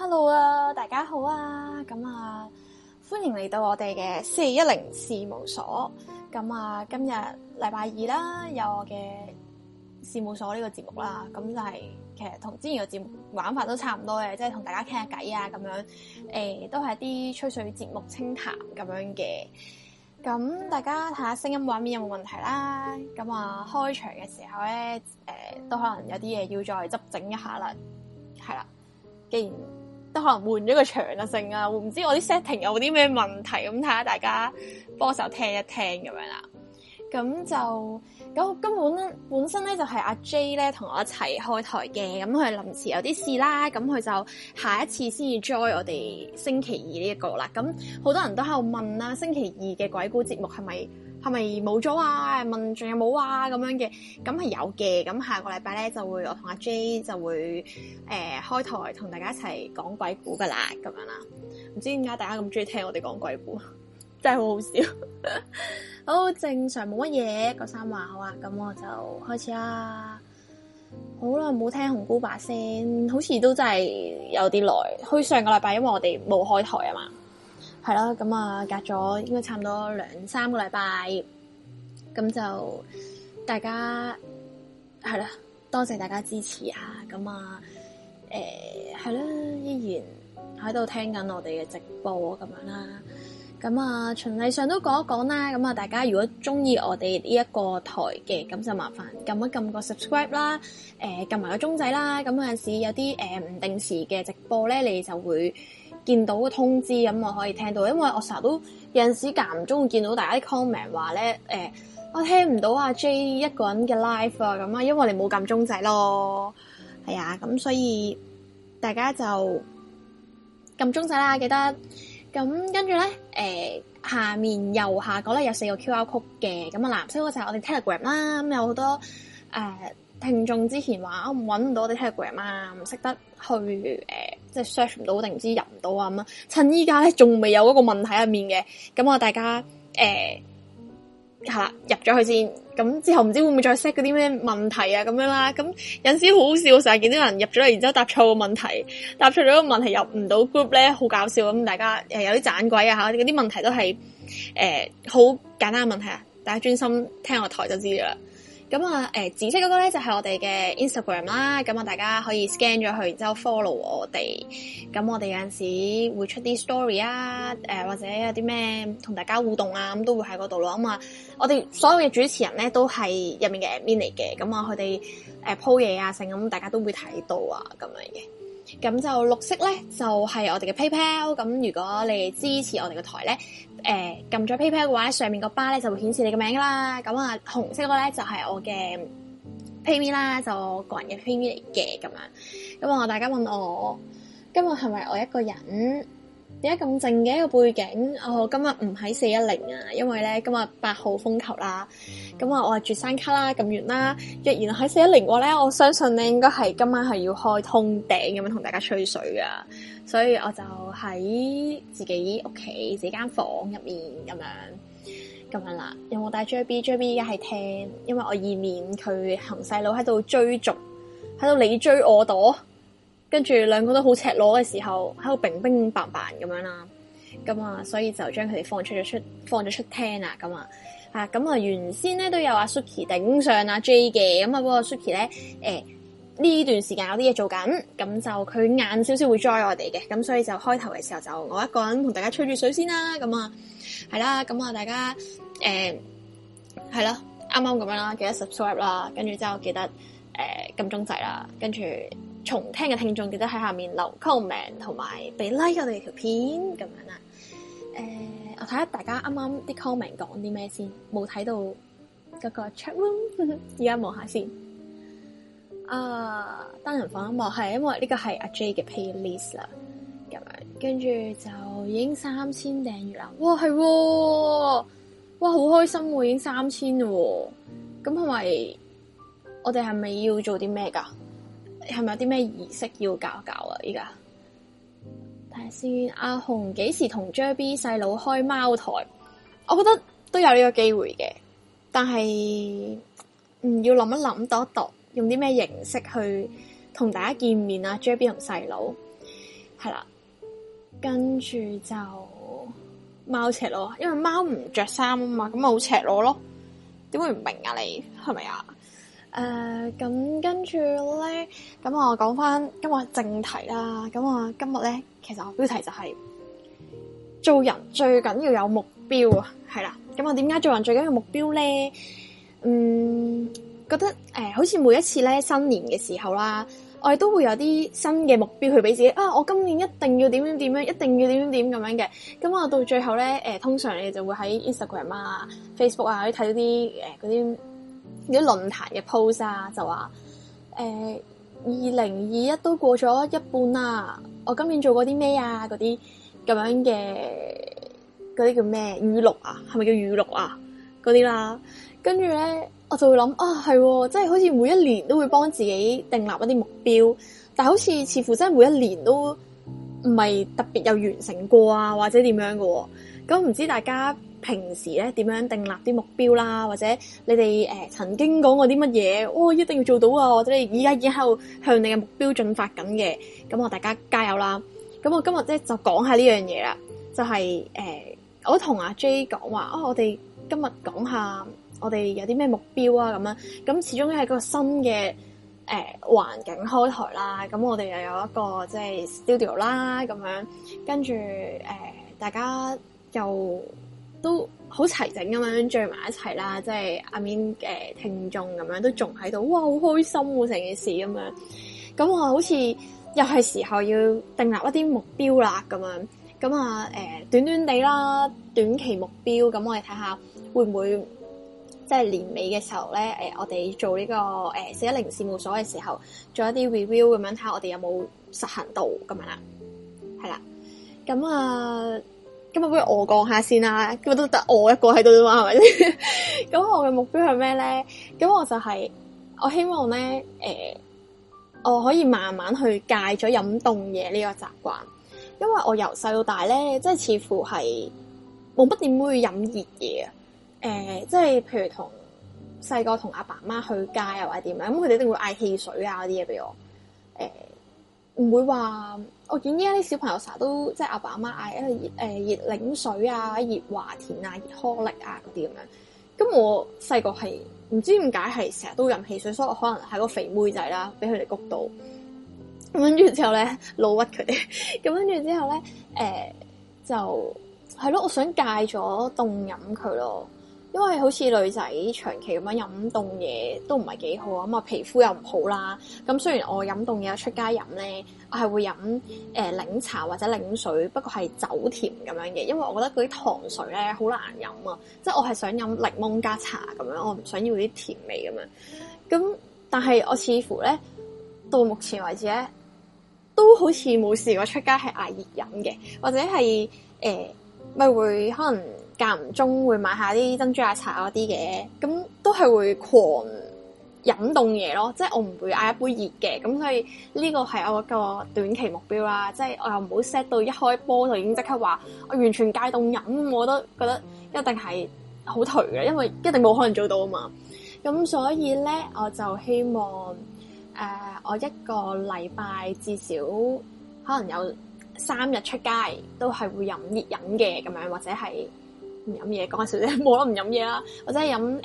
hello 啊，大家好啊，咁啊歡迎嚟到我哋嘅四一零事務所，咁啊今日禮拜二啦，有我嘅事務所呢個節目啦，咁就係、是、其實同之前個節目玩法都差唔多嘅，即係同大家傾下偈啊，咁樣誒、呃、都係啲吹水節目清、清談咁樣嘅，咁大家睇下聲音畫面有冇問題啦，咁啊開場嘅時候咧，誒、呃、都可能有啲嘢要再執整一下啦，係啦，既然可能換咗個場啊，性啊，唔知我啲 setting 有冇啲咩問題咁，睇下大家幫手聽一聽咁樣啦。咁就咁，根本本身咧就係阿 J 咧同我一齊開台嘅，咁佢臨時有啲事啦，咁佢就下一次先至 join 我哋星期二呢、這、一個啦。咁好多人都喺度問啦，星期二嘅鬼故節目係咪？係咪冇咗啊？問仲有冇啊？咁樣嘅，咁係有嘅。咁下個禮拜咧就會，我同阿 J 就會誒、呃、開台，同大家一齊講鬼故噶啦，咁樣啦。唔知點解大家咁中意聽我哋講鬼故，真係好好笑。 好正常沒什麼，冇乜嘢。個三話好啊，咁我就開始啦。好耐冇聽紅姑把聲，好似都真係有啲耐。去上個禮拜因為我哋冇開台啊嘛。係啦，咁啊，隔咗應該差唔多兩三個禮拜，咁就大家係啦，多謝大家支持啊！咁啊，誒係啦，依然喺度聽緊我哋嘅直播咁樣啦。咁啊，循例上都講一講啦。咁啊，大家如果中意我哋呢一個台嘅，咁就麻煩撳一撳個 subscribe 啦、呃，誒撳埋個鐘仔啦。咁有陣時有啲誒唔定時嘅直播咧，你就會。見到嘅通知，咁我可以聽到，因為我成日都有陣時間唔中見到大家啲 comment 話咧，誒、呃、我聽唔到阿 J 一個人嘅 live 啊，咁啊，因為我哋冇撳鐘仔咯，係啊，咁所以大家就撳鐘仔啦，記得咁，跟住咧誒，下面右下角咧有四個 QR code 嘅，咁啊，藍色嗰就係我哋 Telegram 啦，咁有好多誒、呃、聽眾之前話我揾唔到我哋 Telegram 啊，唔識得去誒。呃即係 search 唔到定唔知入唔到啊，咁啊，趁依家咧仲未有嗰個問題入面嘅，咁我大家誒係啦入咗去先，咁之後唔知會唔會再 set 嗰啲咩問題啊咁樣啦，咁有陣時好笑，成日見啲人入咗嚟，然之後答錯個問題，答錯咗個問題入唔到 group 咧，好搞笑咁，啊欸，大家誒有啲盞鬼啊吓，嗰啲問題都係誒好簡單嘅問題啊，大家專心聽我台就知噶啦。咁啊，誒、呃、紫色嗰個咧就係我哋嘅 Instagram 啦，咁啊大家可以 scan 咗佢，然之後 follow 我哋，咁我哋有陣時會出啲 story 啊，誒、呃、或者有啲咩同大家互動啊，咁都會喺嗰度咯。咁啊，我哋所有嘅主持人咧都係入面嘅 admin 嚟嘅，咁啊佢哋誒 po 嘢啊，成咁大家都會睇到啊，咁樣嘅。咁就綠色咧就係、是、我哋嘅 PayPal，咁如果你們支持我哋嘅台咧。誒，撳咗 PayPal 嘅話，上面個巴咧就會顯示你嘅名啦。咁啊，紅色嗰個咧就係、是、我嘅 pay me 啦，就我個人嘅 pay me 嚟嘅咁樣。咁啊，大家問我，今日係咪我一個人？點解咁靜嘅一個背景？我、哦、今日唔喺四一零啊，因為咧今日八號風球啦。咁啊，我住山卡啦，咁遠啦。若然喺四一零嘅咧，我相信咧應該係今晚係要開通頂咁樣同大家吹水噶。所以我就喺自己屋企自己間房入面咁樣咁樣啦。有冇帶 J B？J B 依家係聽，因為我以免佢行細佬喺度追逐，喺度你追我躲。跟住兩個都好赤裸嘅時候，喺度冰冰白白咁樣啦，咁啊，所以就將佢哋放出咗出，放咗出廳啊，咁啊，啊，咁啊，原先咧都有阿 Suki 頂上啊 J 嘅，咁啊，不過 Suki 咧，誒、呃、呢段時間有啲嘢做緊，咁就佢晏少少會 join 我哋嘅，咁所以就開頭嘅時候就我一個人同大家吹住水先啦，咁啊，係啦、啊，咁啊，大家，誒、呃，係咯、啊，啱啱咁樣啦，記得 subscribe 啦，跟住之後記得誒撳、呃、鐘仔啦，跟住。重聽嘅聽眾記得喺下面留 comment 同埋俾 like 我哋條片咁樣啦。誒、呃，我睇下大家啱啱啲 comment 講啲咩先，冇睇到嗰個 checkroom，而家望下先。啊，單人房啊，望係因為呢個係阿 J 嘅 pay list 啦，咁樣跟住就已經三千訂閱啦。哇，係、哦，哇，好開心喎、哦，已經三千啦，咁係咪我哋係咪要做啲咩噶？係咪有啲咩儀式要搞搞啊？依家睇下先。阿紅幾時同 J B 細佬開貓台？我覺得都有呢個機會嘅，但係唔、嗯、要諗一諗，度一度，用啲咩形式去同大家見面啊？J B 同細佬係啦，跟住就貓赤裸，因為貓唔着衫啊嘛，咁咪好赤裸咯？點會唔明啊？你係咪啊？是誒，咁跟住咧，咁我講翻今日正題啦。咁我今日咧，其實我標題就係做人最緊要有目標啊。係啦，咁我點解做人最緊要目標咧？嗯，覺得誒、呃，好似每一次咧新年嘅時候啦，我哋都會有啲新嘅目標去俾自己啊。我今年一定要點點點樣，一定要點點點咁樣嘅。咁我到最後咧，誒、呃，通常你就會喺 Instagram 啊、Facebook 啊嗰啲睇到啲誒嗰啲。呃有啲論壇嘅 post 啊，就話誒二零二一都過咗一半啦，啊，我今年做過啲咩啊？嗰啲咁樣嘅嗰啲叫咩？語錄啊，係咪叫語錄啊？嗰啲啦，跟住咧，我就會諗啊，係即係好似每一年都會幫自己訂立一啲目標，但係好似似乎真係每一年都唔係特別有完成過啊，或者點樣嘅，啊。咁唔知道大家？平時咧點樣訂立啲目標啦，或者你哋誒曾經講過啲乜嘢，哦一定要做到啊！或者你而家以後向你嘅目標進發緊嘅，咁我大家加油啦！咁我今日咧就講下呢樣嘢啦，就係誒我同阿 J 講話，哦我哋今日講下我哋有啲咩目標啊咁樣，咁始終喺個新嘅誒環境開台啦，咁我哋又有一個即係 studio 啦，咁樣跟住誒大家又～都好齊整咁樣聚埋一齊啦，即係阿 Min 嘅聽眾咁樣都仲喺度，哇，好開心喎、啊！成件事咁樣，咁啊，好似又係時候要訂立一啲目標啦，咁樣，咁啊，誒、呃，短短地啦，短期目標，咁我哋睇下會唔會即係年尾嘅時候咧，誒、呃，我哋做呢、這個誒四一零事務所嘅時候，做一啲 review 咁樣，睇下我哋有冇實行到咁樣啦，係啦，咁啊。呃今日不如我講下先啦，今日都得我一個喺度啫嘛，係咪先？咁 我嘅目標係咩咧？咁我就係、係、我希望咧，誒、呃，我可以慢慢去戒咗飲凍嘢呢個習慣，因為我由細到大咧，即係似乎係冇乜點會飲熱嘢啊。誒、呃，即係譬如同細個同阿爸媽去街又或者點樣，咁佢哋一定會嗌汽水啊啲嘢俾我。誒、呃，唔會話。我見依家啲小朋友成日都即係阿爸阿媽嗌啊誒熱，呃、熱檸水啊、熱華田啊、熱可力啊嗰啲咁樣，咁我細個係唔知點解係成日都飲汽水，所以我可能係個肥妹仔啦，俾佢哋谷到咁，跟住之後咧老屈佢哋，咁跟住之後咧誒，呃、就係咯，我想戒咗凍飲佢咯。因為好似女仔長期咁樣飲凍嘢都唔係幾好啊嘛，皮膚又唔好啦。咁雖然我飲凍嘢出街飲咧，我係會飲誒，檸茶或者檸水，不過係走甜咁樣嘅。因為我覺得嗰啲糖水咧好難飲啊，即係我係想飲檸檬加茶咁樣，我唔想要啲甜味咁樣。咁但係我似乎咧到目前為止咧，都好似冇試過出街係嗌熱飲嘅，或者係誒咪會可能。間唔中會買下啲珍珠奶茶嗰啲嘅，咁都係會狂飲凍嘢咯。即係我唔會嗌一杯熱嘅，咁所以呢個係我一個短期目標啦。即係我又唔好 set 到一開波就已經即刻話我完全戒凍飲，我都覺得一定係好頹嘅，因為一定冇可能做到啊嘛。咁所以咧，我就希望誒、呃，我一個禮拜至少可能有三日出街都係會飲熱飲嘅，咁樣或者係。飲嘢講下笑啫，冇得唔飲嘢啦，或者飲誒，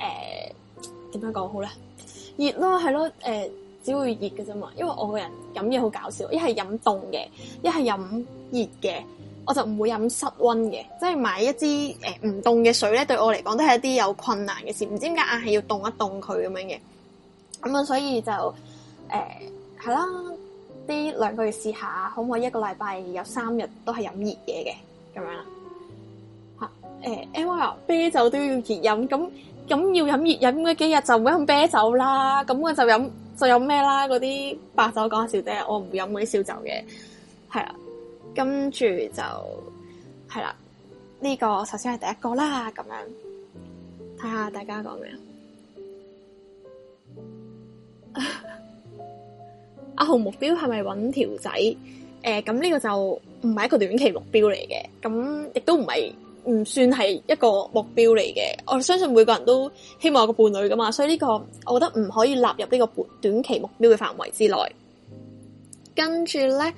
點樣講好咧？熱咯，係咯，誒，只會熱嘅啫嘛。因為我個人飲嘢好搞笑，一係飲凍嘅，一係飲熱嘅，我就唔會飲室溫嘅。即係買一支誒，唔凍嘅水咧，對我嚟講都係一啲有困難嘅事。唔知點解硬係要凍一凍佢咁樣嘅，咁啊，所以就誒係、呃、啦，啲兩個月試下，可唔可以一個禮拜有三日都係飲熱嘢嘅咁樣誒，喂，啤酒都要熱飲咁，咁要飲熱飲嗰幾日就唔飲啤酒啦。咁我就飲就飲咩啦？嗰啲白酒講笑啫，我唔飲嗰啲小酒嘅，係啊。跟住就係啦，呢個首先係第一個啦。咁樣睇下大家講咩啊？阿紅目標係咪搵條仔？誒，咁呢個就唔係一個短期目標嚟嘅，咁亦都唔係。唔算係一個目標嚟嘅，我相信每個人都希望有個伴侶噶嘛，所以呢、這個我覺得唔可以納入呢個短期目標嘅範圍之內。跟住咧，誒、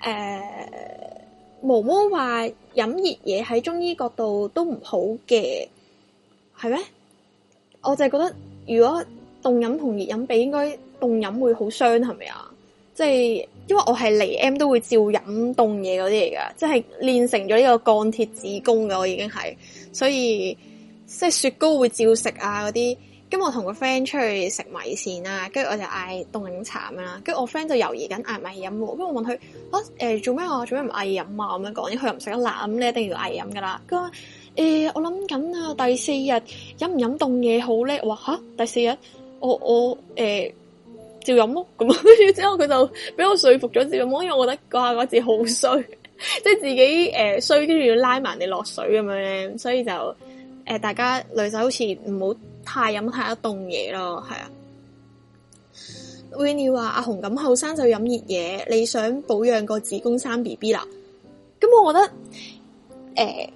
呃，毛毛話飲熱嘢喺中醫角度都唔好嘅，係咩？我就係覺得如果凍飲同熱飲比，應該凍飲會好傷，係咪啊？即係。因為我係嚟 M 都會照飲凍嘢嗰啲嚟噶，即係練成咗呢個鋼鐵子宮嘅我已經係，所以即係雪糕會照食啊嗰啲。咁我同個 friend 出去食米線啊，跟住我就嗌凍檸茶咁樣。跟住我 friend 就猶豫緊嗌唔嗌飲喎。跟住我問佢：我誒做咩啊？做咩唔嗌飲啊？咁樣講，因為佢又唔食得辣，咁你一定要嗌飲噶啦。佢話誒，我諗緊啊，第四日飲唔飲凍嘢好叻。我」哇嚇！第四日我我誒。照飲咯，咁，跟住之後佢就俾我說服咗照飲咯，因為我覺得嗰下嗰次好衰，即係自己誒衰，跟住要拉埋你落水咁樣咧，所以就誒大家女仔好似唔好太飲太一凍嘢咯，係啊。Winnie 話阿紅咁後生就飲熱嘢，你想保養個子宮生 B B 啦，咁我覺得誒。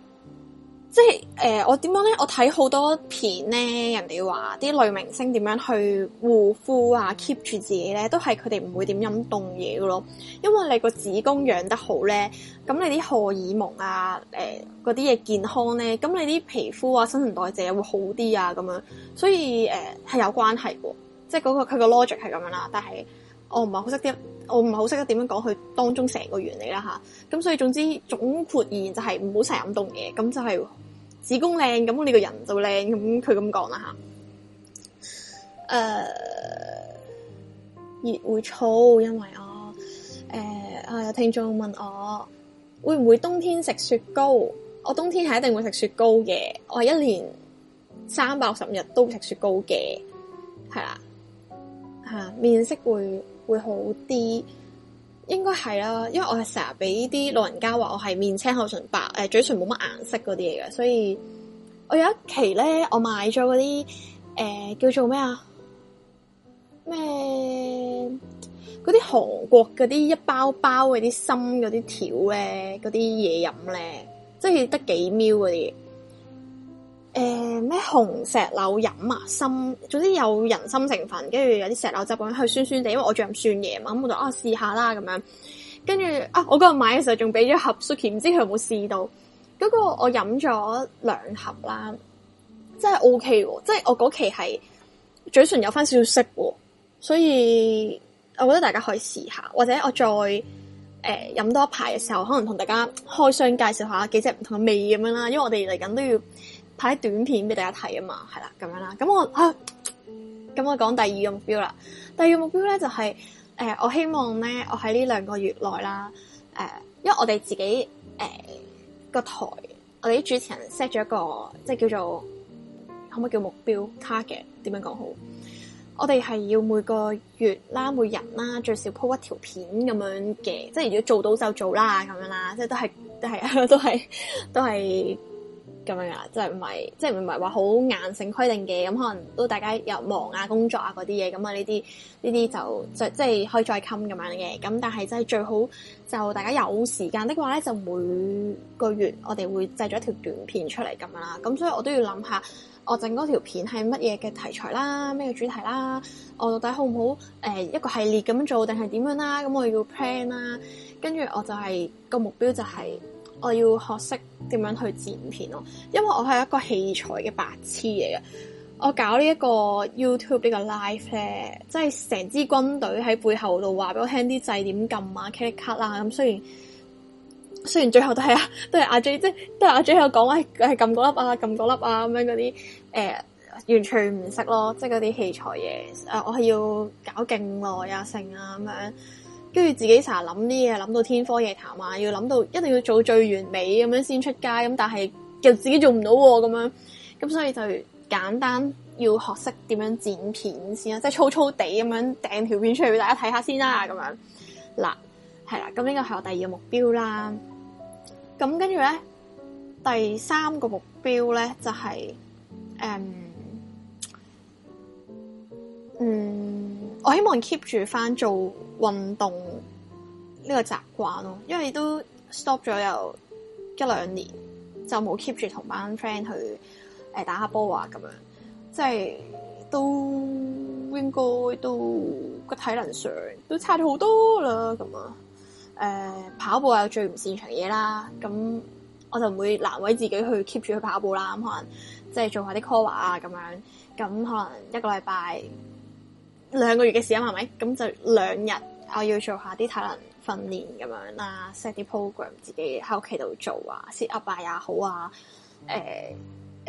即係誒、呃，我點樣咧？我睇好多片咧，人哋話啲女明星點樣去護膚啊，keep 住自己咧，都係佢哋唔會點飲凍嘢嘅咯。因為你個子宮養得好咧，咁你啲荷爾蒙啊，誒嗰啲嘢健康咧，咁你啲皮膚啊，新陳代謝會好啲啊，咁樣，所以誒係、呃、有關係嘅，即係、嗰個佢個 logic 係咁樣啦。但係我唔係好識啲，我唔係好識得點樣講佢當中成個原理啦吓。咁、啊、所以總之總括而言就係唔好成日飲凍嘢，咁就係、是。子宮靚咁，我呢個人就靚咁。佢咁講啦吓，誒，熱會燥，因為我誒啊、uh, 有聽眾問我，會唔會冬天食雪糕？我冬天係一定會食雪糕嘅。我係一年三百六十日都食雪糕嘅，係啦吓，uh, 面色，會會好啲。應該係啦，因為我係成日俾啲老人家話我係面青口唇白誒、呃，嘴唇冇乜顏色嗰啲嘢嘅，所以我有一期咧，我買咗嗰啲誒叫做咩啊咩嗰啲韓國嗰啲一包包嗰啲深嗰啲條咧嗰啲嘢飲咧，即係得幾秒嗰啲。誒咩、呃、紅石榴飲啊心，總之有人參成分，跟住有啲石榴汁咁，去酸酸地，因為我最近酸嘢，嘛，咁我就啊試下啦咁樣。跟住啊，我嗰日買嘅時候仲俾咗盒 Suki，唔知佢有冇試到。不、那、過、個、我飲咗兩盒啦，真係 OK 喎，即係我嗰期係嘴唇有翻少少色，所以我覺得大家可以試下，或者我再誒飲、呃、多一排嘅時候，可能同大家開箱介紹下幾隻唔同嘅味咁樣啦，因為我哋嚟緊都要拍啲短片俾大家睇啊嘛，係啦咁樣啦，咁我咁、啊、我講第二個目標啦。第二個目標咧就係、是、誒、呃，我希望咧我喺呢兩個月內啦，誒、呃，因為我哋自己誒、呃、個台，我哋啲主持人 set 咗一個即係叫做可唔可以叫目標 target？點樣講好？我哋係要每個月啦、每日啦最少鋪一條片咁樣嘅，即係如果做到就做啦，咁樣啦，即係都係都係都係都係。咁樣噶啦，即係唔係即係唔係話好硬性規定嘅，咁可能都大家有忙啊、工作啊嗰啲嘢，咁啊呢啲呢啲就，就即即係可以再襟咁樣嘅，咁但係真係最好就大家有時間的話咧，就每個月我哋會製咗一條短片出嚟咁樣啦、啊。咁所以我都要諗下，我整嗰條片係乜嘢嘅題材啦，咩嘅主題啦，我到底好唔好誒、呃、一個系列咁做定係點樣啦？咁我要 plan 啦，跟住我就係、是、個目標就係、是。我要學識點樣去剪片咯，因為我係一個器材嘅白痴嚟嘅。我搞呢一個 YouTube 呢個 live 咧，即係成支軍隊喺背後度話俾我聽啲掣點撳啊，cut 啦。咁雖然雖然最後都係啊，都係阿 J 即係都係阿 J 有講，喂，係撳嗰粒啊，撳嗰粒啊，咁樣嗰啲誒，完全唔識咯，即係嗰啲器材嘢。誒、呃，我係要搞勁耐啊，成啊咁樣。跟住自己成日諗啲嘢諗到天荒夜譚啊，要諗到一定要做最完美咁樣先出街咁，但係又自己做唔到喎咁樣，咁所以就簡單要學識點樣剪片先啊，即係粗粗地咁樣掟條片出嚟俾大家睇下先啦咁樣。嗱，係啦，咁呢個係我第二個目標啦。咁跟住咧，第三個目標咧就係、是、誒嗯。嗯我希望 keep 住翻做運動呢個習慣咯，因為都 stop 咗有一兩年，就冇 keep 住同班 friend 去誒打下波啊咁樣，即係都應該都個體能上都差咗好多啦咁啊！誒、呃，跑步係最唔擅長嘢啦，咁我就唔會難為自己去 keep 住去跑步啦，咁可能即係做下啲 core 啊咁樣，咁可能一個禮拜。兩個月嘅時間，係咪？咁就兩日，我要做下啲體能訓練咁樣啦，set 啲 program 自己喺屋企度做啊，sit up 啊也好、呃呃、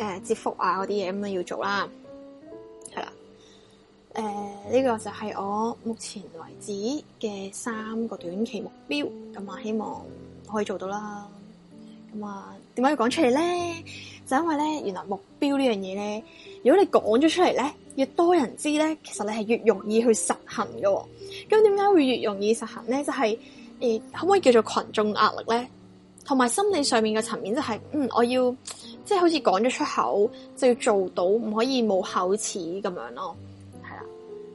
啊，誒誒接福啊嗰啲嘢咁樣要做啦，係啦。誒、呃、呢、這個就係我目前為止嘅三個短期目標，咁啊希望可以做到啦。咁啊點解要講出嚟咧？就是、因為咧，原來目標呢樣嘢咧，如果你講咗出嚟咧。越多人知咧，其實你係越容易去實行嘅。咁點解會越容易實行咧？就係、是、誒、欸，可唔可以叫做群眾壓力咧？同埋心理上面嘅層面、就是，就係嗯，我要即係好似講咗出口就要做到，唔可以冇口齒咁樣咯。係啊，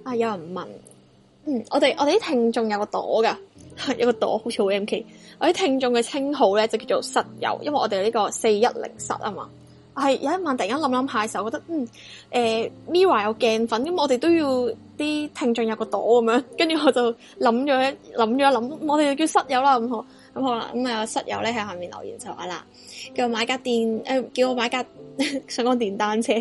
啊、哎、有人問，嗯，我哋我哋啲聽眾有個朵噶，有一個朵，好似好 M K。我啲聽眾嘅稱號咧就叫做室友，因為我哋呢個四一零室啊嘛。係有一晚突然間諗諗下嘅時候，我覺得嗯，誒、呃、Mirror 有鏡粉，咁我哋都要啲聽眾有個朵咁樣，跟住我就諗咗諗咗諗，我哋就叫室友啦，咁好咁、嗯、好啦，咁、嗯、啊室友咧喺下面留言就話啦，叫我買架電誒、呃，叫我買架上講 電單車，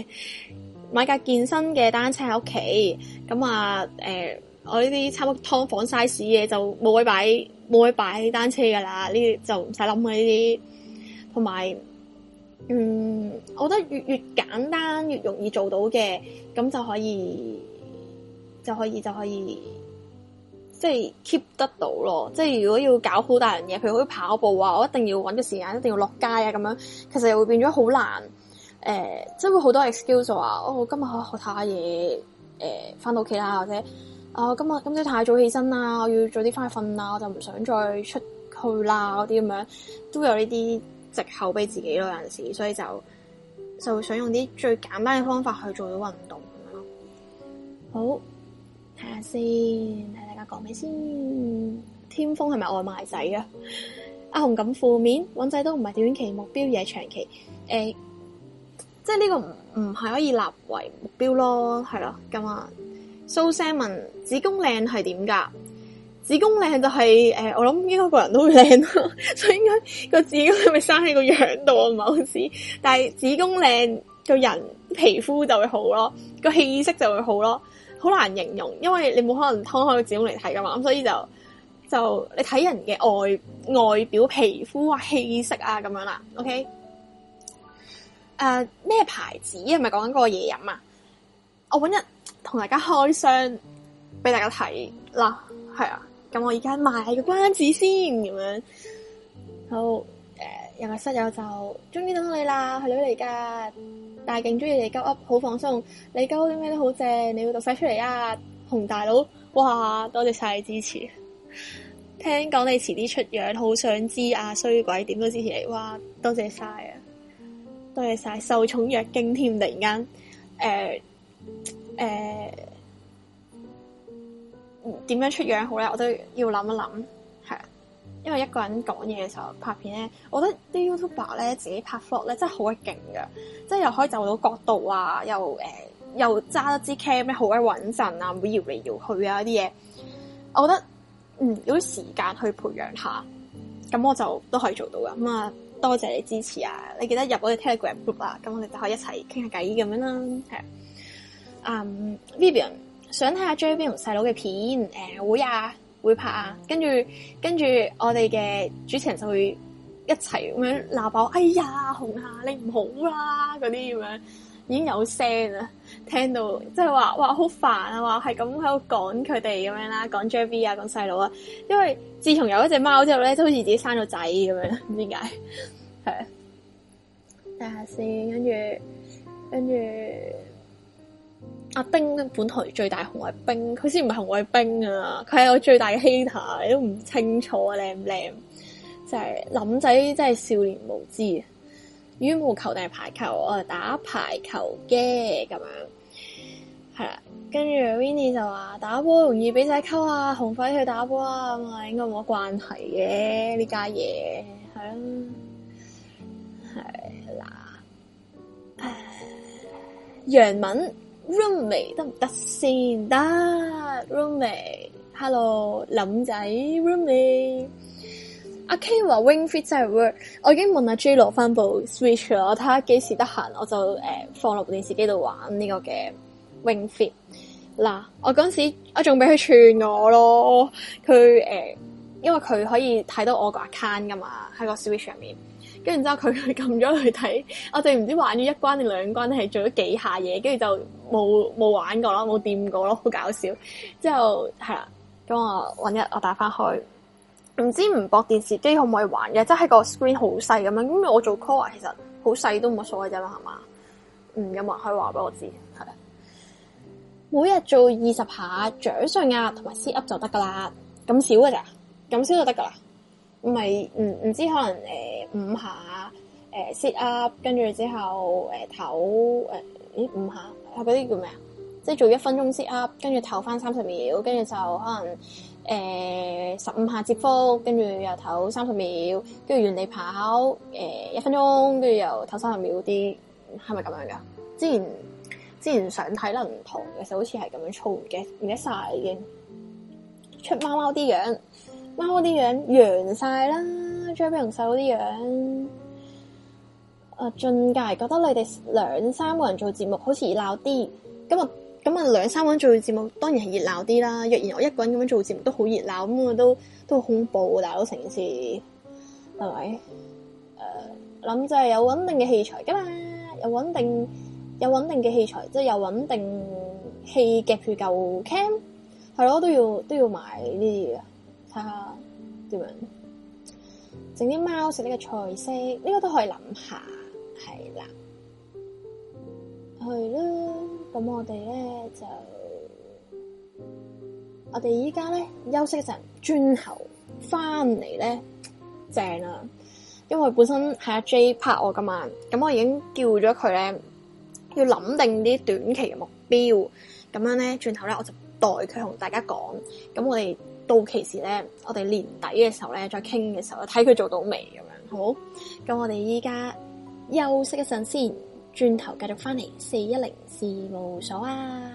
買架健身嘅單車喺屋企，咁啊誒、呃，我呢啲差唔多劏房 size 嘅就冇位擺冇位擺單車噶啦，呢啲就唔使諗嘅呢啲，同埋。嗯，我覺得越越簡單越容易做到嘅，咁就可以就可以就可以，即係、就是、keep 得到咯。即係如果要搞好大人嘢，譬如好似跑步啊，我一定要揾個時間，一定要落街啊，咁樣，其實又會變咗好難。誒、呃，即係會好多 excuse 話，哦，今日我學下嘢，誒、呃，翻到屋企啦，或者，啊、哦，今日今朝太早起身啦，我要早啲翻去瞓啦，我就唔想再出去啦，嗰啲咁樣，都有呢啲。藉口俾自己咯，有陣時，所以就就會想用啲最簡單嘅方法去做到運動咁樣咯。好，睇下先，睇大家講咩先。天風係咪外賣仔的啊？阿紅咁負面，穩仔都唔係短期目標，而係長期。誒、欸，即係呢個唔唔係可以立為目標咯，係咯咁啊。蘇 Sir 問子宮靚係點噶？子宮靚就係、是、誒、呃，我諗應該個人都會靚咯，所以應該個子宮係咪生喺個樣度啊？唔係好似，但係子宮靚個人皮膚就會好咯，個氣色就會好咯，好難形容，因為你冇可能剖開個子宮嚟睇噶嘛，咁所以就就你睇人嘅外外表、皮膚啊、氣色啊咁樣啦。OK，誒、uh, 咩牌子？係咪講緊個嘢飲啊？我搵日同大家開箱俾大家睇啦，係啊。咁我而家賣個關子先，咁樣好。誒、呃，人有個室友就終於等你啦，係女嚟噶，大係勁鍾意你鳩噏，好放鬆，你鳩噏啲咩都好正，你會讀晒出嚟啊，紅大佬，哇，多謝晒支持。聽講你遲啲出樣，好想知啊衰鬼點都支持你，哇，多謝晒啊，多謝晒，受寵若驚添，突然間，誒、呃，誒、呃。嗯、點樣出樣好咧？我都要諗一諗，係啊，因為一個人講嘢嘅時候拍片咧，我覺得啲 YouTuber 咧自己拍 vlog 咧真係好鬼勁噶，即係又可以就到角度啊，又誒、呃、又揸得支 cam 咧好鬼穩陣啊，唔會搖嚟搖去啊啲嘢，我覺得嗯有啲時間去培養下，咁我就都可以做到噶。咁、嗯、啊，多謝你支持啊！你記得入我哋 Telegram group 啊，咁我哋就可以一齊傾下偈咁樣啦，係啊、um,，Vivian 想睇下 JB 同細佬嘅片，誒會啊會拍啊，跟住跟住我哋嘅主持人就會一齊咁樣鬧爆：「哎呀紅啊你唔好啦，嗰啲咁樣已經有聲啦，聽到即係話哇好煩啊，話係咁喺度講佢哋咁樣啦，講 JB 啊，講細佬啊，因為自從有一隻貓之後咧，都好似自己生咗仔咁樣，點解係啊？睇下先跟住跟住。跟阿冰本台最大紅衛兵，佢先唔係紅衛兵啊，佢係我的最大嘅 hater 你都唔清楚啊。靚唔靚，就係、是、林仔，真係少年無知。羽毛球定係排球，我係打排球嘅咁樣，係啦。跟住 Winnie 就話打波容易俾晒溝啊，紅粉去打波啊，咁啊應該冇乜關係嘅呢家嘢，係咯，係啦，誒，楊敏。Roommate 得唔得先？得 Roommate，Hello 林仔 Roommate 阿 K 話 Wing Fit 真係 work，我已經問阿 J 攞翻部 Switch、呃、啦，我睇下幾時得閒，我就誒，放落部電視機度玩呢個嘅 Wing Fit。嗱，我嗰時我仲俾佢串我咯，佢誒、呃、因為佢可以睇到我在個 account 噶嘛，喺個 Switch 上面。跟住之後，佢佢撳咗去睇，我哋唔知玩咗一關定兩關，係做咗幾下嘢，跟住就冇冇玩過咯，冇掂過咯，好搞笑。之後係啦，咁我揾日我打翻開，唔知唔駁電視機可唔可以玩嘅？即係個 screen 好細咁樣，咁我做 call 其實好細都冇乜所謂啫嘛，係嘛？唔敢冇人可以話俾我知？係啊，每日做二十下掌上壓同埋 sit up 就得噶啦，咁少噶咋？咁少就得噶啦。唔係，唔唔知可能誒五下，誒 sit up，跟住之後誒唞，誒咦五下，唞嗰啲叫咩啊？即係做一分鐘 sit up，跟住唞翻三十秒，跟住就可能誒、呃、十五下接腹，跟住又唞三十秒，跟住原地跑誒、呃、一分鐘，跟住又唞三十秒啲，係咪咁樣噶？之前之前想睇唔同，其實好似係咁樣操嘅，唔得晒已經出貓貓啲樣。啲、啊、樣揚晒啦，張俾蓉秀嗰啲樣。阿俊介覺得你哋兩三個人做節目好似熱鬧啲咁啊。咁啊，兩三個人做節目當然係熱鬧啲啦。若然我一個人咁樣做節目都好熱鬧，咁我都都好恐怖，大佬成事係咪？誒，諗、啊、就係有穩定嘅器材噶嘛，有穩定有穩定嘅器材，即係有穩定器夾住嚿 cam 係咯，都要都要買呢啲嘢。睇下點樣整啲貓食呢個菜式，呢個都可以諗下，係啦，係啦。咁我哋咧就，我哋依家咧休息一陣，轉頭翻嚟咧正啦。因為本身係阿 J 拍我今晚，咁我已經叫咗佢咧要諗定啲短期嘅目標，咁樣咧轉頭咧我就代佢同大家講，咁我哋。到期時咧，我哋年底嘅時候咧再傾嘅時候，睇佢做到未咁樣。好，咁我哋依家休息一陣先，轉頭繼續翻嚟四一零事務所啊！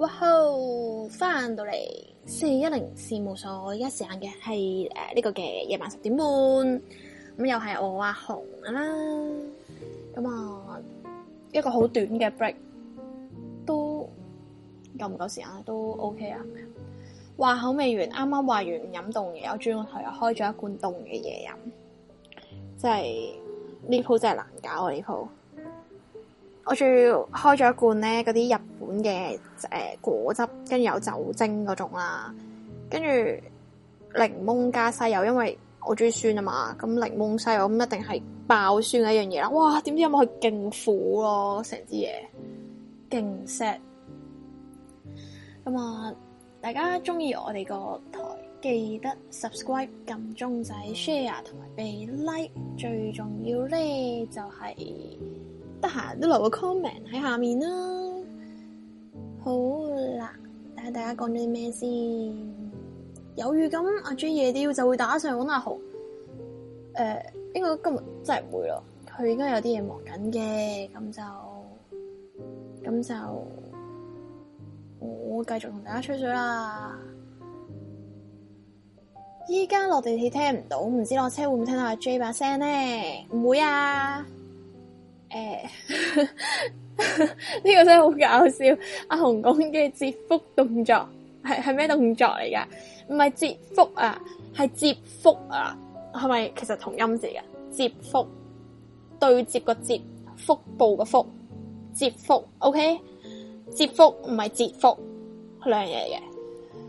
哇吼！翻到嚟四一零事務所，而家時間嘅係誒呢個嘅夜晚十點半，咁、嗯、又係我阿紅啦，咁啊一個好短嘅 break 都夠唔夠時間都 OK 啊！話口未完，啱啱話完飲凍嘢，我轉個頭又開咗一罐凍嘅嘢飲，即係呢鋪真係難搞啊！呢鋪我仲要開咗一罐呢嗰啲入，嘅誒果汁，跟住有酒精嗰種啦，跟住檸檬加西柚，因為我中意酸啊嘛，咁檸檬西柚咁一定係爆酸嘅一樣嘢啦。哇！點知有冇係勁苦咯？成支嘢勁 set。咁啊，大家中意我哋個台，記得 subscribe、撳鐘仔、share 同埋俾 like。最重要咧就係得閒都留個 comment 喺下面啦。好啦，睇下大家講咗啲咩先。有預咁阿 J 夜啲就會打上搵阿豪。誒、呃，應該今日真係唔會咯，佢應該有啲嘢忙緊嘅，咁就咁就我繼續同大家吹水啦。依家落地鐵聽唔到，唔知落車會唔會聽到阿 J 把聲咧？唔會啊。誒、呃。 呢 個真係好搞笑，阿紅講嘅接腹動作係係咩動作嚟噶？唔係接腹啊，係接腹啊，係咪其實同音字嘅？接腹對接個接腹部個腹，接腹 OK？接腹唔係接腹兩樣嘢嘅，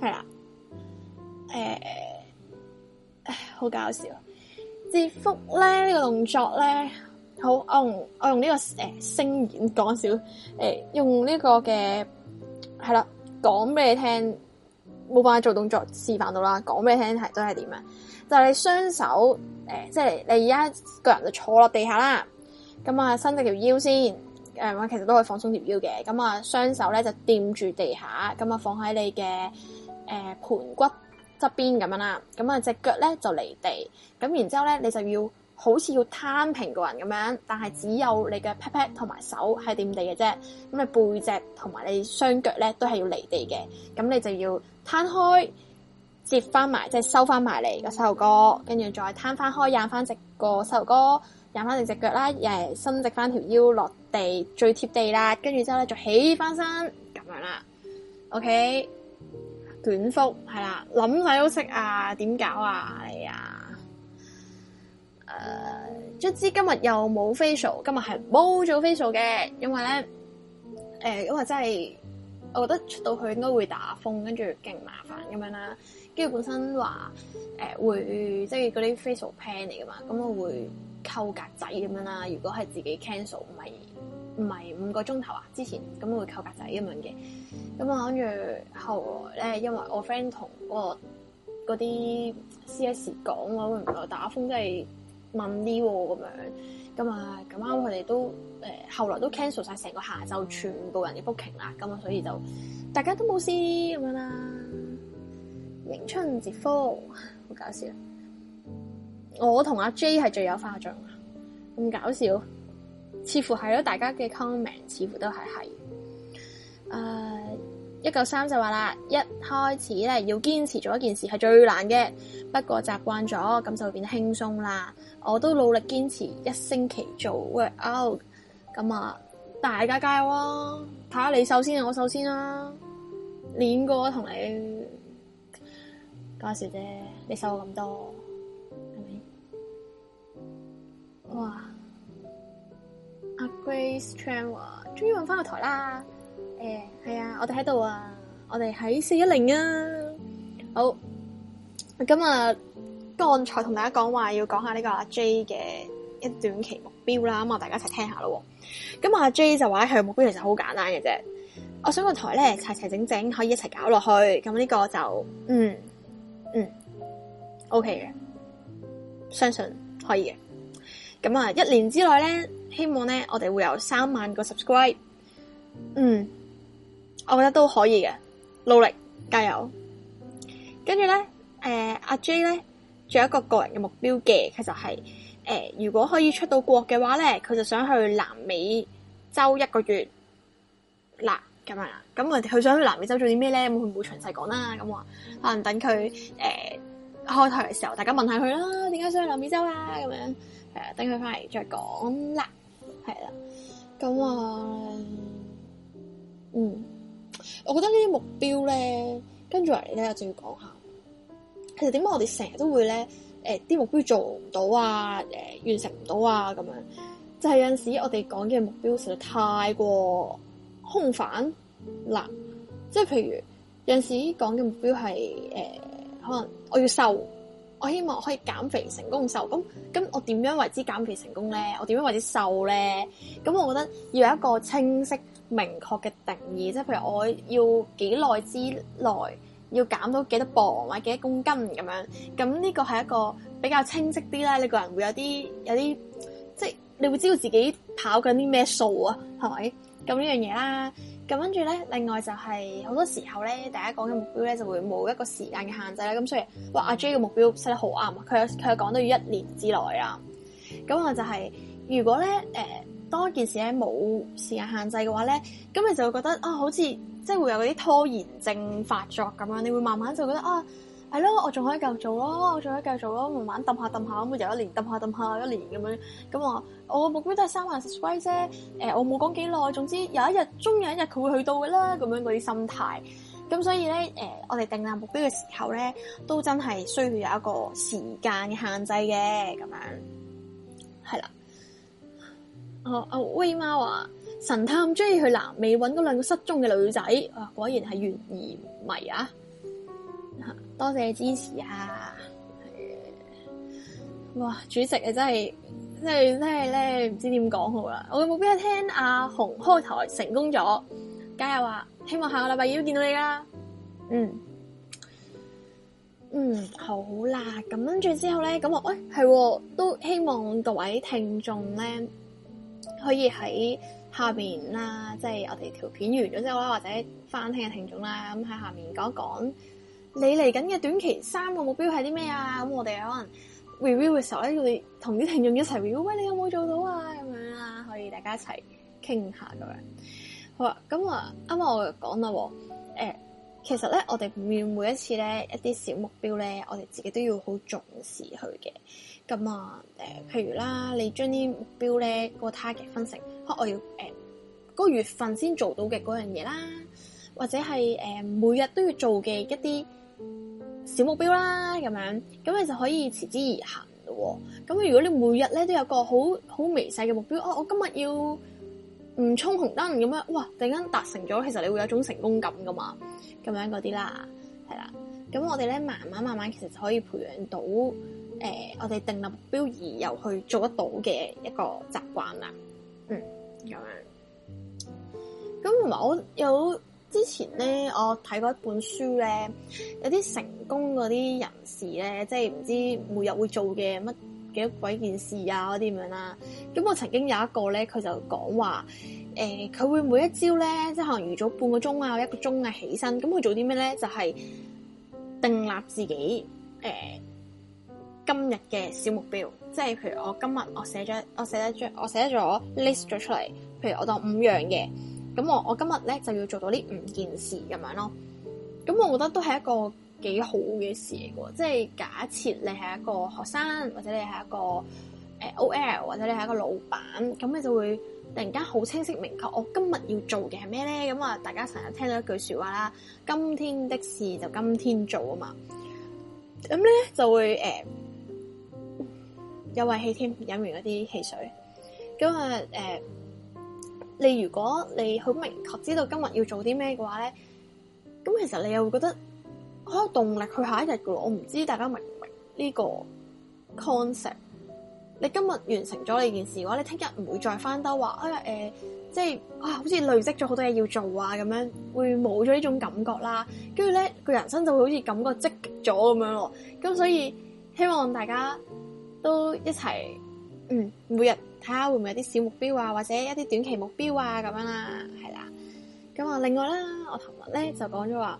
係啦，誒、呃，好搞笑，接腹咧呢、呢個動作咧。好，我用我用呢、這個誒聲演講少誒，用呢個嘅係啦，講俾你聽，冇辦法做動作示範到啦，講俾你聽係都係點啊！就係、是、你雙手誒，即係你而家個人就坐落地下啦，咁啊伸只條腰先，誒、嗯、我其實都可以放鬆條腰嘅，咁啊雙手咧就掂住地下，咁啊放喺你嘅誒盆骨側邊咁樣啦，咁啊隻腳咧就離地，咁然之後咧你就要。好似要攤平個人咁樣，但係只有你嘅 pat pat 同埋手係掂地嘅啫。咁你背脊同埋你雙腳咧都係要離地嘅。咁你就要攤開，接翻埋，即係收翻埋嚟個膝頭哥，跟住再攤翻開，仰翻直個膝頭哥，仰翻直隻腳啦。誒，伸直翻條腰落地最貼地啦。跟住之後咧，就起翻身咁樣啦。OK，捲腹係啦，諗仔都識啊，點搞啊你啊？誒 j u 今日又冇 facial，今日係冇做 facial 嘅，因為咧誒、呃，因為真係我覺得出到去應該會打風，跟住勁麻煩咁樣啦。跟住本身話誒、呃、會即係嗰啲 facial plan 嚟噶嘛，咁我會扣格仔咁樣啦。如果係自己 cancel，唔係唔係五個鐘頭啊之前，咁我會扣格仔咁樣嘅。咁我諗住後來咧，因為我 friend 同嗰個嗰啲 CS 講話，我不打風真係～問啲喎咁樣，咁啊咁啱佢哋都誒、呃，後來都 cancel 晒成個下晝全部人嘅 booking 啦，咁啊，所以就大家都冇事咁樣啦。迎春接風，好搞笑！我同阿 J 係最有化妝啊，咁搞笑，似乎係咯，大家嘅 comment 似乎都係係，誒一九三就話啦，一開始咧，要堅持做一件事係最難嘅，不過習慣咗咁就會變得輕鬆啦。我都努力堅持一星期做 work out，咁啊、嗯、大家加油啊！睇下你瘦先，瘦先啊，我瘦先啦。連哥同你講笑啫，你瘦咗咁多係咪？哇！阿 Grace Chan 話終於揾翻個台啦。誒，係、欸、啊，我哋喺度啊，我哋喺四一零啊，好。咁啊，剛才同大家講話要講下呢個阿 J 嘅一短期目標啦，咁我大家一齊聽下咯。咁啊，阿 J 就話咧，佢目標其實好簡單嘅啫。我想個台咧齊齊整整可以一齊搞落去，咁呢個就嗯嗯 OK 嘅，相信可以嘅。咁啊，一年之內咧，希望咧我哋會有三萬個 subscribe，嗯。我覺得都可以嘅，努力加油。跟住咧，誒、呃，阿 J 咧仲有一個個人嘅目標嘅，其實係、是、誒、呃，如果可以出到國嘅話咧，佢就想去南美洲一個月嗱，咁樣，咁啊，佢想去南美洲做啲咩咧？會唔會詳細講啦。咁我可能等佢誒、呃、開台嘅時候，大家問下佢啦，點解想去南美洲、啊這嗯、啦？咁樣誒，等佢翻嚟再講啦。係啦，咁我嗯。嗯我覺得呢啲目標咧，跟住嚟咧，我仲要講下，其實點解我哋成日都會咧，誒、呃、啲目標做唔到啊，誒、呃、完成唔到啊，咁樣就係、是、有陣時我哋講嘅目標實在太過空泛啦，即係譬如有陣時講嘅目標係，誒、呃、可能我要瘦，我希望可以減肥成功瘦，咁咁我點樣為之減肥成功咧？我點樣為之瘦咧？咁我覺得要有一個清晰。明確嘅定義，即係譬如我要幾耐之內要減到幾多磅或者幾多公斤咁樣，咁呢個係一個比較清晰啲啦。你個人會有啲有啲，即係你會知道自己跑緊啲咩數啊，係咪？咁呢樣嘢啦，咁跟住咧，另外就係、是、好多時候咧，大家講嘅目標咧就會冇一個時間嘅限制啦。咁所以，哇，阿、啊、J 嘅目標 set 得好啱啊，佢有佢有講到要一年之內啊，咁我就係、是、如果咧，誒、呃。當一件事咧冇時間限制嘅話咧，咁你就會覺得啊，好似即係會有嗰啲拖延症發作咁樣，你會慢慢就覺得啊，係咯，我仲可以繼續做咯，我仲可以繼續做咯，慢慢揼下揼下，咁又一年揼下揼下一年咁樣，咁我我目標都係三萬十 u 啫，誒、呃，我冇講幾耐，總之有一日終有一日佢會去到嘅啦，咁樣嗰啲心態。咁所以咧，誒、呃，我哋定立目標嘅時候咧，都真係需要有一個時間嘅限制嘅，咁樣係啦。哦，阿威貓啊，神探中意去南美揾嗰兩個失蹤嘅女仔啊、呃，果然係懸疑迷啊。多謝你支持啊！係哇，主席啊，真係真係真係咧，唔知點講好啦。我嘅目標係聽阿紅開台成功咗。加油啊，希望下個禮拜要見到你啦。嗯嗯，好啦，咁跟住之後咧，咁我喂係、哎、都希望各位聽眾咧，可以喺下邊啦，即係我哋條片完咗之後啦，或者翻聽嘅聽眾啦，咁喺下面講一講，你嚟緊嘅短期三個目標係啲咩啊？咁、嗯、我哋可能 review 嘅時候咧，要你同啲聽眾一齊 review，喂，你有冇做到啊？咁樣啦，可以大家一齊傾下咁樣。好啊，咁啊，啱啱我講啦，誒、呃，其實咧，我哋每每一次咧一啲小目標咧，我哋自己都要好重視佢嘅。咁啊，誒、呃，譬如啦，你將啲目標咧，嗰個 target 分成，哦，我要誒嗰個月份先做到嘅嗰樣嘢啦，或者係誒、呃、每日都要做嘅一啲小目標啦，咁樣，咁你就可以持之而行，哦。咯。咁如果你每日咧都有個好好微細嘅目標，哦，我今日要唔衝紅燈咁樣，哇，突然間達成咗，其實你會有種成功感噶嘛，咁樣嗰啲啦，係啦，咁我哋咧慢慢慢慢，其實就可以培養到。誒、呃，我哋定立目標而又去做得到嘅一個習慣啦，嗯，咁樣。咁唔係我有之前咧，我睇過一本書咧，有啲成功嗰啲人士咧，即係唔知每日會做嘅乜幾多鬼件事啊嗰啲咁樣啦。咁我曾經有一個咧，佢就講話，誒、呃，佢會每一朝咧，即係可能預早半個鐘啊，一個鐘啊起身，咁佢做啲咩咧？就係、是、定立自己，誒、呃。今日嘅小目標，即係譬如我今日我寫咗，我寫咗張，我寫咗 list 咗出嚟。譬如我當五樣嘅，咁我我今日咧就要做到呢五件事咁樣咯。咁我覺得都係一個幾好嘅事嚟嘅，即係假設你係一個學生，或者你係一個誒、呃、OL，或者你係一個老闆，咁你就會突然間好清晰明確，我今日要做嘅係咩咧？咁啊，大家成日聽到一句說話啦，今天的事就今天做啊嘛。咁咧就會誒。呃有胃氣添，飲完嗰啲汽水咁啊。誒、呃，你如果你好明確知道今日要做啲咩嘅話咧，咁其實你又會覺得好有動力去下一日噶。我唔知大家明唔明呢個 concept？你今日完成咗呢件事嘅話，你聽日唔會再翻兜話啊。誒、呃，即係啊，好似累積咗好多嘢要做啊，咁樣會冇咗呢種感覺啦。跟住咧，個人生就會好似感覺積極咗咁樣咯。咁所以希望大家，都一齊，嗯，每日睇下會唔會有啲小目標啊，或者一啲短期目標啊咁樣啦，係啦。咁啊，另外啦，我琴日咧就講咗話，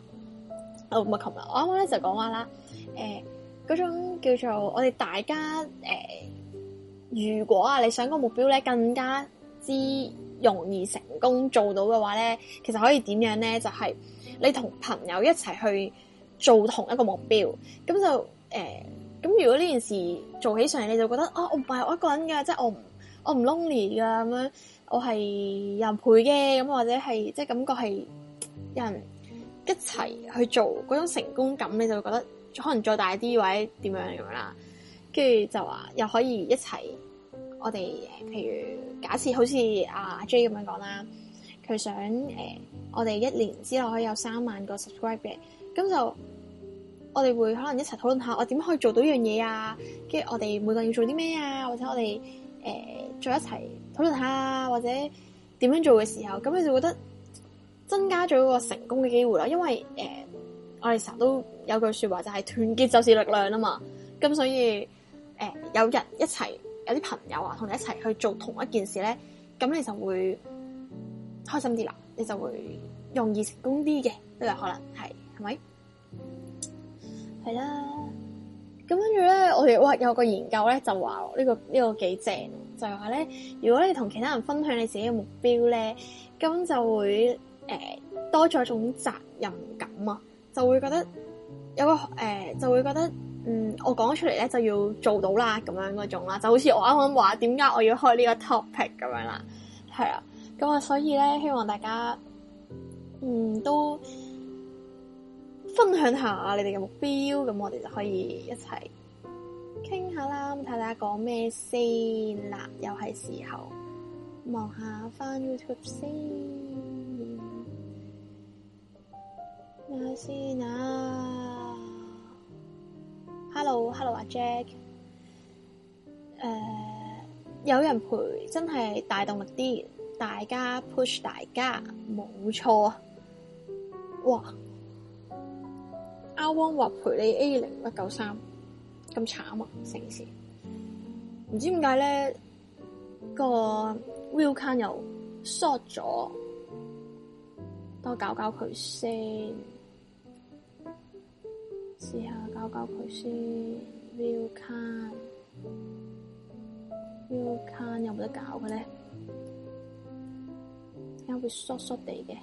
唔係琴日，我啱啱咧就講話啦，誒、呃，嗰種叫做我哋大家誒、呃，如果啊，你想個目標咧更加之容易成功做到嘅話咧，其實可以點樣咧？就係、是、你同朋友一齊去做同一個目標，咁就誒。呃咁如果呢件事做起上嚟，你就覺得哦，我唔係我一個人㗎，即係我唔我唔 lonely 㗎咁樣，我係有人陪嘅咁，或者係即係感覺係有人一齊去做嗰種成功感，你就會覺得可能再大啲或者點樣樣啦。跟住就話又可以一齊，我哋譬如假設好似阿 J 咁樣講啦，佢想誒、呃、我哋一年之內可以有三萬個 subscriber，咁就。我哋會可能一齊討論下，我點可以做到呢樣嘢啊？跟住我哋每個人要做啲咩啊？或者我哋誒、呃、再一齊討論下，或者點樣做嘅時候，咁你就會覺得增加咗個成功嘅機會啦。因為誒、呃，我哋成日都有句說話就係、是、團結就是力量啊嘛。咁所以誒、呃，有人一齊有啲朋友啊，同你一齊去做同一件事咧，咁你就會開心啲啦，你就會容易成功啲嘅，都有可能係係咪？係啦，咁跟住咧，我哋哇有個研究咧就話呢、呢個呢、呢個幾正，就係話咧，如果你同其他人分享你自己嘅目標咧，咁就會誒、呃、多咗一種責任感啊，就會覺得有個誒、呃、就會覺得嗯，我講出嚟咧就要做到啦咁樣嗰種啦，就好似我啱啱話點解我要開呢個 topic 咁樣啦，係啊，咁、嗯、啊所以咧希望大家嗯都。分享下你哋嘅目標，咁我哋就可以一齊傾下啦。咁睇下講咩先啦，又係時候望下翻 YouTube 先。睇下先啊，Hello，Hello，阿 Jack，誒，uh, 有人陪真係大動力啲，大家 push 大家，冇錯啊，哇！阿汪話陪你 A 零一九三，咁慘啊！成件事唔知點解咧個 Willcan 又 short 咗，多搞搞佢先，試下搞搞佢先。Willcan，Willcan 有冇得搞嘅呢？點解會 short short 地嘅？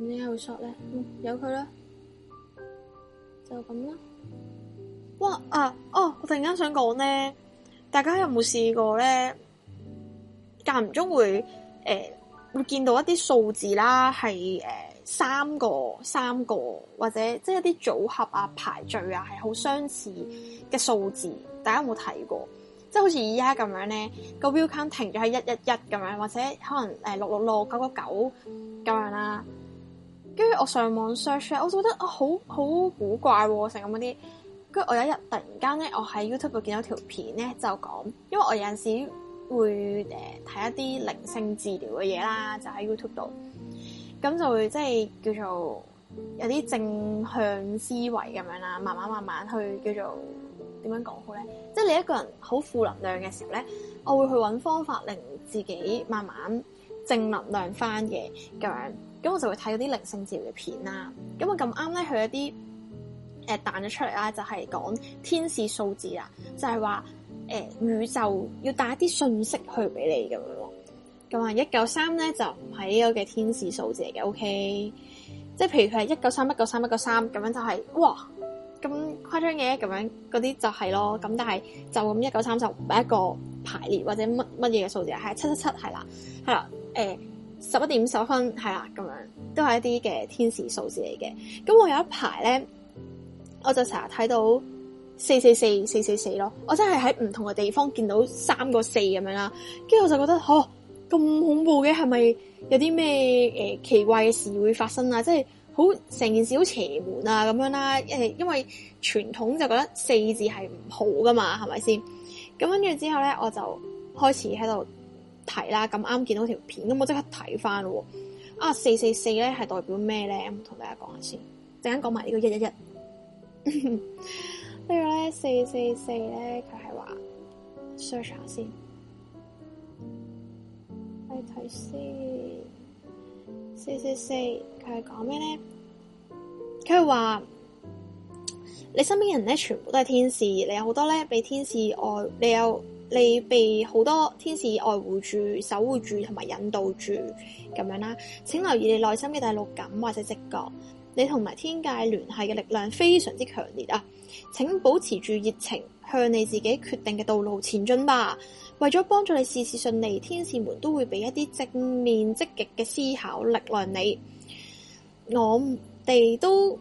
點解會 shot 咧？嗯，由佢啦，就咁啦。哇！啊，哦、啊，我突然間想講咧，大家有冇試過咧？間唔中會誒、呃，會見到一啲數字啦，係誒、呃、三個三個或者即係一啲組合啊、排序啊，係好相似嘅數字。大家有冇睇過？即係好似而家咁樣咧，個 view count 停咗喺一一一咁樣，或者可能誒六六六、九九九咁樣啦。跟住我上網 search，我就覺得啊好好古怪喎，成咁嗰啲。跟住我有一日突然間咧，我喺 YouTube 度見到條片咧，就講，因為我有陣時會誒睇、呃、一啲靈性治療嘅嘢啦，就喺 YouTube 度，咁就會即係叫做有啲正向思維咁樣啦，慢慢慢慢去叫做點樣講好咧？即係你一個人好負能量嘅時候咧，我會去揾方法令自己慢慢正能量翻嘅咁樣。咁我就會睇嗰啲靈性治療嘅片啦。咁我咁啱咧，佢有啲誒彈咗出嚟啦，就係、是、講天使數字啊，就係話誒宇宙要帶啲信息去俾你咁樣咁啊，一九三咧就唔係呢個嘅天使數字嚟嘅。O、OK? K，即係譬如佢係一九三、一九三、一九三咁樣，那些就係哇咁誇張嘅咁樣，嗰啲就係咯。咁但係就咁一九三就唔係一個排列或者乜乜嘢嘅數字，係七七七係啦，係啦誒。呃十一點十分，係啦，咁樣都係一啲嘅天使數字嚟嘅。咁我有一排咧，我就成日睇到四四四四四四咯，我真係喺唔同嘅地方見到三個四咁樣啦。跟住我就覺得，哦，咁恐怖嘅，係咪有啲咩誒奇怪嘅事會發生啊？即係好成件事好邪門啊咁樣啦。誒，因為傳統就覺得四字係唔好噶嘛，係咪先？咁跟住之後咧，我就開始喺度。睇啦，咁啱見到條片，咁我即刻睇翻咯。啊，四四四咧係代表咩咧？我同大家講下先，陣間講埋呢個一一一。呢個咧四四四咧，佢係話 search 下先，睇下先。四四四佢係講咩咧？佢係話你身邊人咧，全部都係天使，你有好多咧，比天使愛，你有。你被好多天使愛護住、守護住同埋引導住咁樣啦，請留意你內心嘅第六感或者直覺，你同埋天界聯繫嘅力量非常之強烈啊！請保持住熱情，向你自己決定嘅道路前進吧。為咗幫助你事事順利，天使們都會俾一啲正面積極嘅思考力量你。我哋都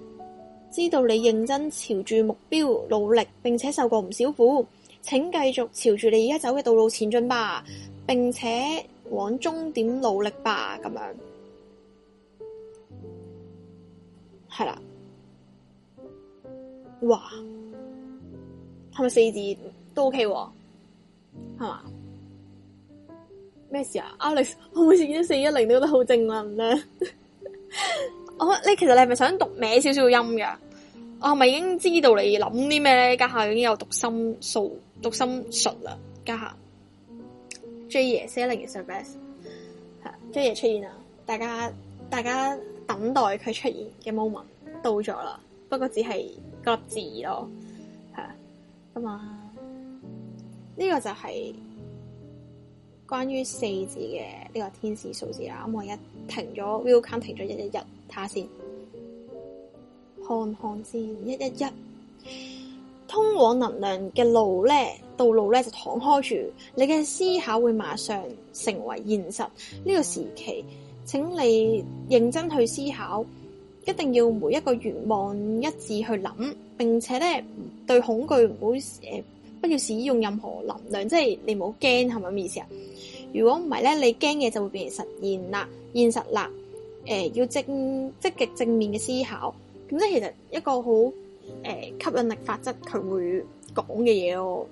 知道你認真朝住目標努力，並且受過唔少苦。請繼續朝住你而家走嘅道路前進吧，並且往終點努力吧，咁樣係啦。哇，係咪四字都 OK？係嘛？咩事啊，Alex？我每次見到四一零都覺得好正能量啊。 我你其實你係咪想讀咩少少音嘅？我係咪已經知道你諗啲咩咧？家下已經有讀心術。讀心術啦，家下 J 爺四零二 surprise，J 出現啦，大家大家等待佢出現嘅 moment 到咗，不過只係嗰粒字咯，咁、yeah. 啊，呢、這個就係關於四字嘅呢、這個天使數字啊。咁我一停咗 view count 停咗一一一，睇下先，韓看字一一一。通往能量嘅路咧，道路咧就敞開住，你嘅思考會馬上成為現實。呢個時期，請你認真去思考，一定要每一個願望一致去諗，並且咧對恐懼唔好，誒，不要使用任何能量，即係你唔好驚係咪咁意思啊？如果唔係咧，你驚嘅就會變成實現啦，現實啦。誒，要正積極正面嘅思考，咁即係其實一個好。誒、呃，吸引力法則佢會講嘅嘢咯，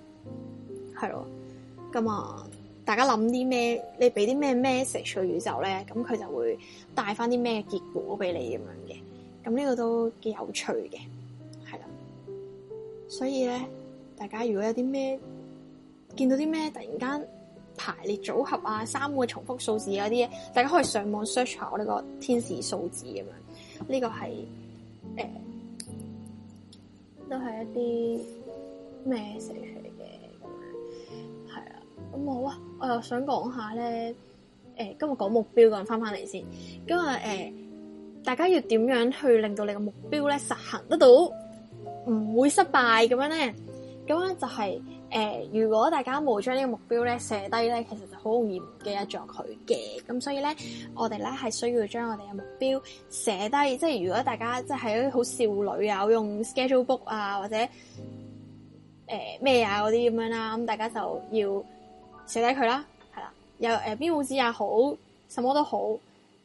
係咯，咁啊，大家諗啲咩？你俾啲咩 message 去宇宙咧？咁佢就會帶翻啲咩結果俾你咁樣嘅。咁呢個都幾有趣嘅，係啦。所以咧，大家如果有啲咩見到啲咩突然間排列組合啊，三個重複數字啊啲嘢，大家可以上網 search 下我呢個天使數字咁樣這是。呢個係誒。都係一啲咩事嚟嘅咁樣，係、嗯、啊咁好啊！我又想講下咧，誒、欸，今日講目標咁翻翻嚟先，今日誒、欸，大家要點樣去令到你嘅目標咧實行得到，唔會失敗咁樣咧？咁咧就係、是。誒、呃，如果大家冇將呢個目標咧寫低咧，其實就好容易唔記得咗佢嘅。咁所以咧，我哋咧係需要將我哋嘅目標寫低。即係如果大家即係好少女啊，用 schedule book 啊或者誒咩、呃、啊嗰啲咁樣啦，咁大家就要寫低佢啦。係啦，又誒邊簿紙也好，什麼都好，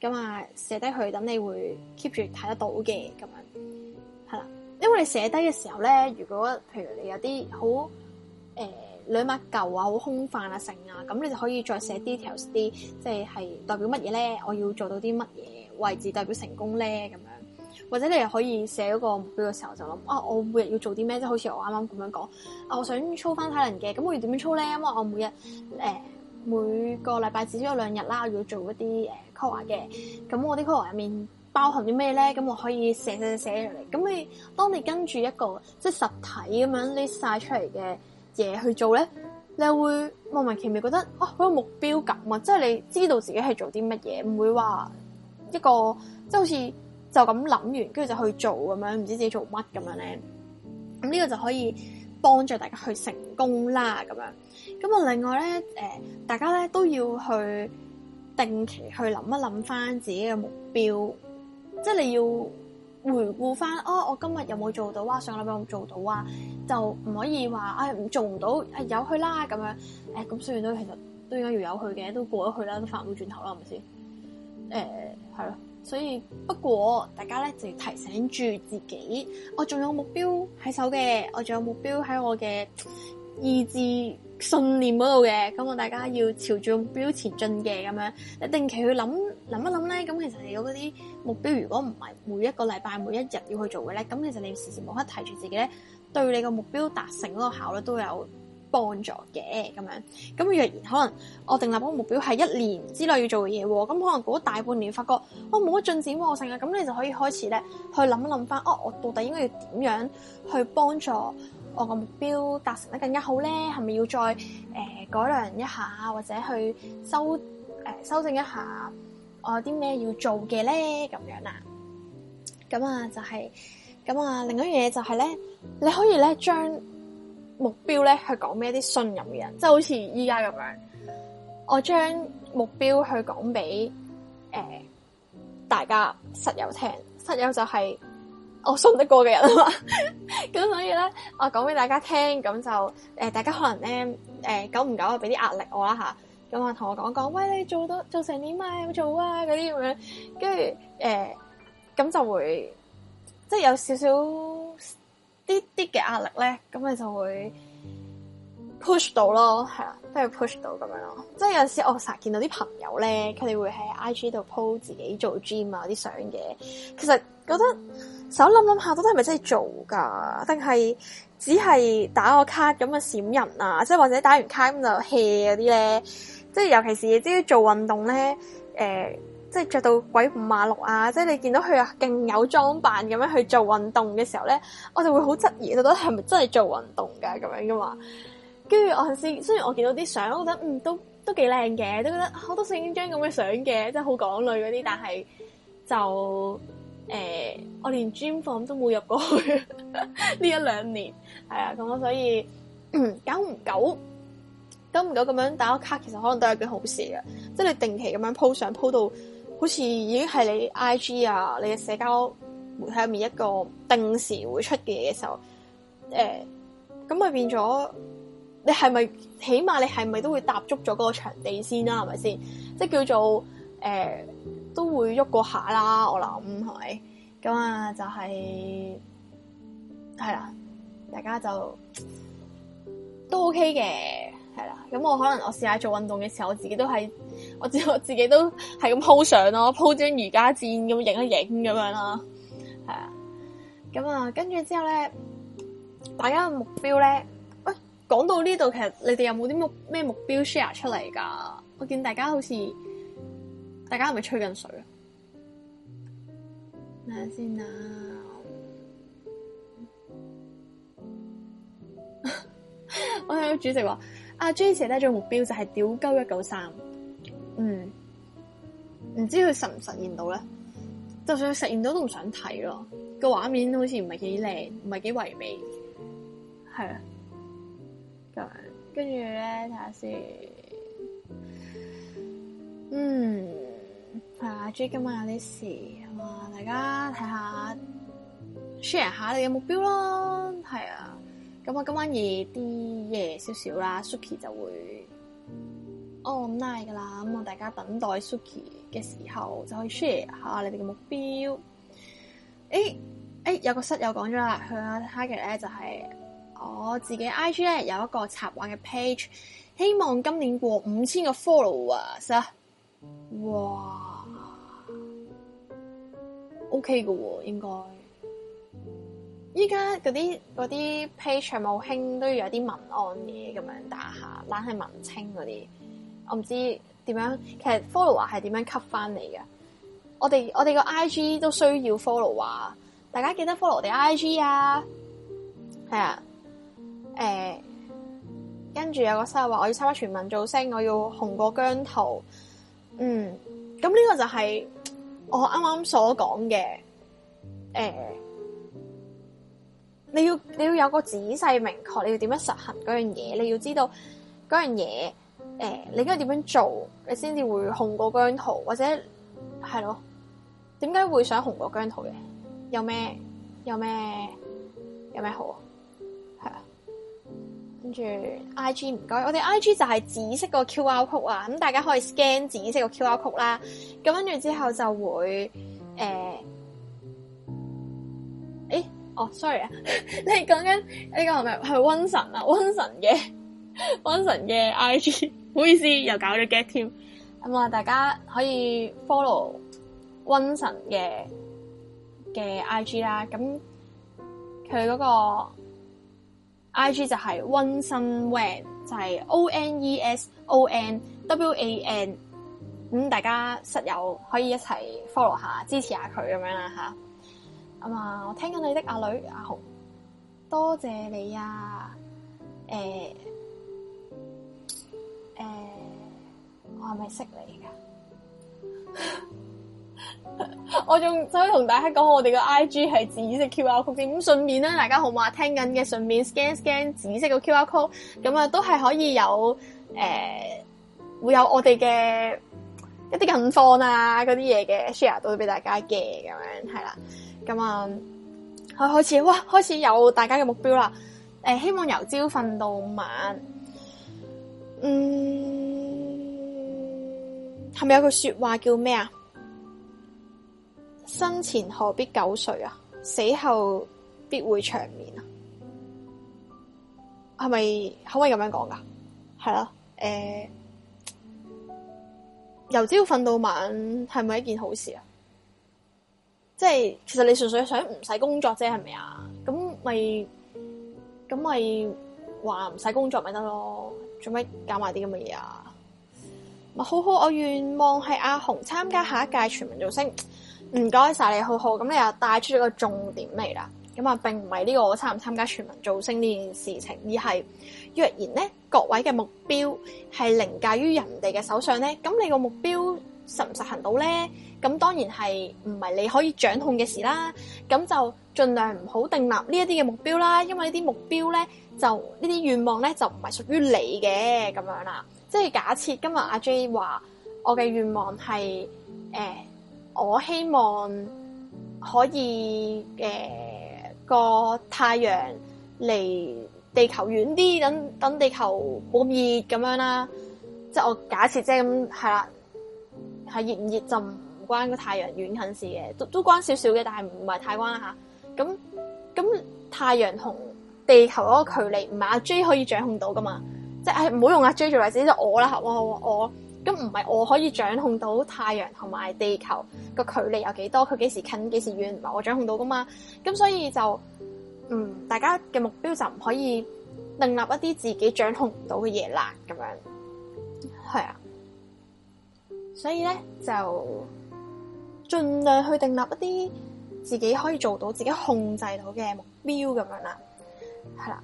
咁啊寫低佢，等你會 keep 住睇得到嘅。咁樣係啦，因為你寫低嘅時候咧，如果譬如你有啲好。誒兩碼舊啊，好空泛啊，性啊，咁你就可以再寫 details 啲，即係係代表乜嘢咧？我要做到啲乜嘢位置代表成功咧？咁樣或者你又可以寫嗰個目標嘅時候，就諗啊，我每日要做啲咩？即係好似我啱啱咁樣講啊，我想操翻體能嘅，咁我要點樣操咧？因為我每日、呃、每個禮拜至少有兩日啦，我要做一啲誒 core 嘅。咁、呃、我啲 core 入面包含啲咩咧？咁我可以寫寫寫出嚟。咁你當你跟住一個即係實體咁樣 list 晒出嚟嘅。嘢去做咧，你會莫名其妙覺得啊好有目標感啊，即係你知道自己係做啲乜嘢，唔會話一個即係好似就咁諗完，跟住就去做咁樣，唔知自己做乜咁樣咧。咁、這、呢個就可以幫助大家去成功啦，咁樣。咁啊，另外咧，誒、呃，大家咧都要去定期去諗一諗翻自己嘅目標，即係你要。回顧翻，哦，我今日有冇做到啊？上個禮拜有冇做到啊？就唔可以話，唔、哎、做唔到、啊，由佢啦咁樣。咁、欸、雖然都其實都應該要由佢嘅，都過咗去啦，都翻唔到轉頭啦，係咪先？誒、欸，係咯。所以不過，大家咧就要提醒住自己，我仲有目標喺手嘅，我仲有目標喺我嘅意志。信念嗰度嘅，咁我大家要朝住目標前進嘅咁樣，你定期去諗諗一諗咧，咁其實你嗰啲目標如果唔係每一個禮拜、每一日要去做嘅咧，咁其實你要時時無刻提住自己咧，對你個目標達成嗰個效率都有幫助嘅咁樣，咁若然可能我定立嗰個目標係一年之內要做嘅嘢喎，咁可能過咗大半年發覺哦，冇乜進展喎，我成啊，咁你就可以開始咧去諗一諗翻，哦，我到底應該要點樣去幫助？我個目標達成得更加好咧，係咪要再誒、呃、改良一下，或者去修誒、呃、修正一下我有啲咩要做嘅咧？咁樣啦，咁啊就係、是，咁啊另一樣嘢就係咧，你可以咧將目標咧去講俾一啲信任嘅人，即係好似依家咁樣，我將目標去講俾誒大家室友聽，室友就係、是。我信得過嘅人啊嘛，咁所以咧，我講俾大家聽，咁就誒、呃，大家可能咧，誒、呃、久唔久就啊，俾啲壓力我啦吓，咁啊同我講講，喂，你做到做成點啊，有做啊？嗰啲咁樣，跟住誒，咁、呃、就會即係有少少啲啲嘅壓力咧，咁你就會 push 到咯，係啊，都要 push 到咁樣咯。即係有陣時我成日見到啲朋友咧，佢哋會喺 IG 度 po 自己做 gym 啊啲相嘅，其實覺得。手諗諗下，到底係咪真係做㗎？定係只係打個卡咁嘅閃人啊？即係或者打完卡咁就 hea 嗰啲咧？即係尤其是啲做運動咧，誒、呃，即係着到鬼五馬六啊！即係你見到佢啊，勁有裝扮咁樣去做運動嘅時候咧，我就會好質疑，覺得係咪真係做運動㗎咁樣嘅嘛？跟住我頭先雖然我見到啲相，我覺得嗯都都幾靚嘅，都覺得好多攝影張咁嘅相嘅，即係好港女嗰啲，但係就。誒，我連 gym 房都冇入過去呢一兩年，係、嗯、啊，咁我所以、嗯、久唔久，久唔久咁樣打個卡，其實可能都係一件好事啊！即係你定期咁樣鋪上鋪到，好似已經係你 I G 啊，你嘅社交媒體入面一個定時會出嘅嘢嘅時候，誒，咁咪變咗？你係咪起碼你係咪都會踏足咗嗰個場地先啦、啊？係咪先？即係叫做誒。都會喐過一下啦，我諗係咪？咁啊，就係係啦，大家就都 OK 嘅係啦。咁我可能我試下做運動嘅時候，我自己都係我自我自己都係咁 po 相咯，po 張瑜伽墊咁影一影咁樣啦，係啊。咁啊，跟住之後咧，大家嘅目標咧，喂，講到呢度，其實你哋有冇啲目咩目標 share 出嚟噶？我見大家好似。大家係咪吹緊水啊？睇下先、啊、 我聽到主席話啊，J 姐咧做目標就係屌鳩一九三，嗯，唔知佢實唔實現到呢？就算佢實現到不，都唔想睇咯。個畫面好似唔係幾靚，唔係幾唯美，係啊。跟住咧睇下先，嗯。係啊，J 今晚有啲事啊嘛，大家睇下 share 下你嘅目標咯。係啊，咁我今晚夜啲夜少少啦，Suki 就會 online 噶啦。咁我大家等待 Suki 嘅時候就可以 share 下你哋嘅目標。誒誒，有個室友講咗啦，佢 target 咧就係、是、我自己 I G 咧有一個插畫嘅 page，希望今年過五千個 followers 啊！哇！O K 嘅喎，應該依家嗰啲啲 page 冇興，都要有啲文案嘢咁樣打下，攞啲文青嗰啲，我唔知點樣。其實 follow 係點樣 cut 翻嚟嘅？我哋我哋個 I G 都需要 follow 啊！大家記得 follow 我哋 I G 啊！係啊，誒、欸，跟住有個細路話，我要參加全民造星，我要紅過姜濤。嗯，咁呢個就係、是。我啱啱所講嘅，誒、呃，你要你要有個仔細明確，你要點樣實行嗰樣嘢，你要知道嗰樣嘢，誒、呃，你應該點樣做，你先至會紅過姜濤，或者係咯，點解會想紅過姜濤嘅？有咩有咩有咩好啊？跟住 I G 唔該，我哋 I G 就係紫色個 Q R code 啊，咁大家可以 scan 紫色個 Q R code 啦。咁跟住之後就會誒，誒、呃欸，哦，sorry 啊， 你講緊呢個係咪係瘟神啊？瘟神嘅瘟神嘅 I G，唔 好意思，又搞咗 gag 添。咁啊，大家可以 follow 瘟神嘅嘅 I G 啦。咁佢嗰個。I G 就係 onesonwan 就係 O N E S O N W A N，咁大家室友可以一齊 follow 下支持下佢咁樣啦吓。啊、嗯、我聽緊你的阿女阿紅，多謝你啊。誒、欸、誒、欸，我係咪識你噶？ 我仲可以同大家講，我哋嘅 I G 係紫色 Q R code 咁，順便咧，大家好話聽緊嘅，順便 scan scan 紫色嘅 Q R code，咁啊，都係可以有誒、呃，會有我哋嘅一啲近況啊，嗰啲嘢嘅 share 到俾大家嘅，咁樣係啦，咁啊，開開始哇，開始有大家嘅目標啦，誒、呃，希望由朝瞓到晚，嗯，係咪有句說話叫咩啊？生前何必久睡啊，死後必會長眠啊。係咪可唔可以咁樣講噶？係咯，誒、欸，由朝瞓到晚係咪一件好事啊？即係其實你純粹想唔使工作啫，係咪啊？咁咪咁咪話唔使工作咪得咯？做咩搞埋啲咁嘅嘢啊？好好，我願望係阿紅參加下一屆全民造星。唔該晒，謝謝你，浩浩。咁你又帶出咗個重點嚟啦。咁啊並唔係呢個我參唔參加全民造星呢件事情，而係若然咧各位嘅目標係凌駕於人哋嘅手上咧，咁你個目標實唔實行到咧？咁當然係唔係你可以掌控嘅事啦。咁就盡量唔好定立呢一啲嘅目標啦，因為呢啲目標咧就這些願呢啲願望咧就唔係屬於你嘅咁樣啦。即係假設今日阿 J 話我嘅願望係誒。呃我希望可以誒、呃、個太陽離地球遠啲，等等地球冇咁熱咁樣啦。即係我假設啫，咁係啦，係熱唔熱就唔關個太陽遠近事嘅，都都關少少嘅，但係唔係太關啦吓。咁咁太陽同地球嗰個距離唔係阿 J 可以掌控到噶嘛？即係唔好用阿 J 做例子，就是，我啦，我我。咁唔係我可以掌控到太陽同埋地球個距離有幾多，佢幾時近幾時遠，唔係我掌控到噶嘛。咁所以就，嗯，大家嘅目標就唔可以訂立一啲自己掌控唔到嘅嘢啦，咁樣係啊。所以咧就盡量去訂立一啲自己可以做到、自己控制到嘅目標咁樣啦，係啦，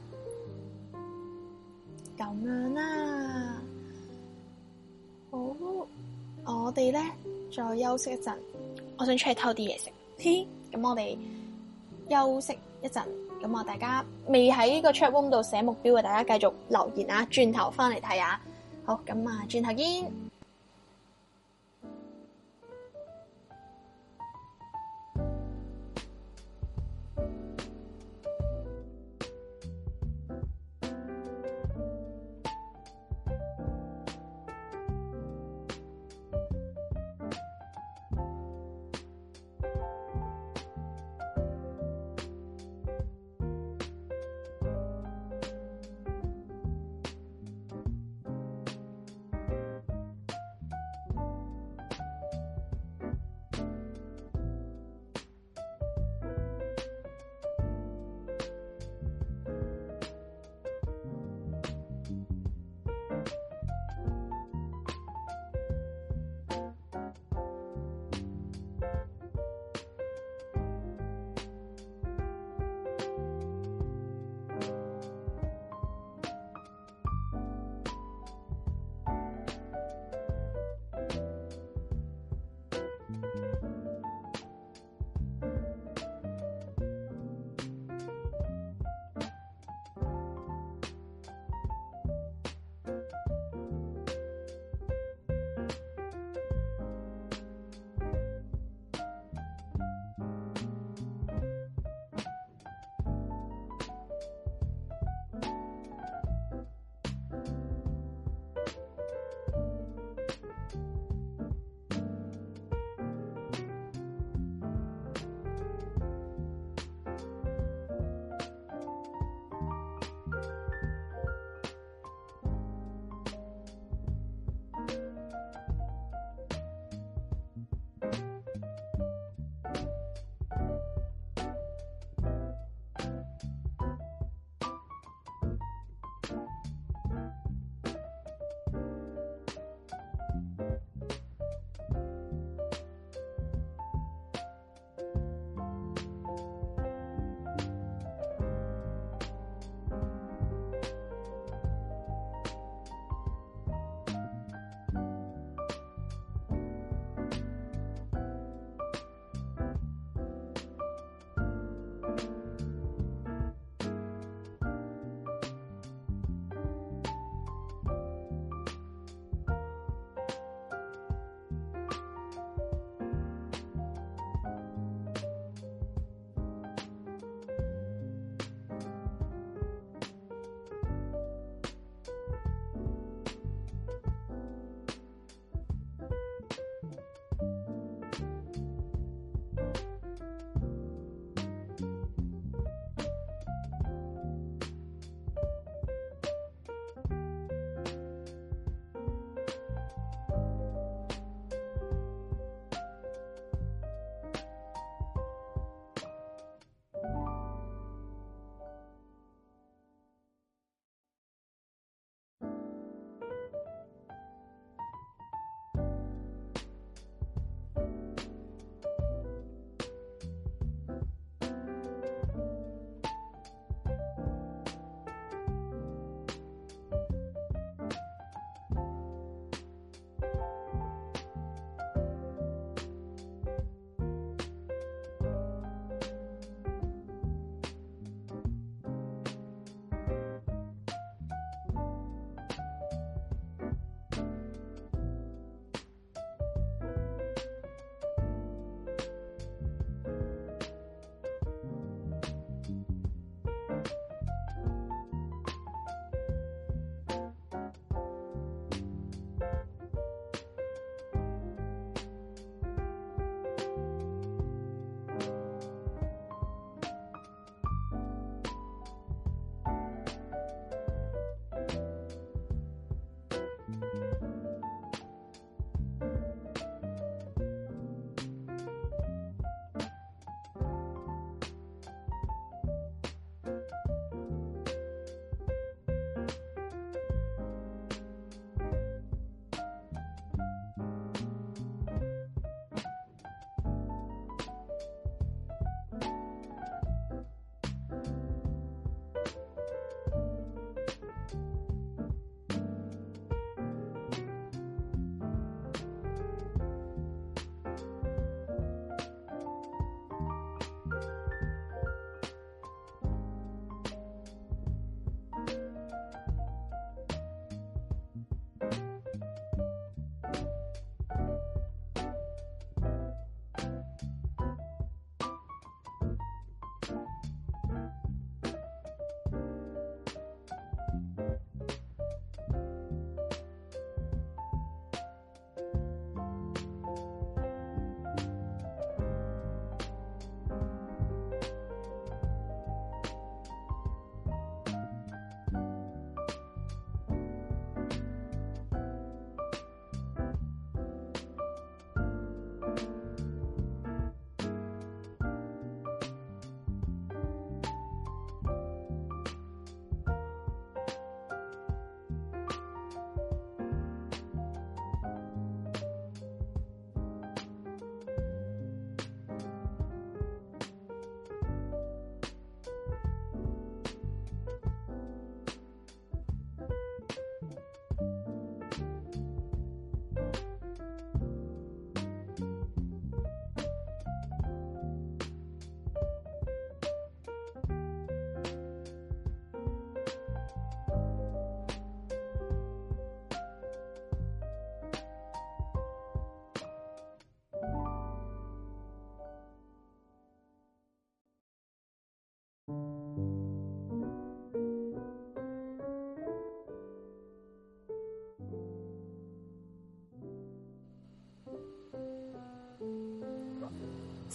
咁樣啦。好，我哋呢再休息一陣，我想出去偷啲嘢食。嘻，咁我哋休息一陣，咁我大家未喺呢個 chat room 度寫目標嘅，大家繼續留言啊！轉頭翻嚟睇下。好，咁啊，轉頭見。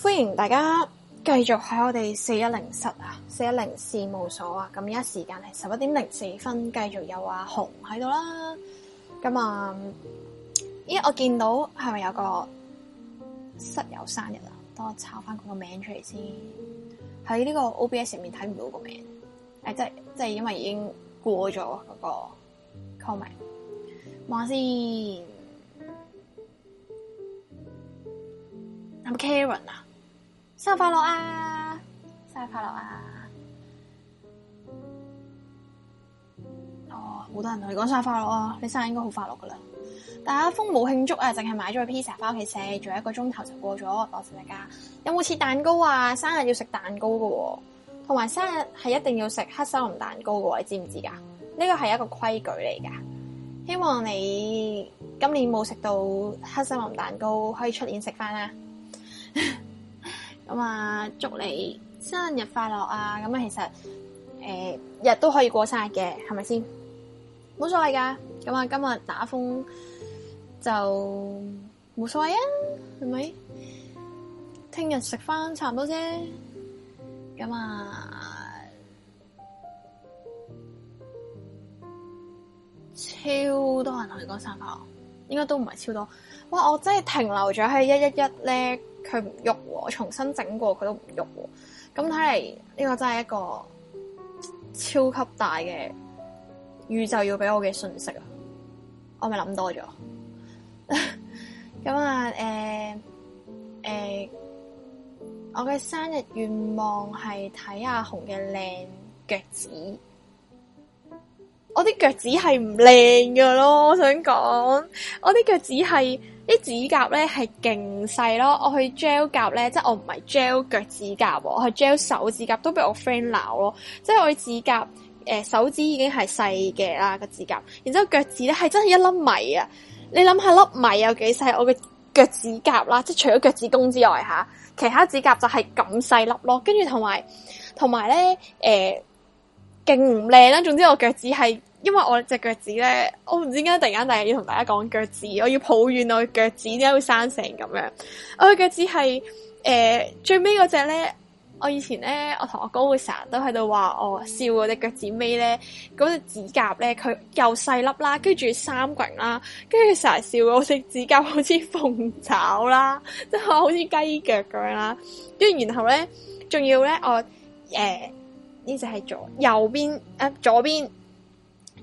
歡迎大家繼續喺我哋四一零室啊，四一零事務所啊，咁而家時間係十一點零四分，繼續有阿紅喺度啦。咁、嗯、啊，咦，我見到係咪有個室友生日啊？等我抄翻佢個名出嚟先。喺呢個 OBS 入面睇唔到個名，誒、哎，即係即係因為已經過咗嗰個 comment。望下先。講生日快樂啊！你生日應該好快樂噶啦。但阿風冇慶祝啊，淨係買咗個 pizza 翻屋企食，仲有一個鐘頭就過咗。多謝大家，有冇切蛋糕啊？生日要食蛋糕噶，哦，同埋生日係一定要食黑森林蛋糕噶，你知唔知噶？呢個係一個規矩嚟噶。希望你今年冇食到黑森林蛋糕，可以出年食翻啦。咁啊，祝你生日快樂啊！咁啊，其實誒、呃、日都可以過生日嘅，係咪先？冇所謂㗎，咁啊今日打風就冇所謂啊，係咪？聽日食翻差唔多啫。咁啊，超多人去，啊、嗰個山口，應該都唔係超多。哇！我真係停留咗喺一一一咧，佢唔喐喎，我重新整過佢都唔喐喎。咁睇嚟呢個真係一個超級大嘅。宇宙要俾我嘅信息，不想 啊！我咪諗多咗。咁啊，誒誒，我嘅生日願望係睇阿紅嘅靚腳趾。我啲腳趾係唔靚噶咯，我想講，我啲腳趾係啲指甲咧係勁細咯。我去 gel 甲咧，即係我唔係 gel 腳趾甲，我係 gel 手指甲，都俾我 friend 鬧咯。即係我指甲。誒，手指已經係細嘅啦，個指甲，然之後腳趾咧，係真係一粒米啊！你諗下粒米有幾細，我嘅腳趾甲啦，即係除咗腳趾公之外吓，其他指甲就係咁細粒咯。跟住，同埋，同埋咧，誒，勁唔靚啦。總之我腳趾係，因為我隻腳趾咧，我唔知點解突然間，突然係要同大家講腳趾，我要抱怨我嘅腳趾點解會生成咁樣。我嘅腳趾係，誒、呃，最尾嗰隻咧。我以前咧，我同我哥會成日都喺度話我笑嗰隻腳趾尾咧，嗰隻指甲咧，佢又細粒啦，跟住三個人啦，跟住成日笑的我隻指甲好似鳳爪啦，即係好似雞腳咁樣啦。跟住然後咧，仲要咧我誒、呃呃、呢隻係左右邊誒左邊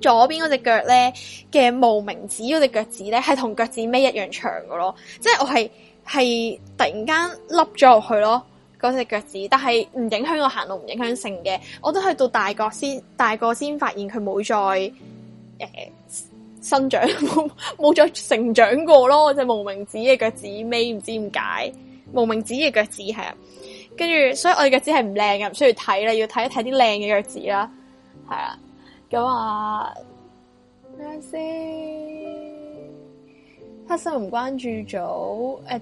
左邊嗰隻腳咧嘅無名指嗰隻腳趾咧，係同腳趾尾一樣長嘅咯，即係我係係突然間凹咗落去咯。嗰隻腳趾，但係唔影響我行路，唔影響成嘅。我都去到大個先，大個先發現佢冇再誒、呃、生長，冇再成長過咯。隻無名指嘅腳趾，尾唔知點解無名指嘅腳趾係啊，跟住所以我哋腳趾係唔靚嘅，唔需要睇啦，要睇一睇啲靚嘅腳趾啦，係啊，咁啊，睇下先，黑心唔關注組誒。呃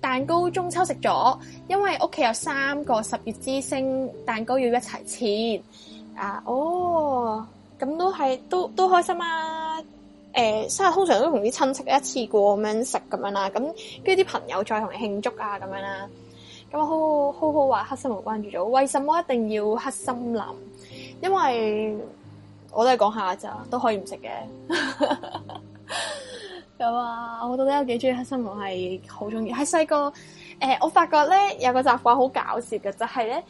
蛋糕中秋食咗，因為屋企有三個十月之星蛋糕要一齊切啊！哦，咁都係都都開心啊！誒、呃，生日通常都同啲親戚一次過咁樣食咁樣啦，咁跟住啲朋友再同你慶祝啊咁樣啦。咁好好，好好好話，黑森林關注咗，為什麼一定要黑森林？因為我都係講下咋，都可以唔食嘅。 有啊、嗯，我到底有幾中意黑森林係好中意。喺細個，誒、呃，我發覺咧有個習慣好搞笑嘅，就係、是、咧，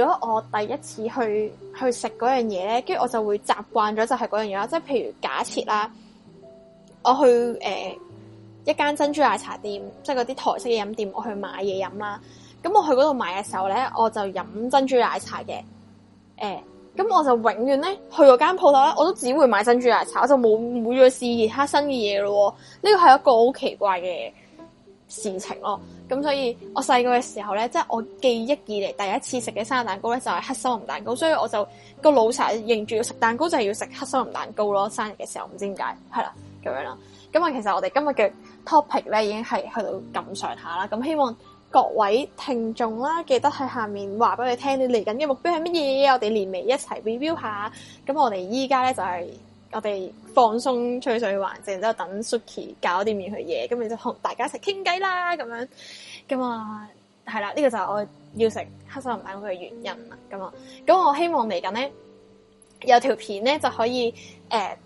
如果我第一次去去食嗰樣嘢咧，跟住我就會習慣咗就係嗰樣嘢啦。即、就、係、是、譬如假設啦，我去誒、呃、一間珍珠奶茶店，即係嗰啲台式嘅飲店，我去買嘢飲啦。咁我去嗰度買嘅時候咧，我就飲珍珠奶茶嘅，誒、呃。咁我就永遠咧去嗰間鋪頭咧，我都只會買珍珠奶茶，我就冇冇再試其他新嘅嘢咯。呢個係一個好奇怪嘅事情咯。咁所以，我細個嘅時候咧，即係我記憶以嚟第一次食嘅生日蛋糕咧，就係、是、黑森林蛋糕。所以我就、那個老殘認住要食蛋糕就係要食黑森林蛋糕咯。生日嘅時候唔知點解係啦咁樣啦。咁啊，其實我哋今日嘅 topic 咧已經係去到咁上下啦。咁希望。各位聽眾啦，記得喺下面話俾我聽，你嚟緊嘅目標係乜嘢？我哋年尾一齊 review 下。咁我哋依家咧就係、是、我哋放鬆吹水環境，之後等 Suki 搞掂佢啲嘢，咁然就同大家一齊傾偈啦。咁樣咁啊，係啦，呢、這個就係我要食黑森林蛋糕嘅原因啦。咁啊，咁我希望嚟緊咧有條片咧就可以誒、呃，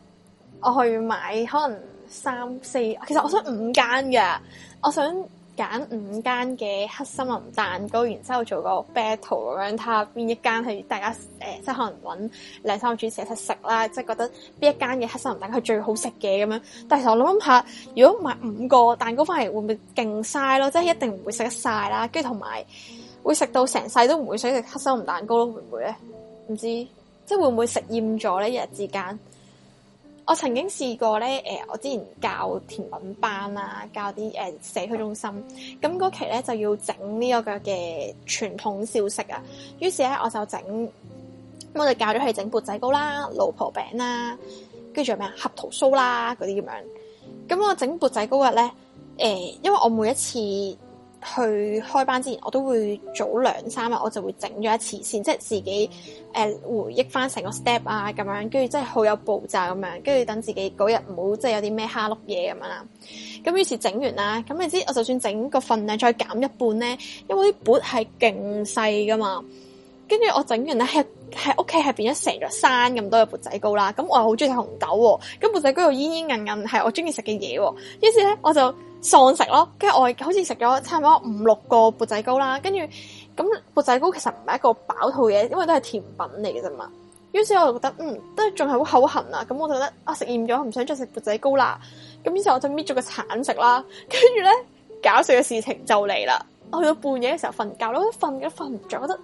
我去買可能三四，其實我想五間嘅，我想。揀五間嘅黑森林蛋糕，然之後做個 battle 咁樣，睇下邊一間係大家誒、即、呃、係可能搵兩三個主食一齊食啦，即係覺得邊一間嘅黑森林蛋糕係最好食嘅咁樣。但係我諗諗下，如果買五個蛋糕翻嚟，會唔會勁嘥咯？即係一定唔會食得晒啦，跟住同埋會食到成世都唔會想食黑森林蛋糕咯，會唔會咧？唔知，即係會唔會食厭咗咧？一日之間。我曾經試過咧，誒、呃，我之前教甜品班啦，教啲誒社區中心，咁嗰期咧就要整呢一個嘅傳統小食啊。於是咧，我就整、嗯，我就教咗佢整缽仔糕啦、老婆餅啦，跟住仲有咩啊？核桃酥啦嗰啲咁樣。咁我整缽仔糕嘅咧，誒、呃，因為我每一次，去開班之前，我都會早兩三日，我就會整咗一次先，即係自己誒回憶翻成個 step 啊，咁樣，跟住即係好有步驟咁樣，跟住等自己嗰日唔好即係有啲咩蝦碌嘢咁樣啦。咁於是整完啦，咁你知，我就算整個份量再減一半咧，因為啲缽係勁細噶嘛，跟住我整完咧喺喺屋企係變咗成座山咁多嘅缽仔糕啦。咁我又好中意食紅豆，咁缽仔糕又煙煙韌韌，係我中意食嘅嘢。於是咧，我就。喪食咯，跟住我好似食咗差唔多五六個缽仔糕啦，跟住咁缽仔糕其實唔係一個飽肚嘢，因為都係甜品嚟嘅啫嘛。於是我就覺得，嗯，都係仲係好口痕啊，咁我就覺得啊食厭咗，唔想再食缽仔糕啦。咁於是我就搣咗個橙食啦，跟住咧搞笑嘅事情就嚟啦。我去到半夜嘅時候瞓覺啦，我瞓嘅都瞓唔着，覺得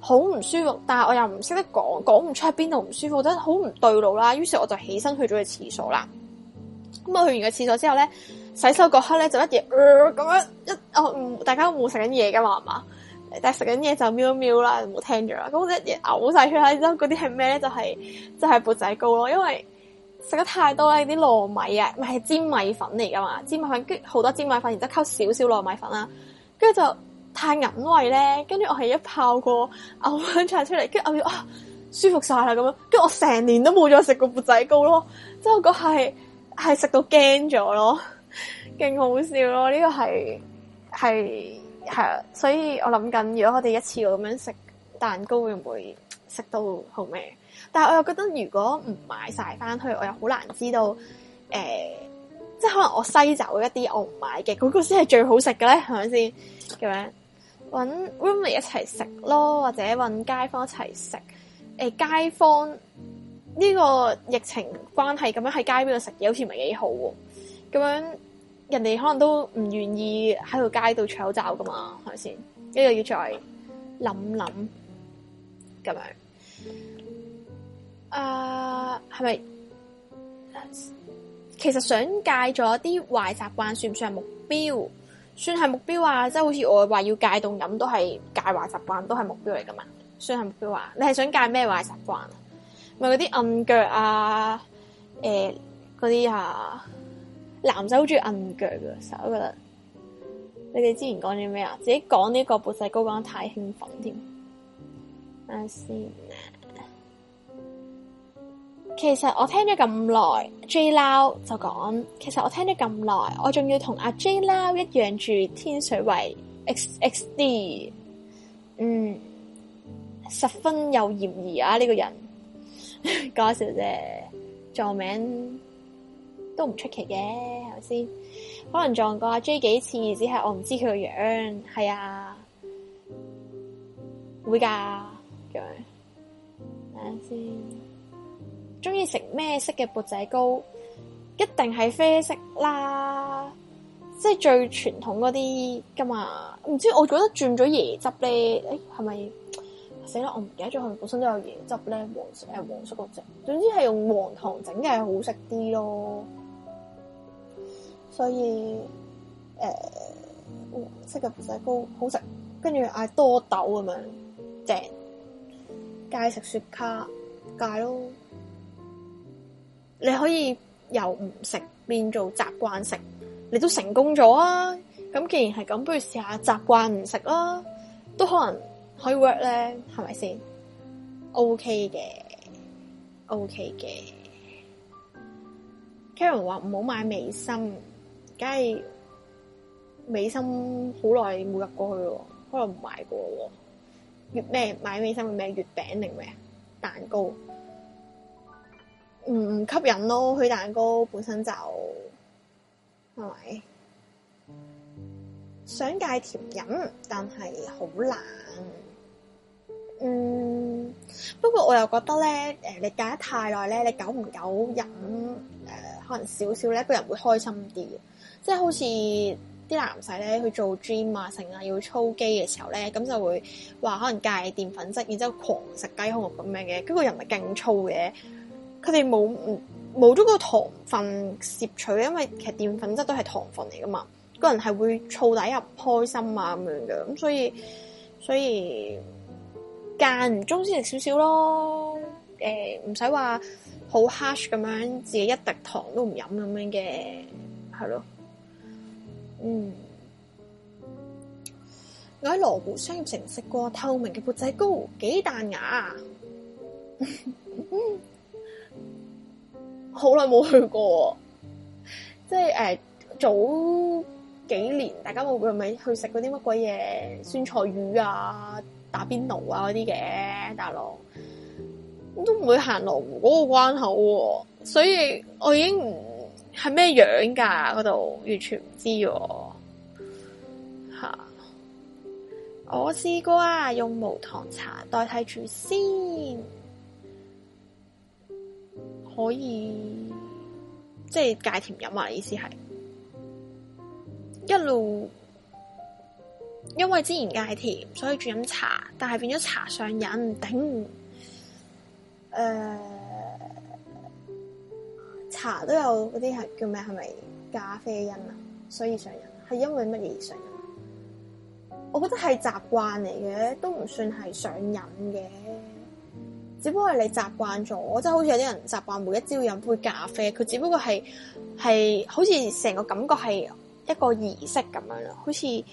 好唔舒服，但係我又唔識得講，講唔出喺邊度唔舒服，覺得好唔對路啦。於是我就起身去咗個廁所啦。咁啊去完個廁所之後咧。洗手嗰刻咧，就一嘢，咁、呃、樣一哦，大家冇食緊嘢噶嘛，係嘛？但係食緊嘢就喵喵啦，冇聽住啦。咁一嘢嘔晒出嚟之後，嗰啲係咩咧？就係、係、就係、係、缽仔糕咯，因為食得太多咧啲糯米啊，唔係粘米粉嚟噶嘛，粘米粉好多粘米粉，然之後溝少少糯米粉啦，跟住就太韌胃咧。跟住我係一泡過嘔兩叉出嚟，跟住嘔完啊舒服晒啦咁樣。跟住我成年都冇再食過缽仔糕咯，即係我講係係食到驚咗咯。勁好笑咯！呢個係係係啊，所以我諗緊，如果我哋一次過咁樣食蛋糕，會唔會食到好咩？但係我又覺得，如果唔買晒返去，我又好難知道誒、呃，即係可能我篩走一啲，我唔買嘅嗰個先係最好食嘅咧，係咪先？咁樣搵 roommate 一齊食咯，或者搵街坊一齊食。誒、呃，街坊呢個疫情關係咁樣喺街邊度食嘢，好似唔係幾好喎。咁樣。人哋可能都唔願意喺個街度除口罩噶嘛，係咪先？呢個要再諗諗咁樣。啊，uh，係咪？其實想戒咗啲壞習慣，算唔算係目標？算係目標啊！即係好似我話要戒凍飲，都係戒壞習慣，都係目標嚟噶嘛？算係目標啊！你係想戒咩壞習慣啊？咪嗰啲暗腳啊？誒，嗰啲啊？男仔好中意按腳嘅，成日都覺得你哋之前講啲咩啊？自己講呢個博世哥講得太興奮添。睇下先。其實我聽咗咁耐，J 撈就講，其實我聽咗咁耐，我仲要同阿 J 撈一樣住天水圍 X X D，嗯，十分有嫌疑啊！呢、這個人講笑啫，做名。都唔出奇嘅，係咪先？可能撞過阿 J 幾次，只係我唔知佢個樣，係啊，會噶，係咪？睇下先。中意食咩色嘅缽仔糕？一定係啡色啦，即係最傳統嗰啲噶嘛。唔知我覺得轉咗椰汁咧，誒、欸，係咪死啦？我唔記得咗，佢本身都有椰汁咧，黃誒、哎、黃色嗰、那、隻、個。總之係用黃糖整嘅，好食啲咯。所以，誒、呃，食嘅砵仔糕好食，跟住嗌多豆咁樣正，戒食雪卡戒咯。你可以由唔食變做習慣食，你都成功咗啊！咁既然係咁，不如試下習慣唔食啦，都可能可以 work 咧，係咪先？OK 嘅，OK 嘅。Karen 話唔好買美心。係美心好耐冇入過去咯，可能唔買過喎。月咩買美心嘅咩月餅定咩蛋糕？唔唔吸引咯，佢蛋糕本身就係咪想戒甜飲，但係好難。嗯，不過我又覺得咧，誒，你戒得太耐咧，你久唔久飲誒，可能少少咧，個人會開心啲嘅。即係好似啲男仔咧，去做 gym 啊，成日要操肌嘅時候咧，咁就會話可能戒澱粉質，然之後狂食雞胸肉咁樣嘅，嗰個人咪勁粗嘅。佢哋冇冇咗個糖分攝取，因為其實澱粉質都係糖分嚟噶嘛。嗰人係會燥底入開心啊咁樣嘅，咁所以所以間唔中先食少少咯。誒、呃，唔使話好 hush 咁樣，自己一滴糖都唔飲咁樣嘅，係咯。嗯，我喺羅湖商業城食過透明嘅鉢仔糕，幾彈牙！好耐冇去過，即係誒、呃、早幾年，大家冇唔咪去食嗰啲乜鬼嘢酸菜魚啊、打邊爐啊嗰啲嘅，大佬都唔會行羅湖嗰個關口，啊，所以我已經不。係咩樣噶？嗰度完全唔知喎。吓、啊，我試過啊，用無糖茶代替住先，可以即係戒甜飲啊！意思係一路因為之前戒甜，所以轉飲茶，但係變咗茶上癮，頂。誒、呃。茶都有嗰啲係叫咩？係咪咖啡因啊？所以上癮係因為乜嘢而上癮？我覺得係習慣嚟嘅，都唔算係上癮嘅。只不過係你習慣咗，即係好似有啲人習慣每一朝飲杯咖啡，佢只不過係係好似成個感覺係一個儀式咁樣咯。好似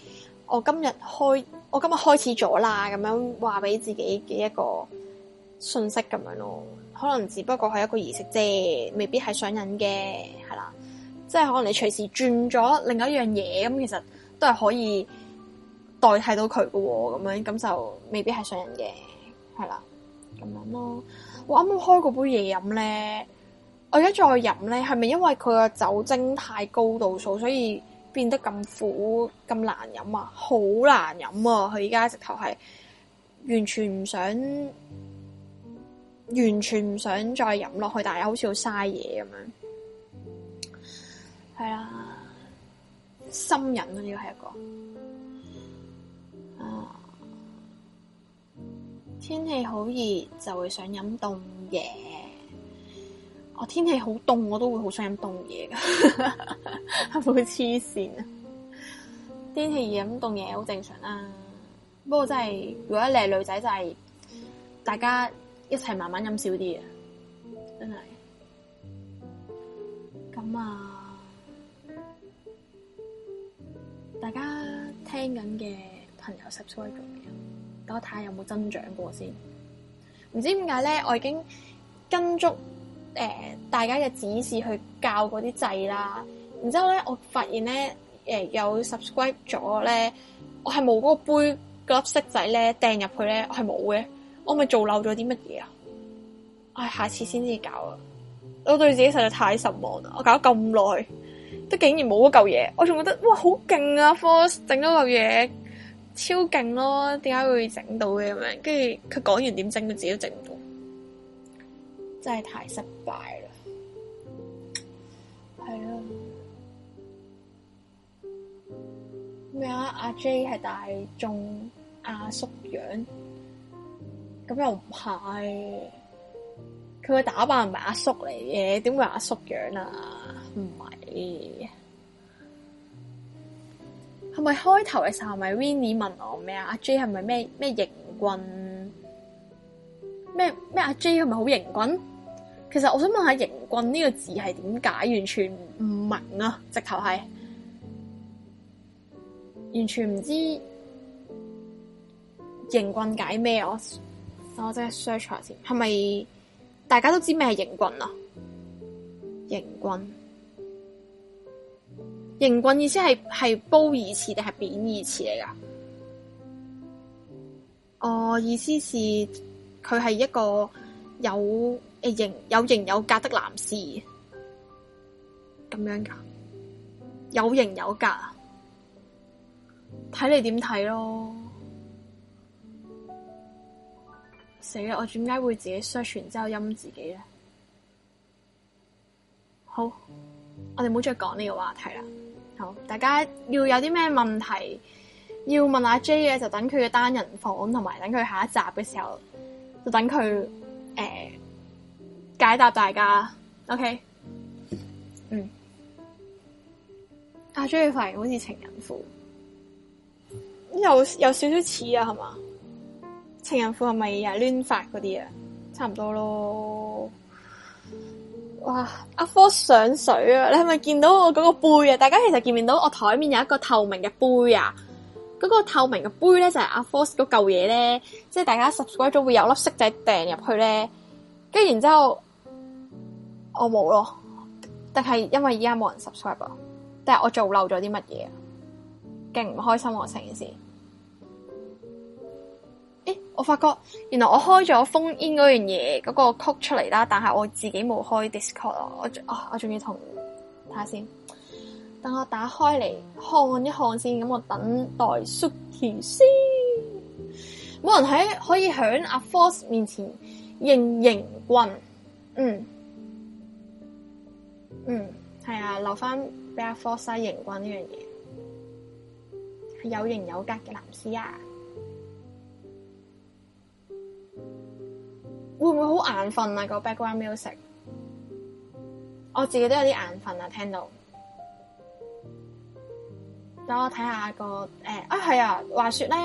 我今日開，我今日開始咗啦，咁樣話俾自己嘅一個信息咁樣咯。可能只不過係一個儀式啫，未必係上癮嘅，係啦。即係可能你隨時轉咗另一樣嘢，咁其實都係可以代替到佢嘅喎。咁樣咁就未必係上癮嘅，係啦。咁樣咯。我啱啱開嗰杯嘢飲咧，我而家再飲咧，係咪因為佢個酒精太高度數，所以變得咁苦、咁難飲啊？好難飲啊！佢而家直頭係完全唔想。完全唔想再飲落去，但係又好似會嘥嘢咁樣，係啊，心癮啊，呢個係一個啊。天氣好熱就會想飲凍嘢，我、哦、天氣好凍我都會好想飲凍嘢噶，會黐線啊！天氣熱飲凍嘢好正常啊。不過真係，如果你係女仔就係、是、大家。一齊慢慢飲少啲啊！真係咁啊！大家聽緊嘅朋友 subscribe 咗，等我睇下有冇增長過先。唔 知點解咧，我已經跟足誒、呃、大家嘅指示去教嗰啲掣啦。然之後咧，我發現咧，誒、呃、有 subscribe 咗咧，我係冇嗰個杯粒、那個、色仔咧掟入去咧，我係冇嘅。我咪做漏咗啲乜嘢啊！唉、哎，下次先至搞啊！我對自己實在太失望啦！我搞咗咁耐，都竟然冇一嚿嘢，我仲覺得哇好勁啊 f o r 整咗嚿嘢，超勁咯！點解會整到嘅咁樣？跟住佢講完點整，佢自己都整唔到，真係太失敗啦！係啊！咩啊？阿 J 係大眾阿、啊、叔樣。咁又唔係，佢個，啊、打扮唔係阿叔嚟嘅，點會阿叔樣啊？唔係，係咪開頭嘅時候咪 Vinny 問我咩啊？阿 J 係咪咩咩型棍？咩咩阿 J 係咪好型棍？其實我想問下型棍呢個字係點解？完全唔明啊！直頭係完全唔知型棍解咩我真係 search 下先，係咪大家都知咩係型棍啊？型棍，型棍意思係係褒義詞定係貶義詞嚟噶？哦，意思是佢係一個有誒型有型有格的男士咁樣噶，有型有、有，型有格，睇你點睇咯。死啦！我點解會自己 search 完之後陰自己咧？好，我哋唔好再講呢個話題啦。好，大家要有啲咩問題要問阿 J 嘅，就等佢嘅單人房，同埋等佢下一集嘅時候，就等佢誒、呃、解答大家。OK，嗯，阿 J 嘅髮型好似情人褲，有有少少似啊，係嘛？情人款係咪又係亂髮嗰啲啊？差唔多咯。哇，阿、啊、Force 上水啊！你係咪見到我嗰個杯啊？大家其實見唔到我台面有一個透明嘅杯啊。嗰、那個透明嘅杯咧就係、是、阿、啊、Force 嗰嚿嘢咧，即係大家 subscribe 咗會有粒色仔掟入去咧。跟住然後之後我冇咯，但係因為而家冇人 subscribe，但係我做漏咗啲乜嘢啊？勁唔開心我成件事。誒，我發覺原來我開咗 phone in 嗰樣嘢，嗰、那個曲出嚟啦，但係我自己冇開 Discord 我啊，我仲要同睇下先，等我打開嚟看一看先，咁我等待 Suki 先，冇人喺可以響阿 Force 面前認型棍，嗯嗯，係啊，留翻俾阿 Force 嘅型棍呢樣嘢，係有型有格嘅男士啊。會唔會好眼瞓啊？個 background music，我自己都有啲眼瞓啊，聽到。等我睇下、個誒、欸、啊，係啊，話說咧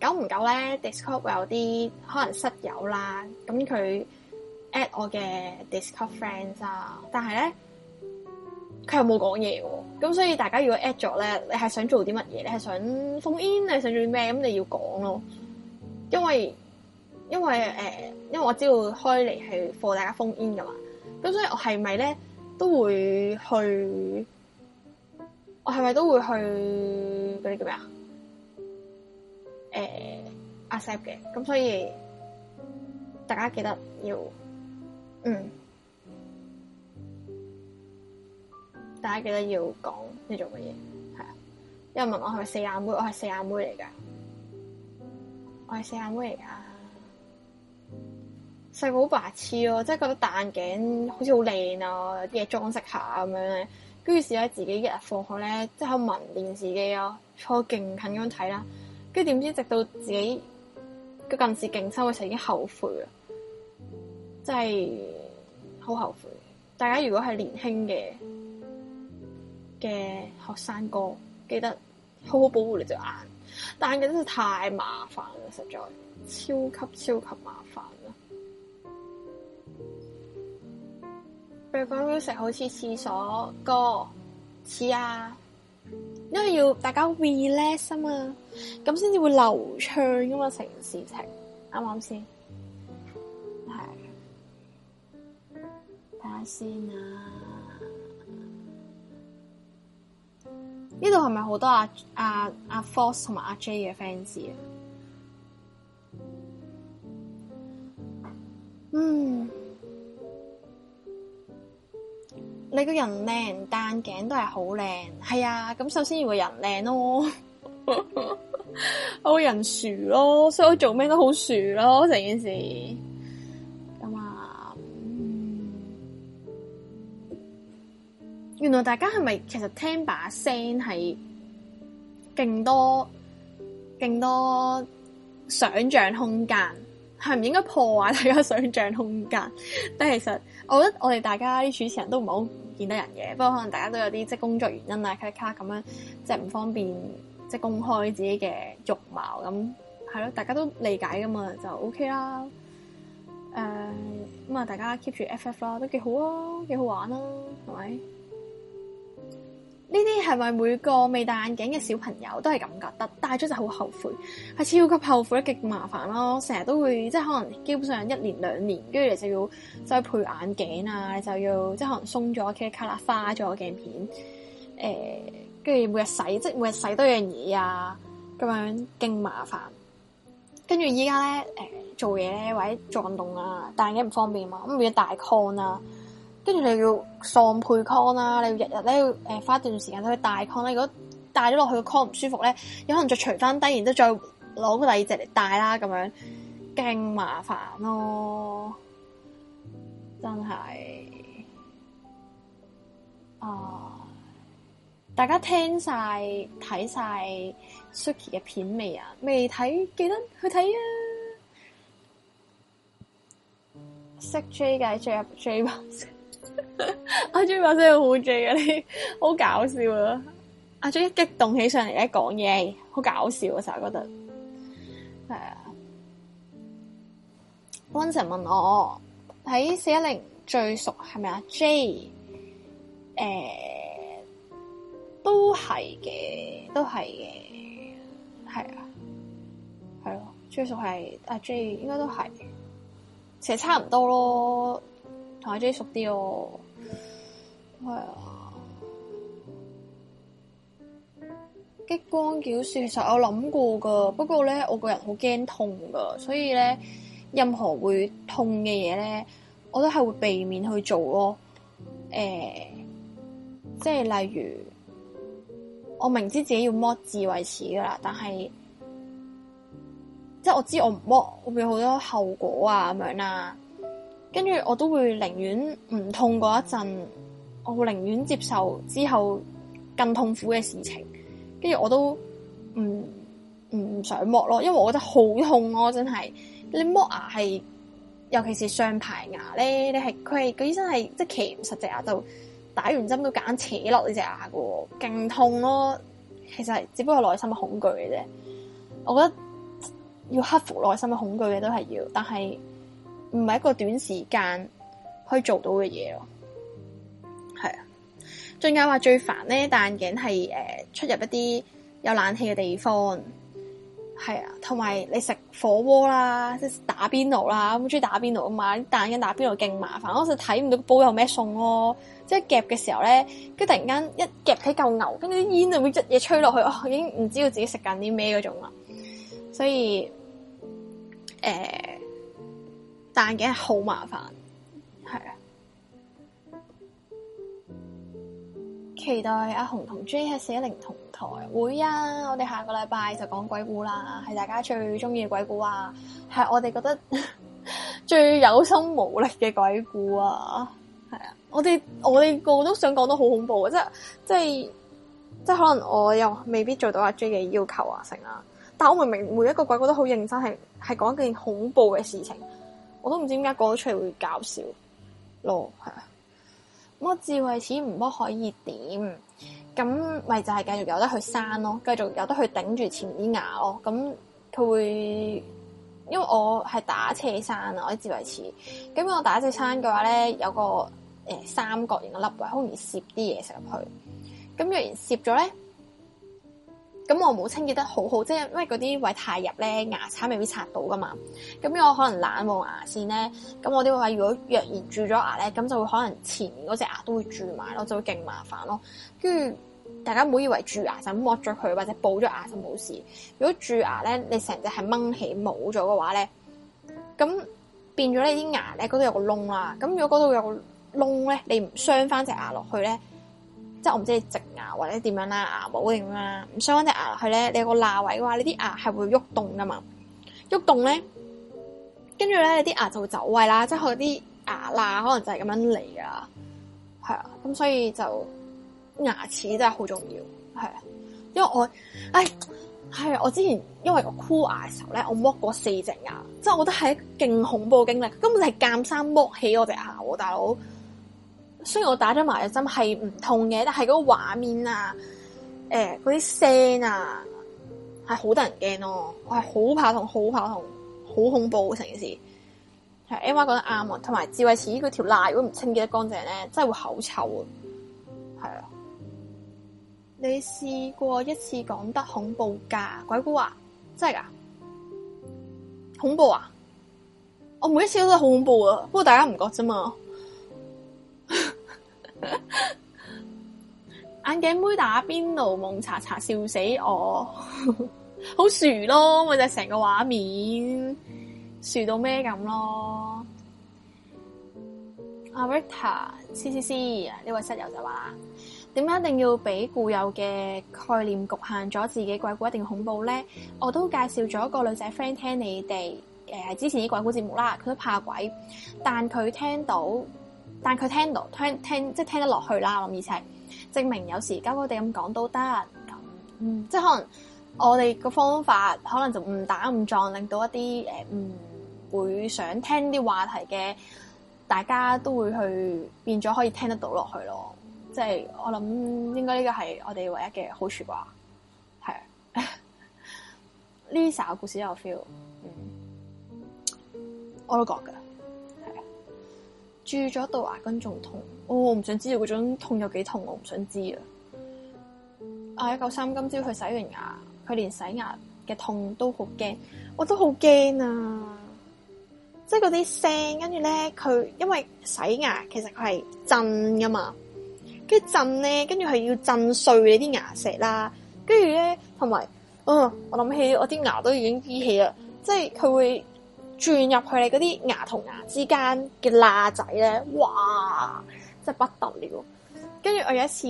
久唔久咧，Discord 會有啲可能室友啦，咁佢 at 我嘅 Discord friends 啊，但係咧佢又冇講嘢喎，咁所以大家如果 at 咗咧，你係想做啲乜嘢？你係想封 in？你係想做啲咩？咁你要講咯，因為。因為誒、呃，因為我知道開嚟係畀大家 phone in 噶嘛，咁所以我係咪咧都會去？我係咪都會去嗰啲叫咩誒，accept 嘅，咁、呃啊、所以大家記得要，嗯，大家記得要講呢種嘅嘢，因為問我係咪四眼妹，我係四眼妹嚟噶，我係四眼妹嚟噶。細個好白痴咯，即係覺得戴眼鏡好似好靚啊，啲嘢裝飾下咁樣咧。跟住試下自己一日放學咧，即係睇民電視嘢咯，坐勁近咁樣睇啦。跟住點知直到自己佢近視勁深嗰時已經後悔啦，真係好後悔。大家如果係年輕嘅嘅學生哥，記得好好保護你隻眼。戴眼鏡真係太麻煩啦，實在超級超級麻煩。譬如講，佢講美食好似廁所歌，似啊，因為要大家 relax 啊嘛，咁先至會流暢噶嘛成事情，啱唔啱先看看？係，睇下先啊，呢度係咪好多阿阿阿 Force 同埋阿 J 嘅 fans 啊？嗯。你個人靚，戴眼鏡都係好靚，係啊！咁首先要個人靚咯， 我人薯咯，所以我做咩都好薯咯，成件事咁啊、嗯！原來大家係咪其實聽把聲係勁多勁多想象空間，係唔應該破壞大家想象空間，但其實。我覺得我哋大家啲主持人都唔係好見得人嘅，不過可能大家都有啲即係工作原因啊、卡卡咁樣，即係唔方便即係公開自己嘅肉貌咁，係咯，大家都理解㗎嘛，就 OK 啦。誒、呃，咁啊，大家 keep 住 FF 啦，都幾好啊，幾好玩啦、啊，係咪？呢啲係咪每個未戴眼鏡嘅小朋友都係咁覺得？戴咗就好後悔，係超級後悔，極麻煩咯！成日都會即係可能基本上一年兩年，跟住就要再配眼鏡啊，就要即係可能鬆咗嘅卡啦，花咗鏡片，誒、呃，跟住每日洗，即係每日洗多樣嘢啊，咁樣勁麻煩。跟住依家咧誒，做嘢咧或者做運動啊，戴眼鏡唔方便嘛，咁變咗大 con 啊？跟住你要喪配 con 啦，你要日日咧要誒花一段時間去戴 con 啦。如果戴咗落去個 con 唔舒服咧，有可能就除翻低，然之後再攞個第二隻嚟戴啦，咁樣更麻煩咯，真係啊！大家聽晒、睇晒 Suki 嘅片未啊？未睇記得去睇啊！識追嘅追入追埋阿 J 把聲好勁啊，你好搞笑啊！阿 J 一激動起上嚟一講嘢，好搞笑啊，成日覺得係啊。溫 Sir、嗯嗯、問我喺四一零最熟係咪阿 J？誒、欸，都係嘅，都係嘅，係啊，係咯，最熟係阿 J，應該都係，其實差唔多咯。台 J 熟啲哦，係、哎、激光矯視其實我諗過噶，不過咧我個人好驚痛噶，所以咧任何會痛嘅嘢咧，我都係會避免去做咯。誒、欸，即係例如，我明知自己要剝智慧齒噶啦，但係即係我知我唔剝會有好多後果啊咁樣啦、啊。跟住我都會寧願唔痛嗰一陣，我會寧願接受之後更痛苦嘅事情。跟住我都唔唔想剝咯，因為我覺得好痛咯、啊，真係你剝牙係，尤其是上排牙咧，你係佢係個醫生係即係鉗實隻牙度打完針都夾硬扯落呢隻牙噶，勁痛咯、啊。其實只不過內心嘅恐懼嘅啫，我覺得要克服內心嘅恐懼嘅都係要，但係。唔係一個短時間可以做到嘅嘢咯，係啊。最近話最煩咧，戴眼鏡係誒出入一啲有冷氣嘅地方，係啊。同埋你食火鍋啦，即係打邊爐啦，咁中意打邊爐啊嘛，戴眼鏡打邊爐勁麻煩，我仲睇唔到煲有咩餸咯。即係夾嘅時候咧，跟住突然間一夾起嚿牛，跟住啲煙就會一嘢吹落去，哦，已經唔知道自己食緊啲咩嗰種啦。所以誒。呃但嘅好麻煩，係啊！期待阿紅同 J 係410同台會啊！我哋下個禮拜就講鬼故啦，係大家最中意嘅鬼故啊！係我哋覺得最有心無力嘅鬼故啊！係啊！我哋我哋個個都想講到好恐怖啊！即係即係即係可能我又未必做到阿 J 嘅要求啊，成啊，但我明明每一個鬼故都好認真，係係係講一件恐怖嘅事情。我都唔知點解講出嚟會搞笑咯，係啊！剝智慧齒唔剝可以點？咁咪就係繼續有得去生咯，繼續有得去頂住前啲牙咯。咁佢會因為我係打斜生啊，我啲智慧齒。咁我打斜生嘅話咧，有個、欸、三角形嘅粒位，好容易攝啲嘢食入去。咁若然攝咗咧，咁我冇清潔得好好，即係因為嗰啲位太入咧，牙刷未必刷到噶嘛。咁我可能懶冇牙線咧，咁我啲位如果若然蛀咗牙咧，咁就會可能前面嗰隻牙都會蛀埋咯，就會勁麻煩咯。跟住大家唔好以為蛀牙就咁剝咗佢，或者補咗牙就冇事。如果蛀牙咧，你隻成隻係掹起冇咗嘅話咧，咁變咗你啲牙咧嗰度有個窿啦。咁如果嗰度有個窿咧，你唔傷翻隻牙落去咧？即係我唔知你直牙或者點樣啦，牙帽定樣啦，唔鑲翻隻牙落去咧，你有個罅位嘅話，你啲牙係會喐動噶嘛。喐動咧，跟住咧，你啲牙就會走位啦，即係佢啲牙罅可能就係咁樣嚟噶。係啊，咁所以就牙齒真係好重要，係啊，因為我，唉、哎，係啊，我之前因為我箍牙嘅時候咧，我剝過四隻牙，即係我覺得係一個勁恐怖嘅經歷，根本係艱生剝起我隻牙，大佬。雖然我打咗麻藥針係唔痛嘅，但係嗰個畫面啊，誒、哎，嗰啲聲啊，係好得人驚咯，我係好怕痛，好怕痛，好恐怖成件事。係 M Y 講得啱啊，同埋智慧齒嗰條罅如果唔清潔得乾淨咧，真係會口臭啊。係啊，你試過一次講得恐怖噶？鬼故啊，真係噶？恐怖啊！我每一次都好恐怖啊，不過大家唔覺啫嘛。 眼鏡妹打邊爐懵查查，笑死我， 好薯咯，我就成個畫面薯到咩咁咯。阿 Rita，C C C 啊，呢位室友就話：點解一定要俾固有嘅概念局限咗自己？鬼故一定恐怖咧？我都介紹咗個女仔 friend 聽你哋誒、呃，之前啲鬼故節目啦，佢都怕鬼，但佢聽到。但佢聽到聽聽即聽得落去啦，我諗，而且證明有時乖乖地咁講都得咁，嗯、即可能我哋個方法可能就誤打誤撞，令到一啲誒唔會想聽啲話題嘅，大家都會去變咗可以聽得到落去咯。即係我諗應該呢個係我哋唯一嘅好處啩。係啊 ，Lisa 嘅故事有 feel、嗯、我都覺㗎。住咗度牙根，仲痛，哦、痛，痛，我唔想知道嗰種痛有幾痛，我唔想知啊！阿一九三今朝佢洗完牙，佢連洗牙嘅痛都好驚，我都好驚啊！即係嗰啲聲，跟住咧佢，因為洗牙其實佢係震噶嘛，跟住震咧，跟住係要震碎你啲牙石啦，跟住咧同埋，嗯，我諗起我啲牙都已經淤起啦，即係佢會。鑽入去你嗰啲牙同牙之間嘅罅仔咧，哇，真係不得了！跟住我有一次，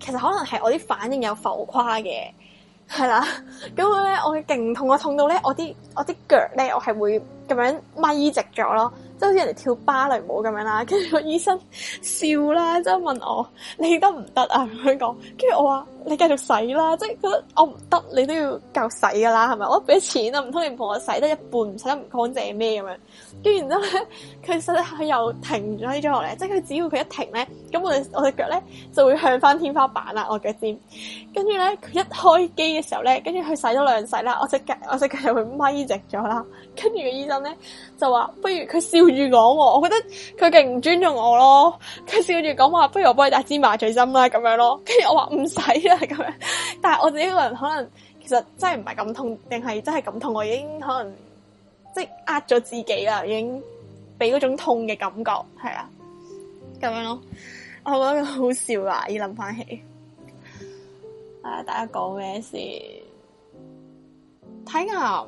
其實可能係我啲反應有浮誇嘅，係啦，咁我咧我勁痛，我痛到咧我啲我啲腳咧，我係會。咁樣咪直咗咯，即係好似人哋跳芭蕾舞咁樣啦。跟住個醫生笑啦，即係問我：你得唔得啊？咁樣講。跟住我話：你繼續洗啦，即係覺得我唔得，你都要夠洗噶啦，係咪？我俾錢啊，唔通你唔同我洗得一半，唔洗得唔乾淨咩咁樣？跟住然之後咧，佢實質佢又停咗呢咗落嚟，即係佢只要佢一停咧，咁我我隻腳咧就會向翻天花板啦，我腳尖。跟住咧，佢一開機嘅時候咧，跟住佢洗咗兩洗啦，我隻腳我隻腳又會咪直咗啦，跟住個醫生。咧就話不如佢笑住講，我覺得佢勁唔尊重我咯。佢笑住講話，不如我幫你打支麻醉針啦咁樣咯。跟住我話唔使啦咁樣。但係我自己一個人可能其實真係唔係咁痛，定係真係咁痛？我已經可能即係呃咗自己啦，已經俾嗰種痛嘅感覺係啊咁樣咯。我覺得好笑啊！而諗翻起啊，大家講咩事？睇牙啊。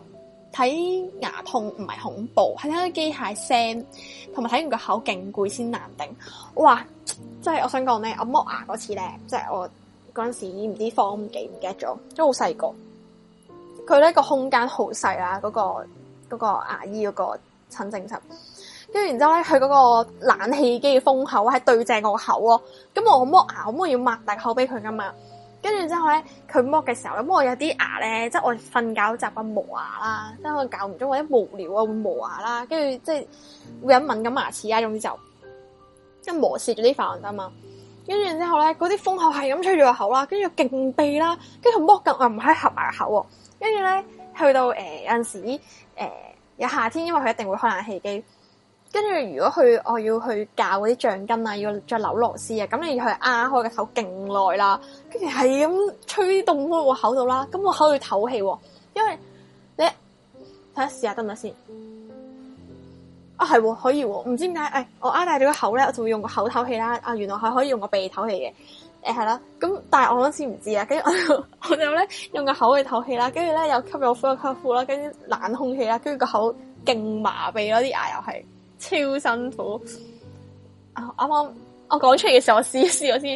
睇牙痛唔係恐怖，係聽啲機械聲，同埋睇完個口勁攰先難頂。哇！即係我想講咧，我剝牙嗰次咧，即係我嗰陣時唔知方幾唔 get 咗，都好細個。佢咧個空間好細啦，嗰個嗰個牙醫嗰個診室，跟住然之後咧，佢嗰個冷氣機嘅風口喺對正我口咯。咁我剝牙可唔可以擘大口俾佢噶嘛？跟住之後咧，佢剝嘅時候咁，我有啲牙咧，即係我瞓覺習慣磨牙啦，即係可能搞唔中或者無聊啊會磨牙啦，跟住即係會引敏感牙齒着着啊，總之就一磨蝕咗啲飯啊嘛。跟住之後咧，嗰啲風口係咁吹住個口啦，跟住勁痹啦，跟住佢剝緊我又唔係合牙口，跟住咧去到誒、呃、有陣時誒、呃、有夏天，因為佢一定會開冷氣機。跟住如果去我要去教嗰啲橡筋啊，要着扭螺絲啊，咁你要去呃開個口勁耐啦，跟住係咁吹凍開個口度啦，咁我口要唞氣、啊，因為咧睇下試下得唔得先？啊係、啊、可以唔、啊、知點解？誒、哎、我呃大咗個口咧，我就會用個口唞氣啦、啊。啊原來係可以用個鼻唞氣嘅。誒係啦，咁但係我嗰次唔知啊，跟住我，我就咧用個口去唞氣啦，跟住咧又吸又呼吸呼啦，跟住冷空氣啦，跟住個口勁麻痹咯、啊，啲牙又係。超辛苦！啊、哦，啱啱我講出嚟嘅時候，我試一試我先，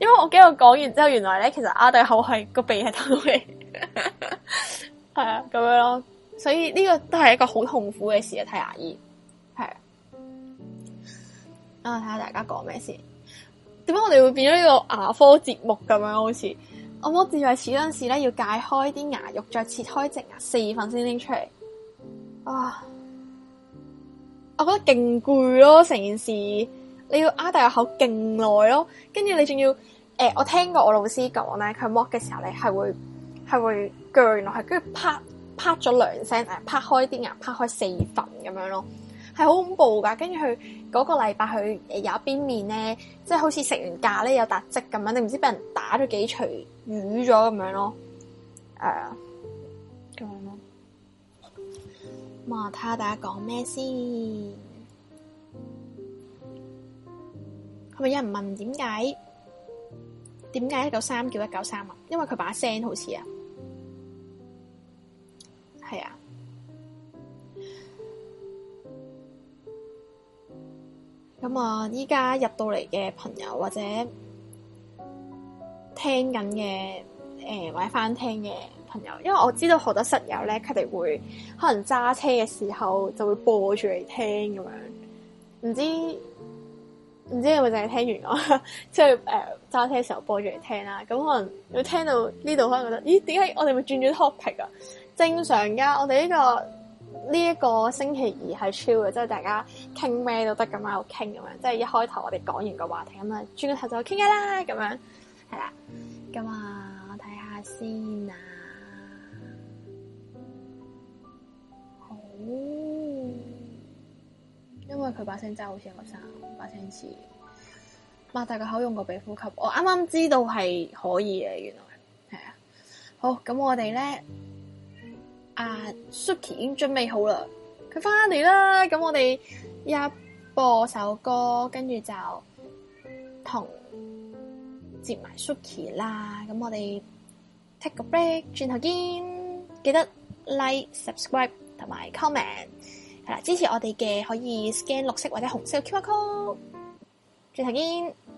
因為我驚我講完之後，原來咧其實阿弟口係個鼻係痛嘅，係啊咁樣咯。所以呢、呢個都係一個好痛苦嘅事看啊，睇牙醫係啊。等我睇下大家講咩先？點解我哋會變咗呢個牙科節目咁樣？好似我冇治牙齒嗰陣時咧，要解開啲牙肉，再切開隻牙四份先拎出嚟啊！我覺得勁攰咯，成件事你要呃大個口勁耐咯，跟住你仲要誒、呃，我聽過我老師講咧，佢剝嘅時候咧係會係會鋸落去，係跟住啪啪咗兩聲，誒，啪開啲牙，啪開四份咁樣咯，係好恐怖噶，跟住佢嗰個禮拜佢有一邊面咧，即係好似食完咖喱有笪漬咁樣，你唔知俾人打咗幾錘瘀咗咁樣咯，咁我睇下大家講咩先，係咪有人問點解？點解一九三叫一九三啊？因為佢把聲好似啊，係啊。咁啊，依家入到嚟嘅朋友或者聽緊嘅誒，或者翻聽嘅。朋友，因為我知道好多室友咧，佢哋會可能揸車嘅時候就會播住嚟聽咁樣，唔知唔知道你淨係聽完我？即係誒揸車嘅時候播住嚟聽啦。咁可，可能會聽到呢度，可能覺得咦？點解我哋會轉咗 topic 啊？正常噶，我哋呢、呢個呢一、呢個星期二係超嘅，即係大家傾咩都得咁喺度傾咁樣。即係一開頭我哋講完個話題咁啊，轉頭就傾啦咁樣，係啦。咁啊，我睇下先啊。哦，因為佢把聲真係好似個生，把聲似擘大個口用個鼻呼吸。我啱啱知道係可以嘅，原來係啊。好，咁我哋咧阿 Suki 已經準備好啦，佢翻嚟啦。咁我哋一播首歌，跟住就同接埋 Suki 啦。咁我哋 take 個 break，轉頭見，記得 like subscribe。同埋 comment 係啦，支持我哋嘅可以 scan 綠色或者紅色 QR Code，轉頭見。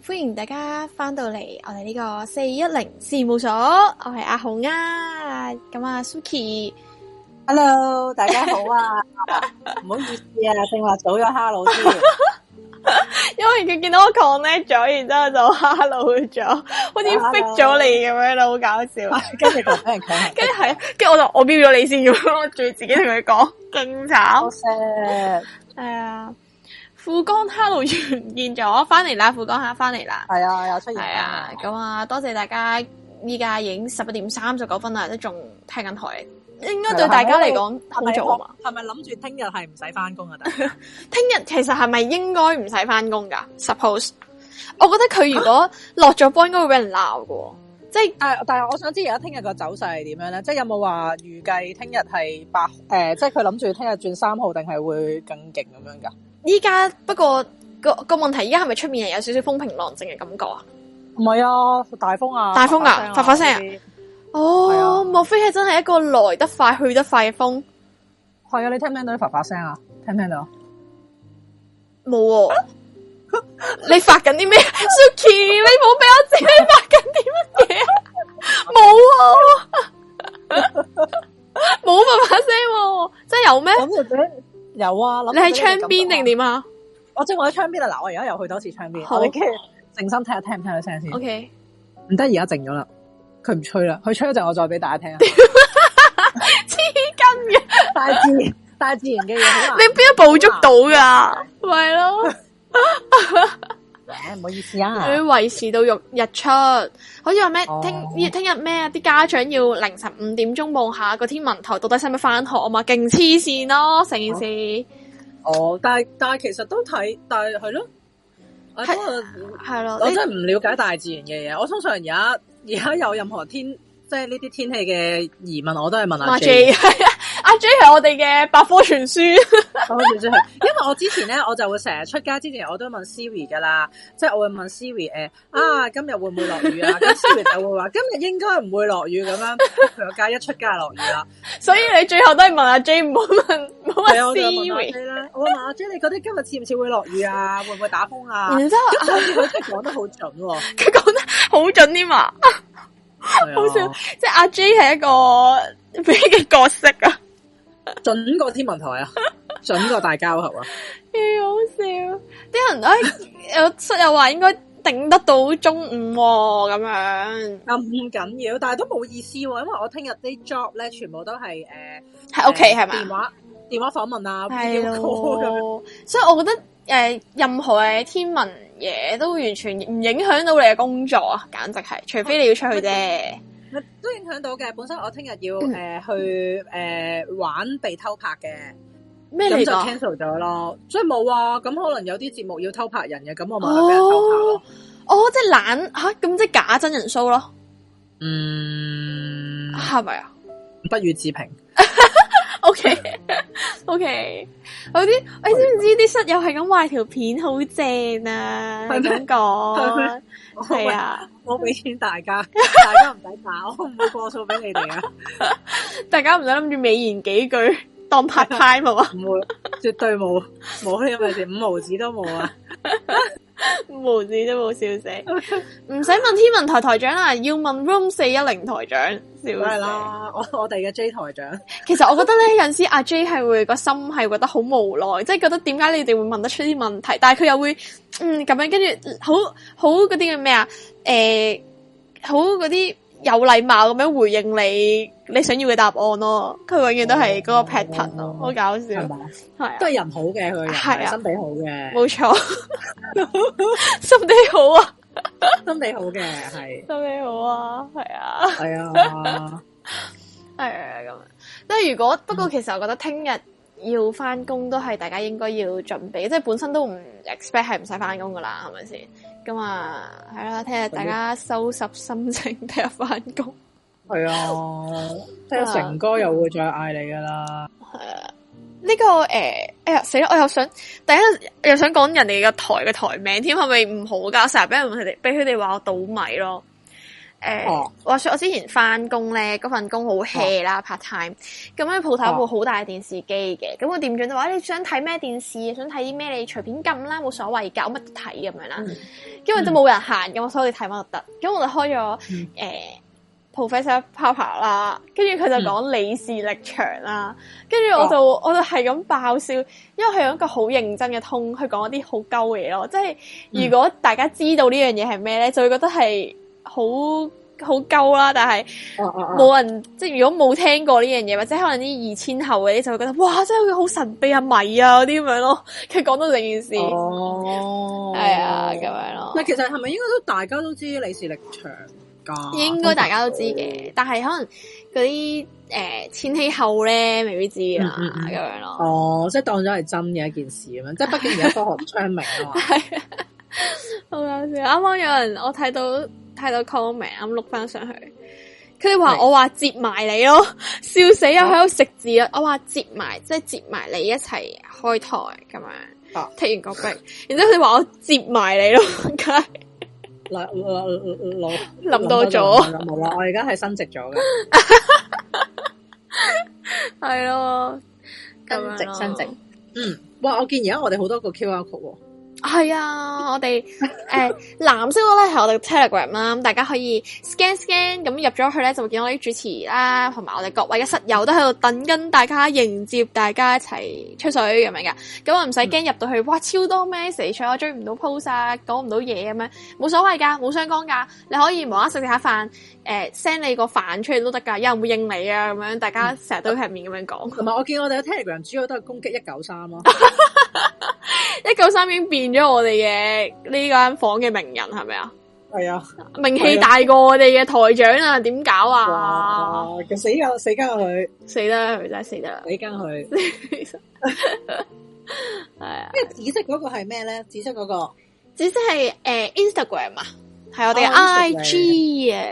歡迎大家翻到嚟我哋呢個四一零事務所，我係阿紅啊，咁啊 s u k i h e l l o 大家好啊，唔 好意思啊，正話早咗 Hello 先，因為佢見到我 c o n 咗，然之後就 Hello 咗，好似逼咗你咁 Hello. 樣啦，好搞笑，跟住同咩人講，跟住係，跟住我就我標咗你先， 我最自己同佢講，勁慘，係 啊。富江 hello 完見咗，翻嚟啦！富江吓翻嚟啦，係啊，有出現係啊。咁啊，多謝大家依家已經十一點三十九分啦，都仲聽緊台，應該對大家嚟講好早啊嘛。係咪諗住聽日係唔使翻工啊？聽日 其實係咪應該唔使翻工噶？Suppose，我覺得佢如果落咗波，應該會俾人鬧噶。即係、啊，但係我想知而家聽日個走勢係點樣咧？即係有冇話預計聽日係八誒？即係佢諗住聽日轉三號，定係會更勁咁樣噶？依家不過個個問題，依家係咪出面係有少少風平浪靜嘅感覺啊？唔係啊，大風啊，大風啊，發發聲啊！哦，莫非係真係一個來得快去得快嘅風？係啊，你聽唔聽到啲發發聲啊？聽唔聽到？冇啊！你發緊啲咩？Suki，你冇俾我知你發緊啲乜嘢？冇啊！冇發發聲，真係有咩？有啊，你喺窗邊定點啊？我即係我喺窗邊啊！嗱，我而家又去多次窗邊。Ok，跟住靜心看看聽下聽唔聽到聲先。O K，唔得而家靜咗啦，佢唔吹啦，佢吹嗰陣我再俾大家聽。黐筋嘅大自然，大自然嘅嘢， 你邊一捕捉到㗎？咪咯。唔好意思啊，佢維持到日日出，好似話咩聽聽日咩啊？啲、oh. 家長要凌晨五點鐘望下個天文台，到底係咪翻學啊嘛？勁黐線咯，成件事。哦，但係但係其實都睇，但係係咯，係係咯，我真係唔了解大自然嘅嘢。你我通常而家而家有任何天，即係呢啲天氣嘅疑問，我都係問阿 J。啊 阿 J 係我哋嘅百科全書，因為我之前咧，我就會成日出街之前，我都問 Siri 噶啦，即係我會問 Siri 誒，啊今日會唔會落雨啊？咁 Siri 就會話今日應該唔會落雨咁樣，佢梗係一出街落雨啦。所以你最後都係問阿 J 唔好問，唔好問 Siri 啦，我問阿 J 你覺得今日似唔似會落雨啊？會唔會打風啊？然之後阿 J 佢真係講得好準，佢講得好準添嘛，好笑，即係阿 J 係一個咩嘅角色啊？準過天文台啊， 準過大交合啊，幾好笑！啲 人咧，有室友話應該頂得到中午咁、哦、樣，又唔緊要，但係都冇意思喎、哦。因為我聽日啲 job 咧全部都係誒喺屋企係咪，電話電話訪問啊，編歌咁樣， 所以我覺得誒、呃、任何嘅天文嘢都完全唔影響到你嘅工作啊，簡直係，除非你要出去啫。都影響到嘅，本身我聽日要誒、嗯呃、去誒、呃、玩被偷拍嘅，咩咁就 cancel 咗咯，所以冇啊。咁可能有啲節目要偷拍人嘅，咁我咪去俾人偷拍咯。哦，哦，即係懶吓，咁即係假真人 show 咯。嗯，係咪啊？不予置評。 O K，O K，啲，你知唔知啲室友係咁話條片好正啊？係咁講，係啊，我俾錢大家， 大家唔使打，我唔會過數俾你哋啊。 大家唔使諗住美言幾句，當派派冇啊，冇， 絕對冇，冇呢回事，五毫子都冇啊。 無字都冇笑死，唔使問天文台台長啦，要問 Room 四一零台長，笑死啦！我我哋嘅 J 台長，其實我覺得咧， 有時阿 J 係會個心係覺得好無奈，即係覺得點解你哋會問得出啲問題，但係佢又會嗯咁樣跟住好好嗰啲嘅咩啊，誒，好嗰啲有禮貌咁樣回應你。你想要嘅答案咯、哦，佢永遠都係嗰個 pattern 咯、哦，好搞笑係吧、啊、都係人好嘅佢，係啊，心地好嘅，冇錯，心地好啊，心地好嘅係，心地好啊，係 啊，係啊，係 啊咁，即係、啊啊啊、如果不過其實我覺得聽日要翻工都係大家應該要準備，即、就、係、是、本身都唔 expect 係唔使翻工噶啦，係咪先？咁啊，係啦，聽日大家收拾心情聽日翻工。係啊，即係、啊、成哥又會再嗌你噶啦。係啊，呢、這個誒、呃，哎呀死啦！我又想第一又想講人哋個台嘅台名添，係咪唔好噶？成日俾佢哋，俾佢哋話我倒米咯。誒、呃、啊、話說我之前翻工咧，嗰份工好 hea 啦，part time。咁樣鋪頭部好大嘅電視機嘅，咁個、啊、店長就話，你想睇咩電視？想睇啲咩？你隨便撳啦，冇所謂搞乜都睇咁樣啦。嗯、因為都冇人行咁我所以我睇翻就得。咁我就開咗誒。嗯呃 Professor Papa 啦，跟住佢就講李氏力場啦，跟住、嗯、我就我就係咁爆笑，因為佢有一個好認真嘅通去講一啲好鳩嘢咯，即係如果大家知道呢樣嘢係咩咧，就會覺得係好好鳩啦，但係冇人即係如果冇聽過呢樣嘢，或者可能啲二千後嘅啲就會覺得哇，真係好神秘啊，迷啊嗰啲咁樣咯，佢講到整件事，哦，係啊、哎呀，咁樣咯。其實係咪應該都大家都知李氏力場？應該大家都知嘅，是但係可能嗰啲誒千禧後咧，未必知啊，咁、嗯嗯嗯、樣咯。哦，即係當咗係真嘅一件事咁樣， 即係畢竟而家科學唔昌明啊嘛。係啊，好搞笑！啱啱有，有人我睇到睇到 comment，我碌翻上去，佢哋話我話接埋你咯，笑死啊！又喺度食字啊，我話接埋，即係接埋你一齊開台咁樣，踢完個逼、啊、然之後佢話我接埋你咯，梗嗱嗱，諗多咗，冇啦！我而家係升值咗嘅，係咯席，增值升值。嗯，哇！我見而家我哋好多個 Q R code 喎。係啊，我哋誒、呃、 藍色嗰咧係我哋嘅 Telegram 啦，咁大家可以 sc scan scan 咁入咗去咧，就會見到啲主持啦，同埋我哋各位嘅室友都喺度等緊大家迎接大家一齊吹水咁樣噶。咁我唔使驚入到去，嗯、哇超多 message，我追唔到 post 啊，講唔到嘢咁樣，冇所謂噶，冇相干噶，你可以無啦食食下飯，誒、呃、send 你個飯出去都得噶，有人會應你啊咁樣，大家成日都喺面咁樣講。同埋、嗯、我見我哋嘅 Telegram 主要都係攻擊一九三咯。 一九三已經變咗我哋嘅呢間房嘅名人係咪啊？係啊，哎、呀名氣大過我哋嘅台長啊？點了搞啊？哇！死鳩死鳩佢，死啦佢真係死啦，死鳩佢係啊！紫色嗰、嗰個係咩咧？紫色嗰個紫色係誒 Instagram 啊，係我哋 IG 啊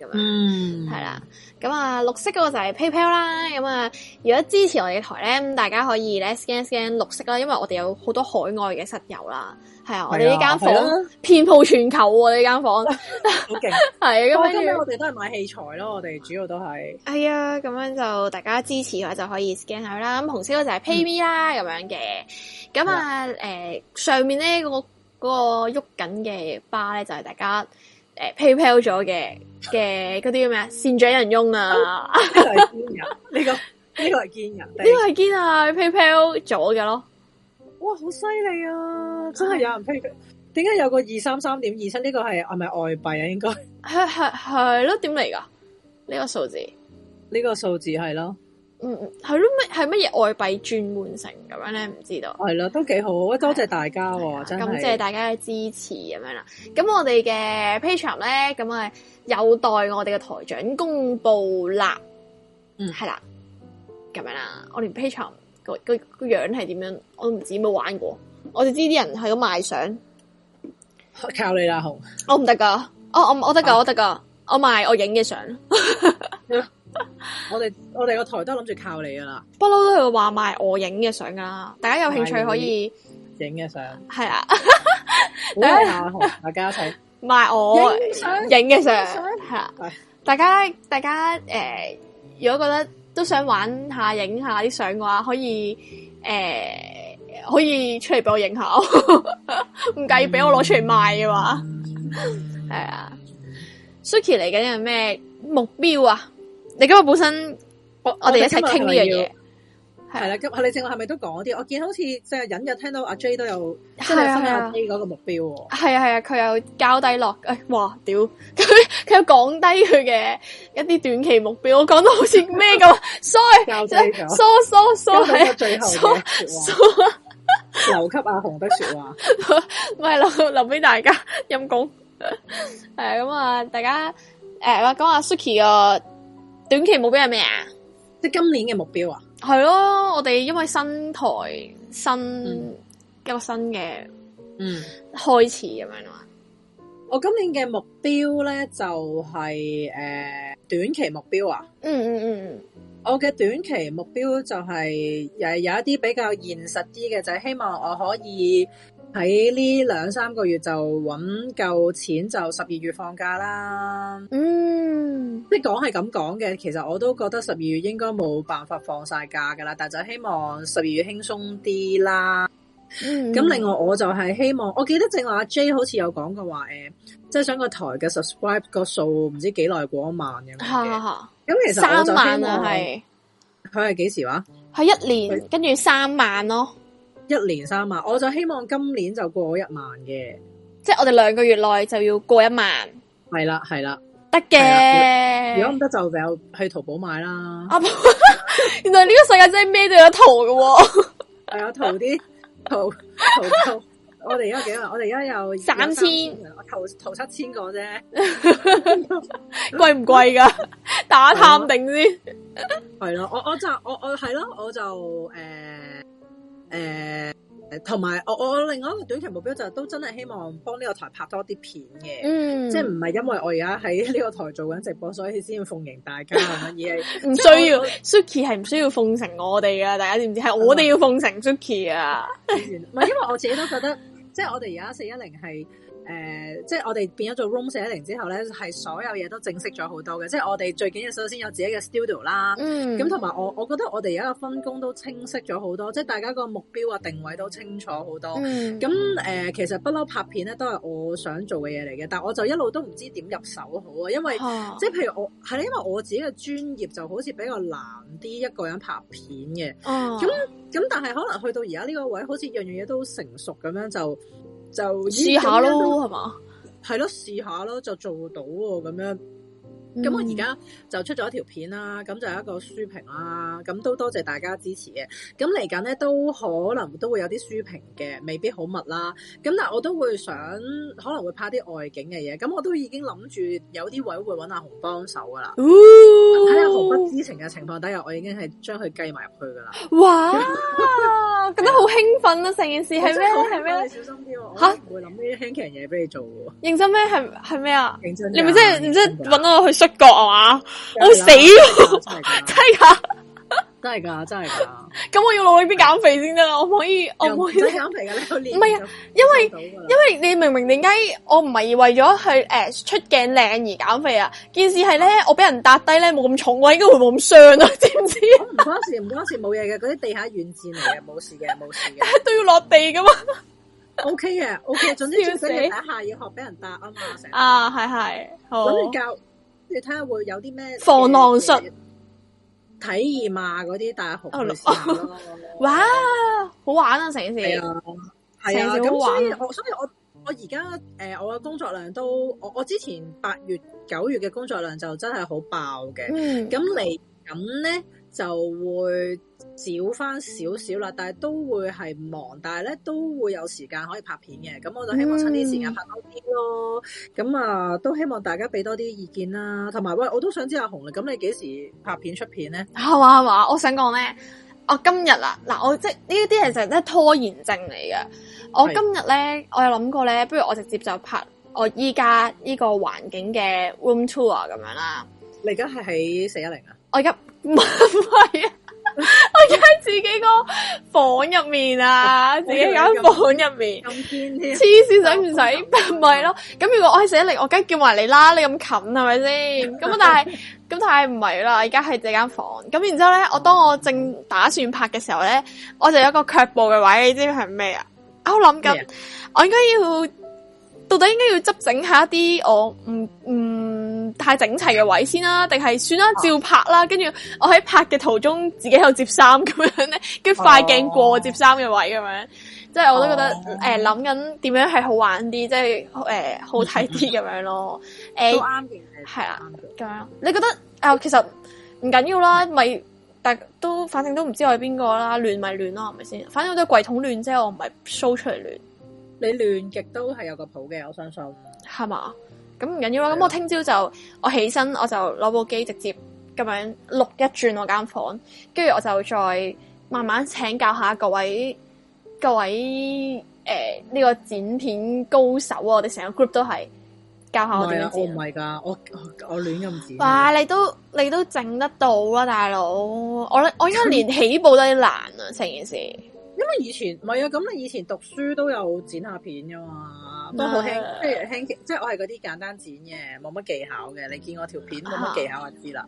咁啊，嗯，係啦。咁啊，綠色嗰個就係 PayPal 啦。咁啊，如果支持我哋嘅台咧，咁大家可以咧 scan scan 綠色啦，因為我哋有好多海外嘅室友啦。係啊，我哋呢間房遍佈全球喎，呢間房。 好勁，咁啊， 因為、哦、我哋都係買器材咯，我哋主要都係。係啊，咁樣就大家支持嘅話就可以 scan 下啦。咁紅色嗰就係 PayMe 啦，咁、嗯、樣嘅。咁、嗯、啊，誒、呃，上面咧、那個、那個喐緊嘅巴咧就係、是、大家誒 PayPal 咗嘅。嘅嗰啲叫咩啊？善長人翁啊、哦！呢個呢個係堅人，呢、 這個係堅啊！PayPal 咗嘅咯，了了哇，好犀利啊！真係有人 PayPal！點解唉有個二三三點二七？呢個係係咪外幣啊？應該係係係咯，點嚟噶？呢、這個數字，呢個數字係咯。嗯，係咯，咩係乜嘢外幣轉換成咁樣咧？唔知道。係啦，都幾好，多謝大家、哦、係啦、真係！咁謝大家嘅支持咁樣啦。咁我哋嘅 Patreon 咧，咁啊有待我哋嘅台長公布啦。嗯，係啦，咁樣啦。我連 Patreon 個個個樣係點樣，我都唔知道，冇玩過。我就知啲人係咁賣相。靠你啦，紅！我唔得噶，哦、我、啊、我我得噶，我得噶，我賣我影嘅相。我哋我哋個台都諗住靠你噶啦，不嬲都有話賣我影嘅相噶啦。大家有興趣可以影嘅相，係啊，好、哦、大家一齊賣我影嘅相，係、啊哎、大家大家誒、呃，如果覺得都想玩下影下啲相嘅話，可以誒、呃、可以出嚟俾我影下我，唔介意俾我攞出嚟賣嘅話，係、嗯、啊，Suki 嚟緊有咩目標啊？你今日本身我我哋一齊傾呢樣嘢，係啦。今日你正話，我係咪都講啲？我見好似即係隱約聽到阿 J 都有，即係新入呢個目標。係啊係啊，佢有交低落。誒，哇屌！佢佢有講低佢嘅一啲短期目標，我講到好似咩咁。衰，即係衰衰衰，係最後嘅說話，留給阿紅的說話。唔係留留俾大家陰功。係咁啊，大家誒，我講阿 Suki 啊。短期目標係咩啊？即係今年嘅目標啊？係咯，我哋因為新台新、嗯、一個新嘅嗯開始咁樣啊嘛。我今年嘅目標咧就係、是、誒、呃、短期目標啊。嗯嗯嗯，我嘅短期目標就係誒有一啲比較現實啲嘅，就係、是、希望我可以。喺呢兩三個月就揾夠錢，就十二月放假啦。嗯，即係講係咁講嘅，其實我都覺得十二月應該冇辦法放晒假噶啦。但就希望十二月輕鬆啲啦。咁、嗯、另外，我就係希望，我記得正話阿 J 好似有講過的話，誒、欸，即係想個台嘅 subscribe 個數唔知幾耐過一萬咁樣。咁其實三萬係佢係幾時話、啊？佢一年他跟住三萬咯。一年三萬，我就希望今年就過一萬嘅，即係我哋兩個月內就要過一萬，係啦係啦，得嘅，如果唔得就唯有去淘寶買啦。阿寶，原來呢個世界真係咩都有淘嘅，係啊，淘啲淘淘，我哋而家幾多？我哋而家有三千，投投七千個啫，貴唔貴㗎？打探定啲，係咯，我我就我我係咯，我就誒。誒，同埋、呃、我我另外一個短期目標就係都真係希望幫呢個台拍多啲片嘅，嗯，即係唔係因為我而家喺呢個台做緊直播，所以先要奉迎大家，係咪？而唔需要，Suki 係唔需要奉承我哋噶，大家知唔知道？係、嗯、我哋要奉承 Suki 啊，唔 係 因為我自己都覺得，即係我哋而家四一零係。誒、呃，即係我哋變咗做 Room 四一零之後咧，係所有嘢都正式咗好多嘅。即係我哋最緊要的首先有自己嘅 studio 啦，咁同埋我，我覺得我哋而家嘅分工都清晰咗好多。即係大家個目標啊、定位都清楚好多。咁、嗯呃、其實不嬲拍片咧都係我想做嘅嘢嚟嘅，但我就一路都唔知點入手好啊。因為、啊、即係譬如我係因為我自己嘅專業就好似比較難啲一個人拍片嘅。咁咁、啊、但係可能去到而家呢個位，好似樣樣嘢都成熟咁樣就。就試下咯，係嘛？係咯，試下咯，就做到喎，咁樣。咁我而家就出咗一條片啦，咁就一個書評啦，咁都多謝大家支持嘅。咁嚟緊咧都可能都會有啲書評嘅，未必好密啦。咁但係我都會想可能會拍啲外景嘅嘢。咁我都已經諗住有啲位會揾阿紅幫手噶啦。喺阿紅不知情嘅情況底下，我已經係將佢計埋入去噶啦。哇，覺得好興奮啊！成件事係咩？係咩？你小心啲啊！吓，會諗啲輕奇嘢俾你做喎。認真咩？係係咩啊？認真。你咪真係唔知揾我去。一個啊嘛，我死咯，真係噶，真係噶，真係噶。咁我要努力去邊減肥先得啦。我唔可以，我唔可以減肥噶。唔係啊，因為因為你明明點解我唔係為咗去誒出鏡靚而減肥啊？件事係咧，我俾人搭低呢冇咁重，我應該會冇咁傷啊？知唔知？唔關事，唔關事，冇嘢嘅。嗰啲地下軟墊嚟嘅，冇事嘅，冇事嘅。都要落地噶嘛？O K 嘅，O K。總之最緊要第一下要學俾人搭啊嘛。啊，係係，好。你睇下會有啲咩、啊、防狼術體驗啊？嗰啲大學哇，好玩啊！成件事係啊，咁、啊、所以我所以我我而家誒，我嘅工作量都我我之前八月九月嘅工作量就真係好爆嘅，咁嚟緊咧就會。少翻少少啦，但係都會係忙，但係咧都會有時間可以拍片嘅，咁我就希望趁啲時間拍多啲咯。咁啊，都希望大家俾多啲意見啦，同埋喂，我都想知阿紅，咁你幾時拍片出片咧？係話係嘛，我想講咧，我今日啊嗱，我即係呢啲其實都係拖延症嚟嘅。我今日咧，我有諗過咧，不如我直接就拍我依家呢個環境嘅 room tour 咁樣啦。你而家係喺四一零啊？我而家唔係 我而家自己個房入面啊， 自己間房入面，黐線，使唔使？咪咯，咁如果我喺寫力，我梗係叫埋你啦，你咁近係咪先？咁 但係，咁但係唔係啦，而家喺呢間房。咁然之後咧，我當我正打算拍嘅時候咧，我就有一個卻步嘅位，你知係咩啊？我諗緊，我應該要，到底應該要執整下一啲我唔唔。嗯嗯太整齊嘅位先啦，定係算啦，照拍啦。跟住我喺拍嘅途中，自己又接衫咁樣咧，跟住快鏡過我接衫嘅位咁樣，即係我都覺得誒諗緊點樣係好玩啲，即係誒好睇啲咁樣咯。誒，係啊，咁樣你覺得誒，其實唔緊要啦，咪但都反正都唔知我係邊個啦，亂咪亂咯，係咪先？反正我都櫃桶亂啫，我唔係 show 出嚟亂。你亂極都係有個譜嘅，我相信係嘛？咁唔緊要啦，咁、哎、呦我聽朝就我起身，我就攞部機直接咁樣錄一轉我間房，跟住我就再慢慢請教下各位，各位誒呢、呃呢個剪片高手啊，我哋成個 group 都係教，教下我哋。唔、啊 oh、我唔係噶，我我，我亂咁剪。哇！你都你都整得到啊，大佬！我我依家連起步都有啲難啊，成件事。因為以前唔係啊，咁你以前讀書都有剪下片噶嘛。都好輕，即係輕，即係我係嗰啲簡單剪嘅，冇乜技巧嘅。你見我條片冇乜技巧，就知啦。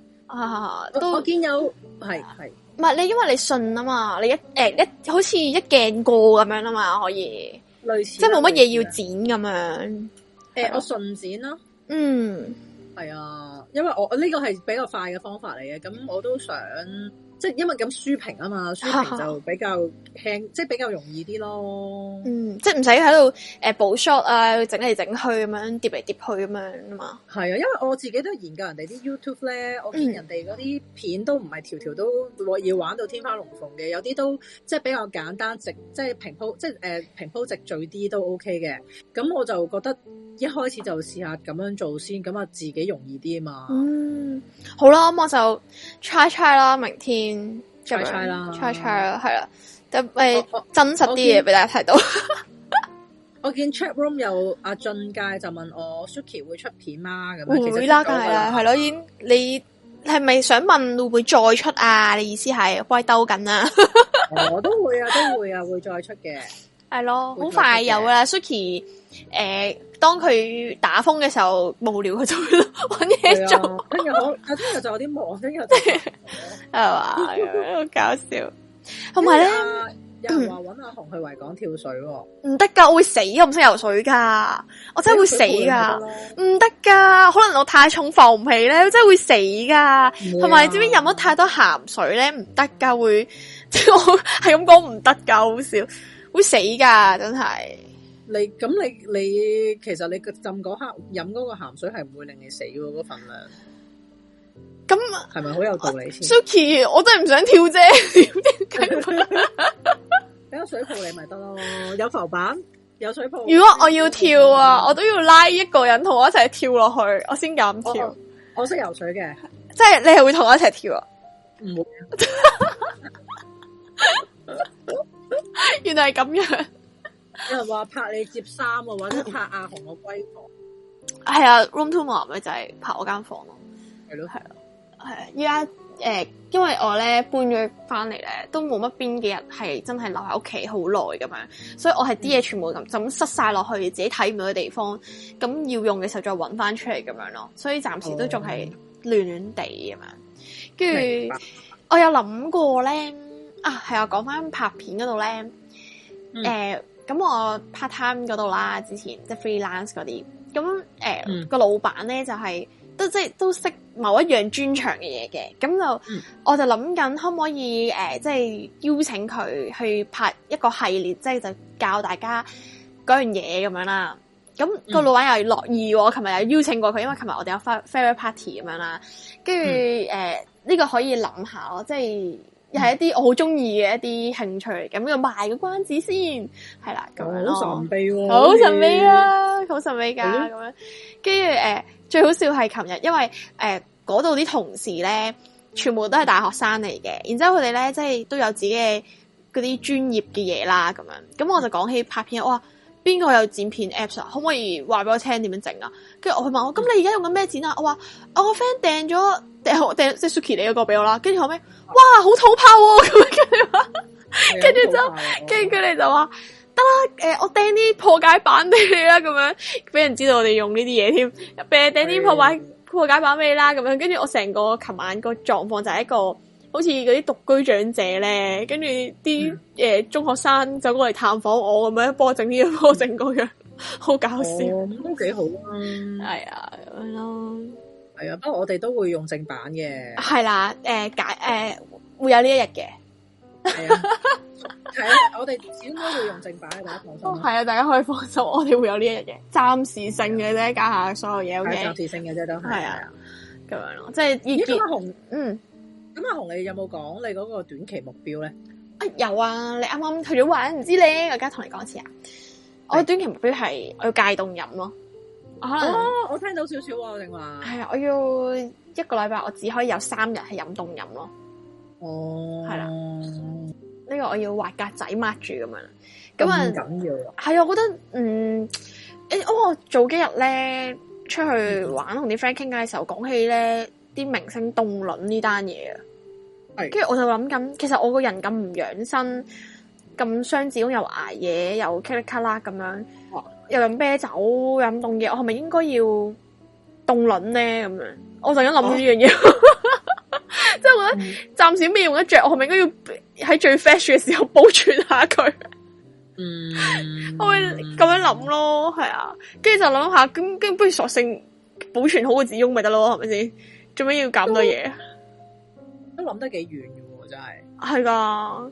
都我見有係係，唔係你因為你順啊嘛，你一誒一,一好似一鏡過咁樣啊嘛，可以類似，類似，即係冇乜嘢要剪咁樣。誒，欸、是嗎？我順剪咯。嗯，係啊，因為我我呢個係比較快嘅方法嚟嘅，咁我都想。即係因為咁書評啊嘛，書評就比較輕，啊、即係比較容易啲咯。嗯，即係唔使喺度誒補 shot 啊，整嚟整去咁樣疊嚟疊去咁樣啊嘛。係啊，因為我自己都研究人哋啲 YouTube 咧，嗯、我見人哋啲片都唔係條條都要玩到天花龍鳳嘅，有啲都即係比較簡單直，即係平鋪，即係誒、呃、平鋪直敘啲都 OK 嘅。咁我就覺得一開始就試下咁樣做先，咁啊自己容易啲啊嘛。嗯，好啦，咁我就 try try 啦，明天。猜猜啦，猜猜啦，係啦，就喂真實啲嘢俾大家睇到。我見 Chatroom 有阿俊介就問我，Suki 會出片嘛？會啦，梗係啦，係咯，已經你係咪想問會唔會再出啊？你意思係快兜緊啊？我都會啊，都會啊，會再出嘅。係咯，好快有啦。Suki，誒、呃，當佢打風嘅時候無聊佢就咯，搵嘢做。跟住我，我今日就有啲忙，跟住又，係嘛好搞笑。同埋咧，又話搵阿紅去維港跳水，哦，唔得噶，我會死。我唔識游水噶，我真係會死噶，唔得噶。可能我太重浮唔起咧，我真係會死噶。同埋、啊，你知唔知飲咗太多鹹水咧，唔得噶，會即係 我係咁講，唔得噶，好笑。會死噶，真係。你咁你你，其實你浸嗰刻飲嗰個鹹水係唔會令你死嗰份量。咁係咪好有道理先？Suki，我，我真係唔想跳啫。有 水泡你咪得咯，有浮板，有水泡。如果我要跳啊，我都要拉一個人同我一齊跳落去，我先敢跳。我識游水嘅，即係你係會同我一齊跳啊？唔會。 原來係咁樣，有人話拍你接衫啊，或者拍阿紅個閨房，係、 嗯、 啊，Room 410嘛，咪就係拍我間房咯，係咯係咯，係依家誒，因為我咧搬咗翻嚟咧，都冇乜邊幾日係真係留喺屋企好耐咁樣，所以我係啲嘢全部咁就咁塞晒落去，自己睇唔到嘅地方，咁要用嘅時候再搵翻出嚟咁樣咯，所以暫時都仲係亂亂地咁樣，跟住我有諗過咧。啊，係啊！講翻拍片嗰度咧，誒、嗯，咁、呃、我 part time 嗰度啦，之前即係 freelance 嗰啲，咁誒、呃嗯、個老闆咧就係、是、都即係都識某一樣專長嘅嘢嘅，咁就、嗯、我就諗緊可唔可以誒、呃、即係邀請佢去拍一個系列，即係就教大家嗰樣嘢咁樣啦。咁、那個老闆又係樂意、哦，我琴日又邀請過佢，因為琴日我哋有 farewell party 咁樣啦，跟住誒呢個可以諗下咯，即係。又係一啲我好中意嘅一啲興趣嚟嘅，咁就賣個關子先，係啦咁樣咯。好神秘喎！好神秘啊！好神秘噶、啊、咁樣。跟住誒，最好笑係琴日，因為誒嗰度啲同事咧，全部都係大學生嚟嘅，然之後佢哋咧即係都有自己嗰啲專業嘅嘢啦，咁樣。咁我就講起拍片，我話邊個有剪片 Apps 啊？可唔可以話俾我聽點樣整啊？跟住我去問我，咁你而家用緊咩剪啊？我話、啊、我個 friend 訂咗。掟即係 Suki 你嗰個俾我啦，跟住後屘，哇好土炮哦咁樣，跟住話就跟住佢哋就話得啦，誒、呃、我掟啲破解版俾你啦，咁樣俾人知道我哋用呢啲嘢添，俾掟啲破解的破解版俾你啦，咁樣跟住我成個琴晚個狀況就係一個好似嗰啲獨居長者咧，跟住啲誒中學生走過嚟探訪我咁樣，幫我整呢樣幫我整嗰樣，的好搞笑，都幾、哦、好係啊咁、哎係啊，不過我哋都會用正版嘅。係啦，誒、呃、解誒、呃、會有呢一日嘅。係啊的， 我哋始終都要用正版嘅，大家放心。係啊、哦，大家可以放心，我哋會有呢一日嘅，暫時性嘅啫。家下所有嘢都係暫時性嘅啫，都係啊。咁樣咯，即係而家同嗯，咁阿紅，你有冇講你嗰個短期目標咧？啊有啊，你啱啱去咗玩唔知咧，而家同你講一次啊。我，的我嘅短期目標係我要戒凍飲咯。哦，啊、對我聽到少少啊，我定話係啊！我要一個禮拜，我只可以有三日係飲凍飲咯。哦、嗯，係啦，呢、這個我要畫格仔抹住咁樣。咁啊，唔緊要啊。係啊，我覺得嗯誒，我早幾日咧出去玩，同啲 friend 傾偈嘅時候，講起咧啲明星凍卵呢單嘢啊。係是。跟住我就諗緊，其實我個人咁唔養生，咁傷子宮又挨夜，又卡啦咔啦咁樣。又飲啤酒飲凍嘢，我係咪應該要凍卵咧咁樣？我想，啊、 就咁諗呢樣嘢，即係我覺得暫時未用得着，我係咪應該要喺最 fashion 嘅時候保存一下佢？嗯， 我會咁樣諗咯，係啊，跟住就諗下，咁跟不如索性保存好個子宮，咪得咯，係咪先？做咩要減多嘢？都諗得幾遠喎。真係。係噶，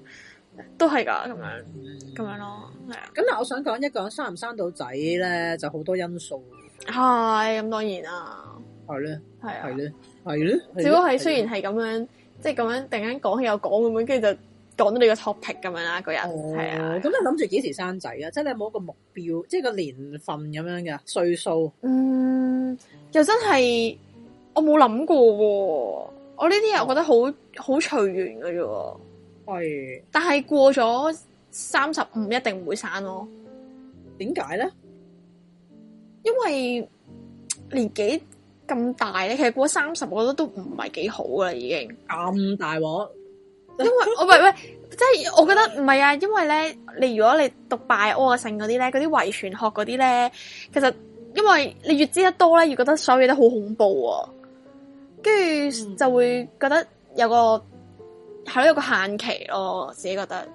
都係噶，咁樣，咁、嗯嗯、樣咯。咁啊！我想講一個人生唔生到仔咧，就好多因素。係咁、哎，當然啦。係咧，係啊，係咧，係咧。如果係雖然係咁樣，的即係咁樣，樣，突然間講起又講咁樣，跟住就講到你個 topic 咁樣啦。個人係啊，咁你諗住幾時生仔啊？即係你有冇一個目標，即係個年份咁樣嘅，歲數。嗯，又真係我冇諗過，我呢啲又覺得好好隨緣嘅啫。係、哦，是但係過咗。三十五一定唔會生咯。點解咧？因為年紀咁大咧，其實過三十，我覺得都唔係幾好噶啦，已經咁大鑊。因為我喂，喂即係我覺得唔係啊。因為咧，你如果你讀拜屙啊、性嗰啲咧，嗰啲遺傳學嗰啲咧，其實因為你越知得多咧，越覺得所有嘢都好恐怖啊。跟住就會覺得有個係咯、嗯、有個限期咯，自己覺得。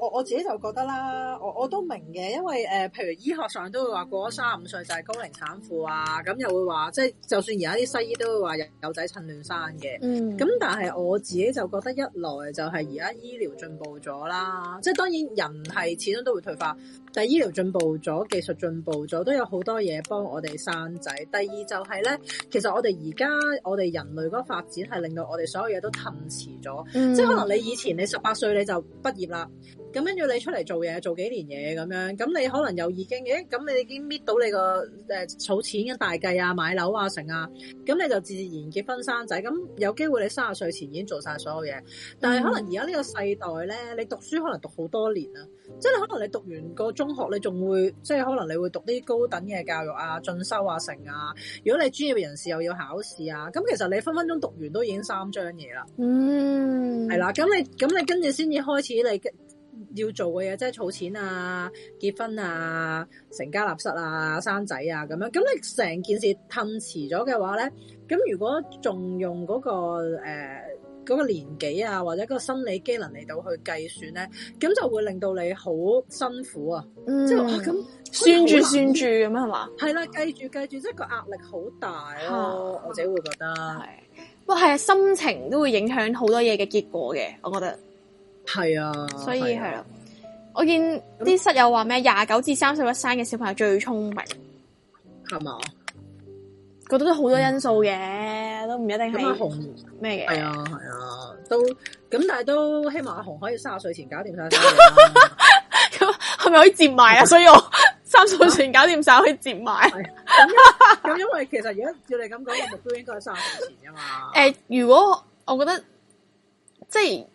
我我自己就覺得啦，我我都明嘅，因為誒、呃，譬如醫學上都會話過咗三十五歲就係高齡產婦啊，咁又會話即、就係、就算而家啲西醫都會話有仔趁亂生嘅，咁、嗯、但係我自己就覺得一來就係而家醫療進步咗啦，即、就、係、係、當然人係始終都會退化。就係醫療進步咗，技術進步咗，都有好多嘢幫我哋生仔。第二就係咧，其實我哋而家我哋人類嗰個發展係令到我哋所有嘢都騰遲咗，mm hmm. 即係可能你以前你十八歲你就畢業啦，咁跟住你出嚟做嘢做幾年嘢咁樣，咁你可能又已經，誒咁你已經搣到你個誒儲錢嘅大計啊，買樓啊成啊，咁你就自然結婚生仔，咁有機會你三十歲前已經做晒所有嘢，但係可能而家呢個世代咧，你讀書可能讀好多年啦。即係可能你讀完個中學，你仲會即係可能你會讀啲高等嘅教育啊、進修啊、成啊。如果你專業人士又要考試啊，咁其實你分分鐘讀完都已經三張嘢啦。嗯，係啦，咁你咁你跟住先至開始你要做嘅嘢，即係儲錢啊、結婚啊、成家立室啊、生仔啊咁樣。咁你成件事吞遲咗嘅話咧，咁如果仲用嗰個誒。呃嗰個年紀啊，或者個生理機能嚟到去計算咧，咁就會令到你好辛苦啊，即係話咁算住算住咁、就是、啊嘛，係啦、啊，計住計住，即係個壓力好大咯，我自己會覺得係，不過，係啊，心情都會影響好多嘢嘅結果嘅，我覺得係啊，所以係啦、啊，我見啲那室友話咩廿九至三十一生嘅小朋友最聰明，係咪？覺得都好多因素嘅，嗯、都唔一定係阿、嗯啊、紅咩嘅。係啊，係啊，都咁，但係都希望阿紅可以三十歲前搞掂晒、 啊。咁係咪可以接埋啊？ 所以我三十歲前搞掂晒可以接埋、啊。咁、 啊啊、因為其實而家照你咁講，咪都應該係三十歲前啊嘛。誒、呃，如果我覺得即係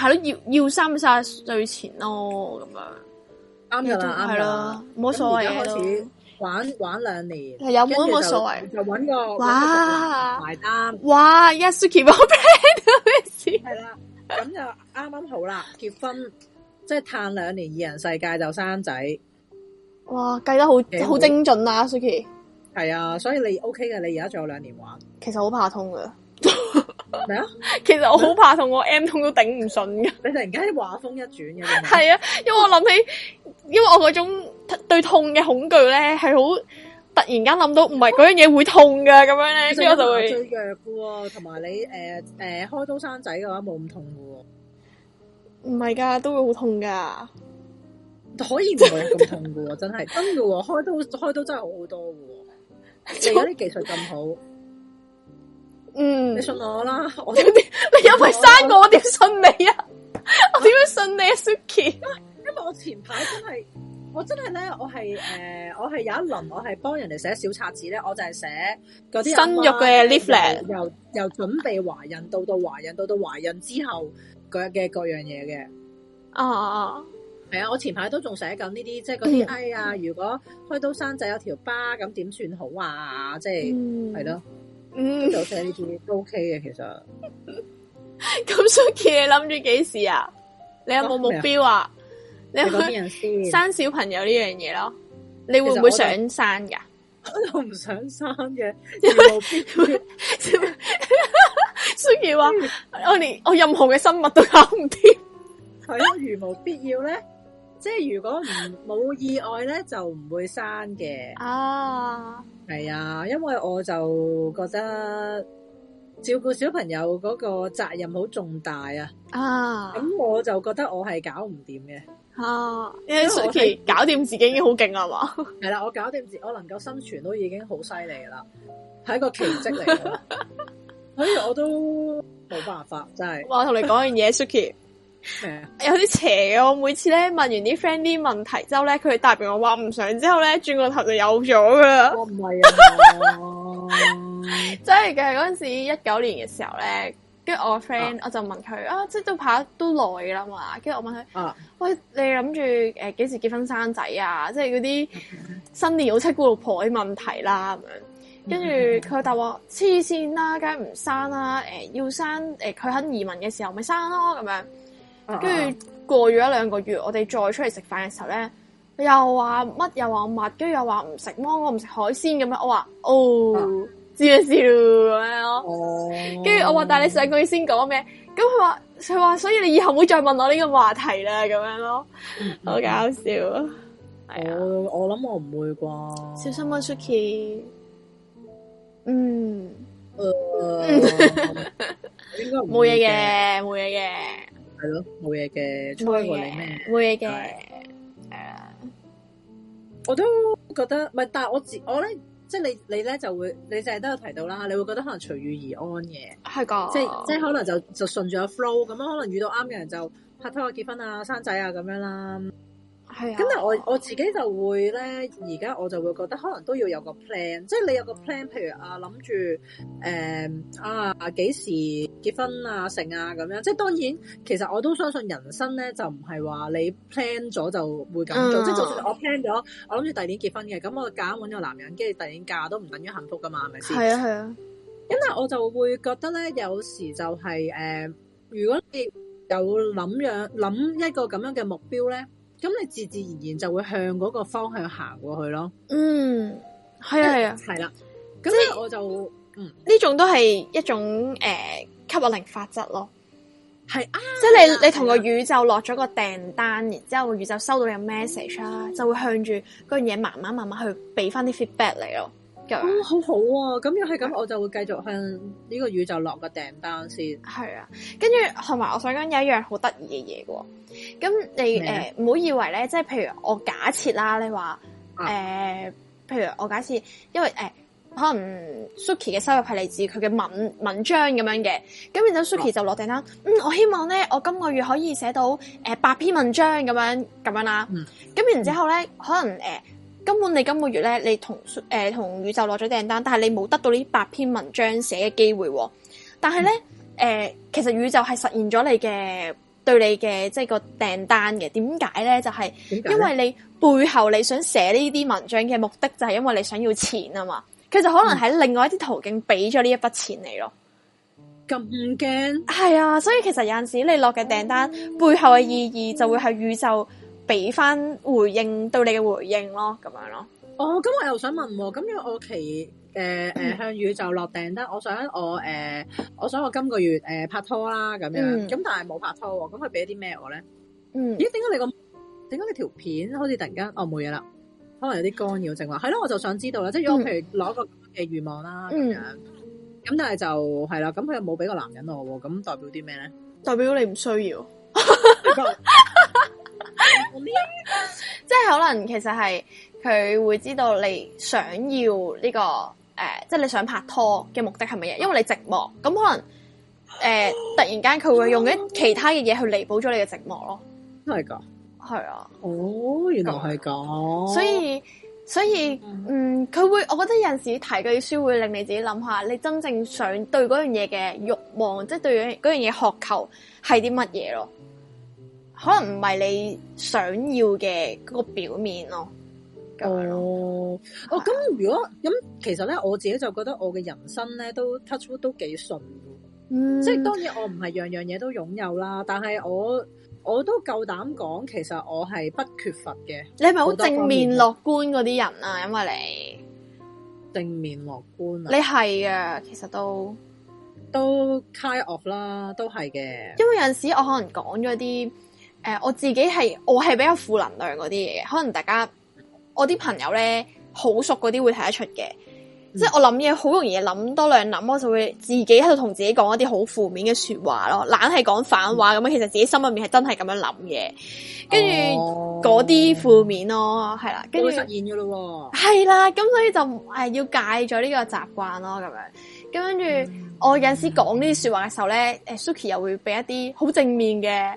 係咯，要要三十歲前咯，咁樣、嗯，啱噶啦，啱啦，冇所謂啊，開始。玩玩兩年，有冇都冇所謂，就揾個埋哇單。哇！Yes，Suki，我 plan 咗咩事？係啦，咁就啱啱好啦。結婚即係嘆兩年二人世界就生仔。哇！計得好好精準啊，Suki。係啊，所以你 OK 嘅，你而家仲有兩年玩。其實好怕痛嘅。咩啊？ 其實我好怕同我 M 痛都頂唔順嘅。 你突然間話風一轉嘅。係啊，因為我諗起，因為我嗰種對痛嘅恐懼咧，係好突然間諗到，唔係嗰樣嘢會痛嘅咁、啊、樣咧，不所以我就會。最弱嘅喎，同埋你誒誒、呃呃、開刀生仔嘅話冇咁痛嘅喎。唔係噶，都會好痛噶。可以唔係咁痛嘅喎，真係 真嘅喎。開刀開刀真係好好多嘅喎，而家啲技術咁好。 嗯，你信我啦，我點點，你有咪生過，我點信你啊？啊我點樣信你啊？Suki，因為我前排真係，我真係咧，我係誒、呃，我係有一輪，我係幫人哋寫小冊子咧，我就係寫嗰啲生育嘅 leaflet 由由，由準備懷孕到懷孕到懷孕到到懷孕之後嘅各樣嘢嘅。哦、啊，係啊，我前排都仲寫緊呢啲，即係嗰啲哎呀，如果開刀生仔有條疤，咁點算好啊？即係係咯。嗯嗯，就想呢啲都 OK 嘅，其實。咁 Suki，你諗住幾時啊？你有冇目標啊？你諗生小朋友呢樣嘢咯？其實 你會唔會想生噶？我就唔想生嘅，冇必要。Suki 話：我連我任何嘅生物都搞唔掂。係 咯，如無必要咧，即係如果唔冇意外咧，就唔會生嘅。啊！係啊，因為我就覺得照顧小朋友嗰個責任好重大啊，咁、啊、我就覺得我係搞唔掂嘅啊。因為 Suki、啊、是搞掂自己已經好勁啦嘛，係啦、啊，我搞掂自己，我能夠生存都已經好犀利啦，係 一個奇蹟嚟。 所以我都冇辦法，真係。我同你講件嘢，Suki 有啲邪啊、哦。我每次咧問完啲 friend 啲問題之後咧，佢答完我話唔想之後咧，轉個頭就有咗噶啦。唔係啊，真係嘅，嗰陣時一九年嘅時候咧，跟住我 friend 我就問佢啊，啊，即係都拍都耐啦嘛。跟住我問佢啊，喂，你諗住誒幾時結婚生仔啊？即係嗰啲新年好七姑六婆啲問題啦、啊，咁樣，跟住佢答我黐線啦，梗係唔生啦、啊。誒、呃，要生誒，佢、呃、肯移民嘅時候咪生咯、啊，咁樣。跟住過咗一兩個月，我哋再出嚟食飯嘅時候咧，佢又話乜又話物，跟住又話唔食芒果，唔食海鮮咁樣。我話哦，知啦，知啦咁樣咯。跟住、哦、我話，但係你上個月先講咩？咁佢話佢話，所以你以後唔好再問我呢個話題啦，咁樣咯，好搞笑。係啊，我諗我唔會啩。小心啊，Suki。嗯。冇嘢嘅，冇嘢嘅。係咯，冇嘢嘅，冇嘢嘅，我都覺得，唔係，但係我自我咧，即係你你咧就會，你成日都有提到啦，你會覺得可能隨遇而安嘅，係噶了，即係即係可能就就順住個 flow，咁可能遇到啱嘅人就拍拖啊、結婚啊、生仔啊咁樣啦。係，咁、啊、但係我我自己就會咧。而家我就會覺得可能都要有個 plan，即係你有個 plan，譬如啊，諗住誒啊幾時結婚啊、成啊咁樣。即係當然，其實我都相信人生咧就唔係話你 plan 咗就會咁做。係啊、即係就算我 plan 咗，我諗住第二年結婚嘅，咁我揀揾咗男人，跟住第二年嫁都唔等於幸福㗎嘛？係咪先？係啊，係啊，因為、啊、我就會覺得咧，有時就係、是、誒、呃，如果你有諗樣諗一個咁樣嘅目標咧。咁你自自然然就會向嗰個方向行過去咯。嗯，係啊，係、嗯、啊，係啦、啊。咁即係我就，就嗯呢種都係一種誒、呃、吸引力法則咯。係啊，即係你、啊、你同個宇宙落咗個訂單，然之後個宇宙收到你 message 啦，啊、就會向住嗰樣嘢慢慢慢慢去俾翻啲 feedback 嚟咯。哦、好好啊！咁如果係咁，啊、我就會繼續向呢個宇宙落個訂單先。係啊，跟住同埋，我想講有一樣好得意嘅嘢嘅。咁你誒，唔好么、呃、以為咧，即係譬如我假設啦，你話誒、啊呃，譬如我假設，因為誒、呃，可能 Suki 嘅收入係嚟自佢嘅文文章咁樣嘅。咁然之後 Suki 就落訂單啦、啊、嗯，我希望咧，我今個月可以寫到誒八篇文章咁樣咁樣啦。咁、嗯、然之後咧，嗯、可能誒。呃根本你今個月咧，你同誒、呃、同宇宙落咗訂單，但係你冇得到呢百篇文章寫嘅機會、哦。但係咧，誒、嗯呃、其實宇宙係實現咗你嘅對你嘅即係個訂單嘅。點解咧？就係、是就是、因為你背後你想寫呢啲文章嘅目的，就係因為你想要錢啊嘛。佢就可能喺另外一啲途徑俾咗呢一筆錢你咯。咁驚？係啊，所以其實有陣時你落嘅訂單、嗯、背後嘅意義，就會係宇宙。俾翻回應到你嘅回應咯，咁樣咯。哦，咁我又想問、啊，咁如果我期誒誒向宇宙落訂得、呃。我想我誒，我想我今個月誒、呃、拍拖啦，咁樣，咁、嗯、但係冇拍拖、啊，咁佢俾啲咩我咧？嗯，咦，點解你個點解你條片好似突然間，哦冇嘢啦，可能有啲干擾症話，係咯，我就想知道啦，即係如果我譬如攞個嘅欲望、啊嗯、啦，咁樣，咁但係就係啦，咁佢又冇俾個男人我，咁代表啲咩咧？代表你唔需要。 即係 可能，其實係佢會知道你想要呢、這個誒，即、呃、係、就是、你想拍拖嘅目的係乜嘢？因為你寂寞，咁可能誒、呃，突然間佢會用一其他嘅嘢去彌補咗你嘅寂寞咯。真係噶的，係啊的。哦，原來係咁。 所以，所以，嗯，佢會，我覺得有陣時睇嘅書會令你自己諗下，你真正想對嗰樣嘢嘅欲望，即、就、係、是、對嗰樣樣嘢渴求係啲乜嘢咯。可能唔係你想要嘅嗰個表面咯，咁樣咯。哦，咁、啊哦、如果咁，其實咧，我自己就覺得我嘅人生咧都 touch wood 都幾順嘅。嗯，即係當然我唔係樣樣嘢都擁有啦，但係我我都夠膽講，其實我係不缺乏嘅。你係咪好正面樂觀嗰啲人啊？因為你正面樂觀、啊，你係啊，其實都都 kind of 啦，都係嘅。因為有陣時我可能講咗啲。誒、呃，我自己係我係比較負能量嗰啲嘢，可能大家我啲朋友咧好熟嗰啲會睇得出嘅。嗯、即係我諗嘢好容易諗多兩諗，我就會自己喺度同自己講一啲好負面嘅說話咯，懶係講反話咁樣，嗯、其實自己心裏面係真係咁樣諗嘢。跟住嗰啲負面咯，係啦，跟住實現咗咯，係啦，咁所以就誒要戒咗呢個習慣咯，咁樣，咁跟住我有陣時講呢啲說話嘅時候咧，誒、嗯、Suki、欸、又會俾一啲好正面嘅。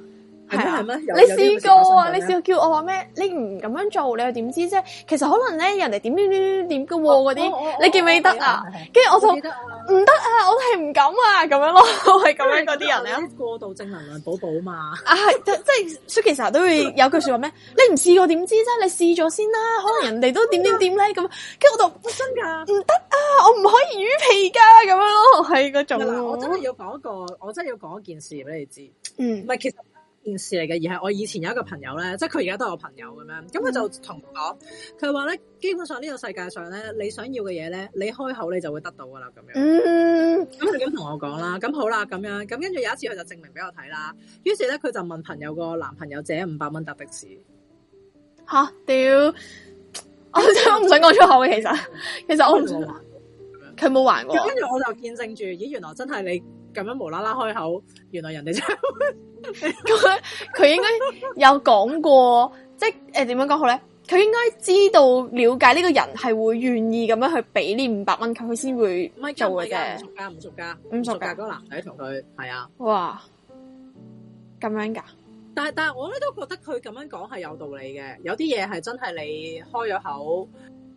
係咩？啊、你試過啊？你試過叫我話咩？你唔咁樣做，你又點知啫？其實可能咧，人哋點點點點點嘅嗰啲，你記唔記得啊？跟住我就唔得啊！我係唔敢啊！咁樣咯，我係咁樣嗰啲人嚟啊！嗯嗯嗯、過度正能量寶寶嘛啊，係即係 Suki 成日都會有句說話咩？你唔試過點知啫？你試咗先啦、啊，可能人哋都點點點咧咁。跟住、嗯嗯、我就我真噶唔得啊！我唔可以軟皮噶、啊、咁樣咯，係嗰種。我真係要講一個，我真係要講一件事俾你知。嗯，唔係其件事嚟嘅，而係我以前有一個朋友咧，即係佢而家都係我朋友咁樣，咁佢、嗯、就同我講，佢話咧基本上呢個世界上咧，你想要嘅嘢咧，你開口你就會得到噶啦，咁樣、嗯、樣。咁佢咁同我講啦，咁好啦，咁樣，咁跟住有一次佢就證明俾我睇啦，於是咧佢就問朋友個男朋友借五百蚊搭的士，吓，屌，我真唔想講出口嘅。其實，其實我唔，佢冇還我，跟住我就見證住，咦，原來真係你。咁樣無啦啦開口，原來人哋就佢 佢 應該有講過， 即係誒點樣講好咧？佢應該知道了解呢個人係會願意咁樣去俾呢五百蚊佢，佢先會做嘅。唔熟㗎唔熟㗎唔熟㗎，嗰個男仔同佢係啊，哇！咁樣㗎，但係但係我咧都覺得佢咁樣講係有道理嘅，有啲嘢係真係你開咗口。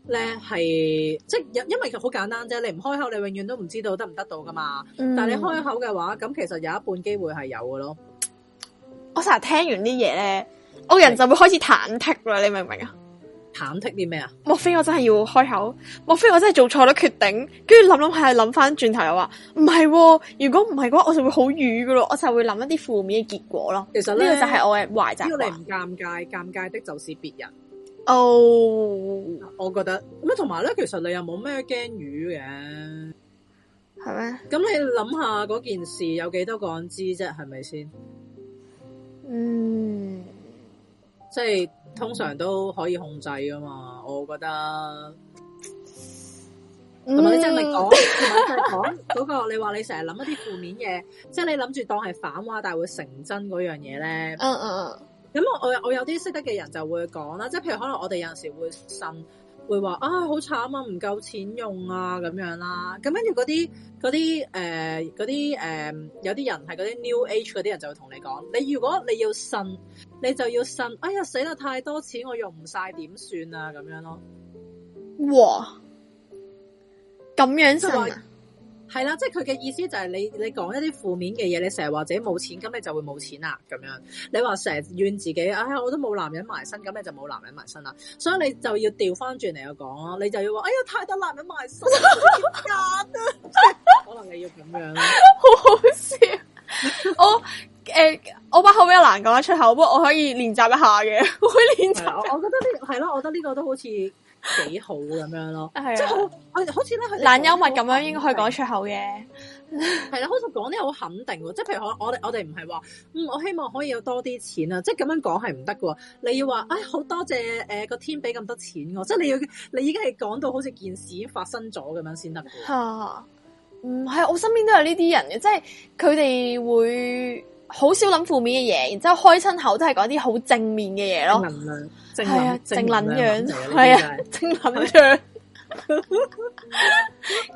咧，係即係，因為其實好簡單啫。你唔開口，你永遠都唔知道得唔得到噶嘛。嗯、但係你開口嘅話，咁其實有一半機會係有嘅咯。我成日聽完啲嘢咧，我個人就會開始忐忑啦。是你明唔明啊？忐忑啲咩啊？莫非我真係要開口？莫非我真係做錯咗決定？跟住諗諗下，諗翻轉頭又話唔係。如果唔係嘅話，我就會好瘀噶咯。我就會諗一啲負面嘅結果咯。其實呢個就係我嘅壞習慣。你唔尷尬，尷尬的就是別人。哦，oh, 我覺得咁同埋咧，其實你又冇咩驚魚嘅，係咩嗎？咁你諗下嗰件事有幾多個人知啫，係咪先？嗯，即係通常都可以控制噶嘛，我覺得。同埋、嗯、你真係講，真係講嗰個，說 你話你成日諗一啲負面嘢，即係你諗住當係反話，但係會成真嗰樣嘢咧、嗯。嗯嗯嗯。咁我我有啲識得嘅人就會講啦，即係譬如可能我哋有陣時會呻，會話啊好慘啊，唔夠錢用啊咁樣啦，咁跟住嗰啲嗰啲誒嗰啲誒有啲人係嗰啲 New Age 嗰啲人就會同你講，你如果你要呻，你就要呻，哎呀死啦太多錢，我用唔晒點算啊？咁樣咯。哇！咁樣呻係啦、啊，即係佢嘅意思就係你你講一啲負面嘅嘢，你成日話自己冇錢，咁你就會冇錢啦、啊。咁樣你話成日怨自己，哎呀，我都冇男人埋身，咁你就冇男人埋身啦。所以你就要調翻轉嚟講咯，你就要話，哎呀，太多男人埋身點揀啊？ 可能你要咁樣，好 好笑。我誒、呃，我把口比較難講出口，不過我可以練習一下嘅。會練習，我覺得呢係咯，我覺得呢個都好似。幾好咁樣咯，即係 好，好似咧佢懶幽默咁樣，應該可以講出口嘅。係 啦，好似講啲好肯定嘅，即係譬如我我我哋唔係話，嗯，我希望可以有多啲錢啊，即係咁樣講係唔得嘅。你要話，唉、哎，好多謝誒、呃、個天俾咁多錢我，即係你要你已經係講到好似件事發生咗咁樣先得吓，唔係、 嗯，我身邊都有呢啲人嘅，即係佢哋會。好少諗負面嘅嘢，然之後開親口都係講啲好正面嘅嘢咯。正能量，係啊，正能量，係啊，正能量，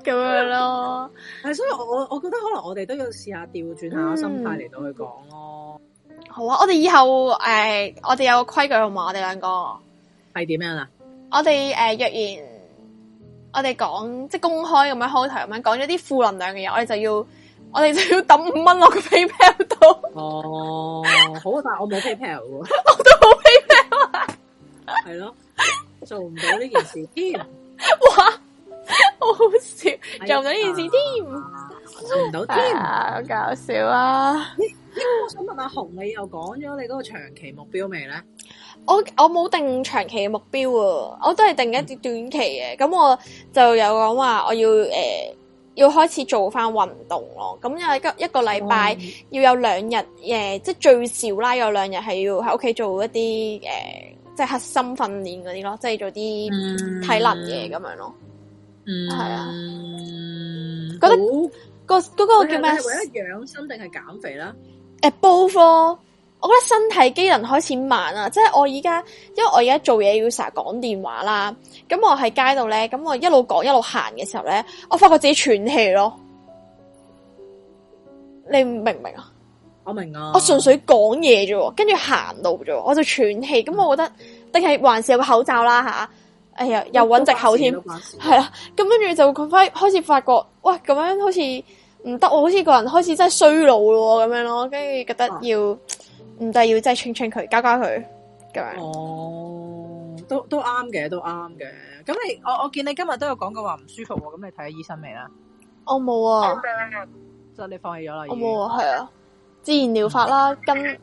咁樣咯。係，所以我我我覺得可能我哋都要試下調轉下心態嚟到去講咯。好啊，我哋以後誒、呃，我哋有個規矩好嘛？我哋兩個係點樣啊？我哋誒、呃，若然我哋講即係公開咁樣開頭咁樣講咗啲負能量嘅嘢，我哋就要。我哋就要抌五蚊落個 PayPal 度。哦，好，但我冇 PayPal 喎。我都冇 PayPal 啊， 係咯，做唔到呢件事添。哇，好好笑，哎、呀做唔到呢件事添，啊啊、做唔到添，啊、好搞笑啊！因為我想問阿紅，你又講咗你嗰個長期目標未咧？我我冇定長期嘅目標啊，我都係定一啲短期嘅。咁我就有講話，我要誒。呃要開始做翻運動咯，咁又一個個禮拜要有兩日，誒、嗯呃，即係最少啦，有兩日係要喺屋企做一啲，誒，即係核心訓練嗰啲咯，即係做啲體能嘢咁、嗯、樣咯。係、嗯、啊，覺得、哦那個嗰、那個叫咩？為咗養生定係減肥啦？誒 both 我覺得身體機能開始慢啦，即係我而家，因為我而家做嘢要成日講電話啦。咁我喺街度咧，咁我一路講一路行嘅時候咧，我發覺自己喘氣咯。你明唔明啊？我明啊。我純粹講嘢啫，跟住行路啫，我就喘氣。咁我覺得，定係還是有個口罩啦吓。哎呀，又搵藉口添，係啊。咁跟住就佢開始發覺，哇，咁樣好似唔得，我好似個人開始真係衰老咯咁樣咯。跟住覺得要。啊唔但要真係 train train 佢加加佢咁樣哦，都都啱嘅，都啱嘅。咁你我我見你今日都有講過話唔舒服，咁你睇醫生未啦？我冇、哦、啊，就係、嗯、你放棄咗啦。我冇啊，係啊，自然療法啦，嗯、跟係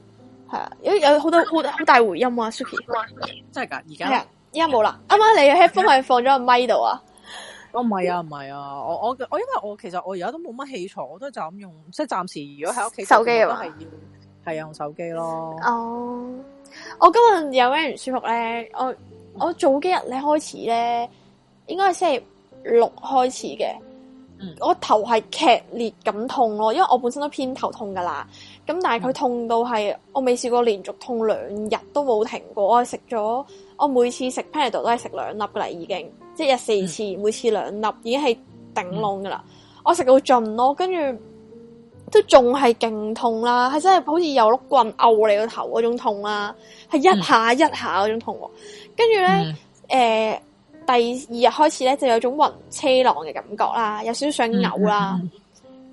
啊，有有好多好大回音啊，Suki， 真係噶而家，而家冇啦。啱啱在你嘅 headphone 係放咗個咪度啊？我唔係啊，唔係啊，我我我因為我其實我而家都冇乜器材，我都就咁用，即係暫時如果喺屋企手機係嘛。我係用手機咯。哦、uh,，我今日有咩唔舒服咧，我我早幾日咧開始咧，應該係星期六開始嘅。嗯、我頭係劇烈咁痛咯，因為我本身都偏頭痛噶啦。咁但係佢痛到係，我未試過連續痛兩日都冇停過。我食咗，我每次食 Panadol 都係食兩粒噶啦，已經一日四次，嗯、每次兩粒已經係頂籠噶啦。嗯、我食到盡咯，跟住。都仲係勁痛啦，係真係好似有碌棍毆你個頭嗰種痛啦，係一下一下嗰種痛。跟住咧，誒、嗯呃，第二日開始咧就有一種暈車浪嘅感覺啦，有少少想嘔啦。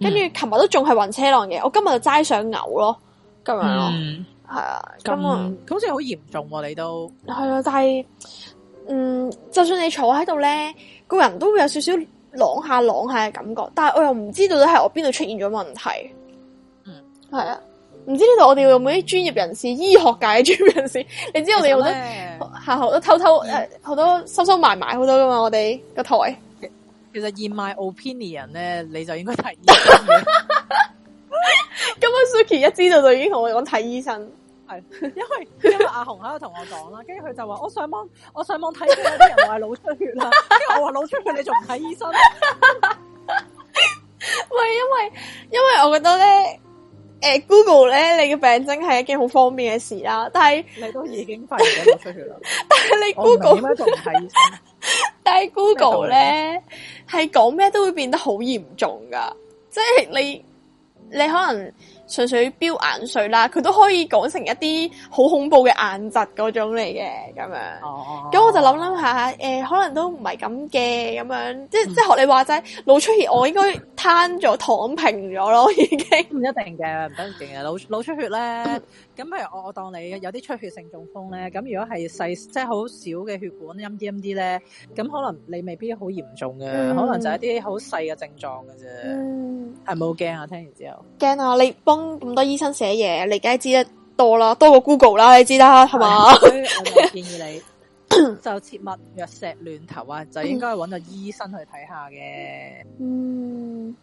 跟住琴日都仲係暈車浪嘅，我今日就齋想嘔咯，咁樣咯，係、嗯、啊，咁啊，好似好嚴重喎，你都係啊，但係，嗯，就算你坐喺度咧，個人都會有少少。朗下朗下嘅感覺，但係我又唔知道咧，係我邊度出現咗問題。嗯，係啊，唔知呢度我哋有冇啲專業人士、嗯、醫學界嘅專業人士？你知我哋好多下下都偷偷誒，好、嗯呃、多收收埋埋好多噶嘛？我哋個台其實以我 opinion 咧，你就應該睇醫生。今日 Suki 一知道就已經同我哋講睇醫生。 因為因為阿紅喺度同我講啦，跟住佢就話我上網我上網睇見有啲人話係腦出血啦，跟住 我話腦出血你仲唔睇醫生？喂 因為因為我覺得咧，誒、欸、Google 咧，你嘅病徵係一件好方便嘅事啦，但係你都已經發現咗腦出血啦， 但係你 Google 點解仲唔睇醫生？ 但係 Google 咧係講咩都會變得好嚴重噶，即、就、係、是、你你可能。純粹飆眼水啦，佢都可以講成一啲好恐怖嘅眼疾嗰種嚟嘅咁樣，咁、oh. 我就諗諗下，誒可能都唔係咁嘅咁樣，即即學你話齋，腦出血我應該攤咗 躺平咗咯，已經唔一定嘅，唔一定嘅，腦出血咧。 咁譬如我我當你有啲出血性中風咧，咁如果係細，即係好少嘅血管陰啲陰啲咧，咁、mm hmm. 可能你未必好嚴重嘅，可能就係一啲好細嘅症狀嘅啫，係咪好驚啊？Hmm. 聽完之後驚啊！你幫咁多醫生寫嘢，你梗係知得多啦，多過 Google 啦，你知啦，係嘛 吧？我建議你就切勿藥石亂投啊！就應該去揾個醫生去睇下嘅。嗯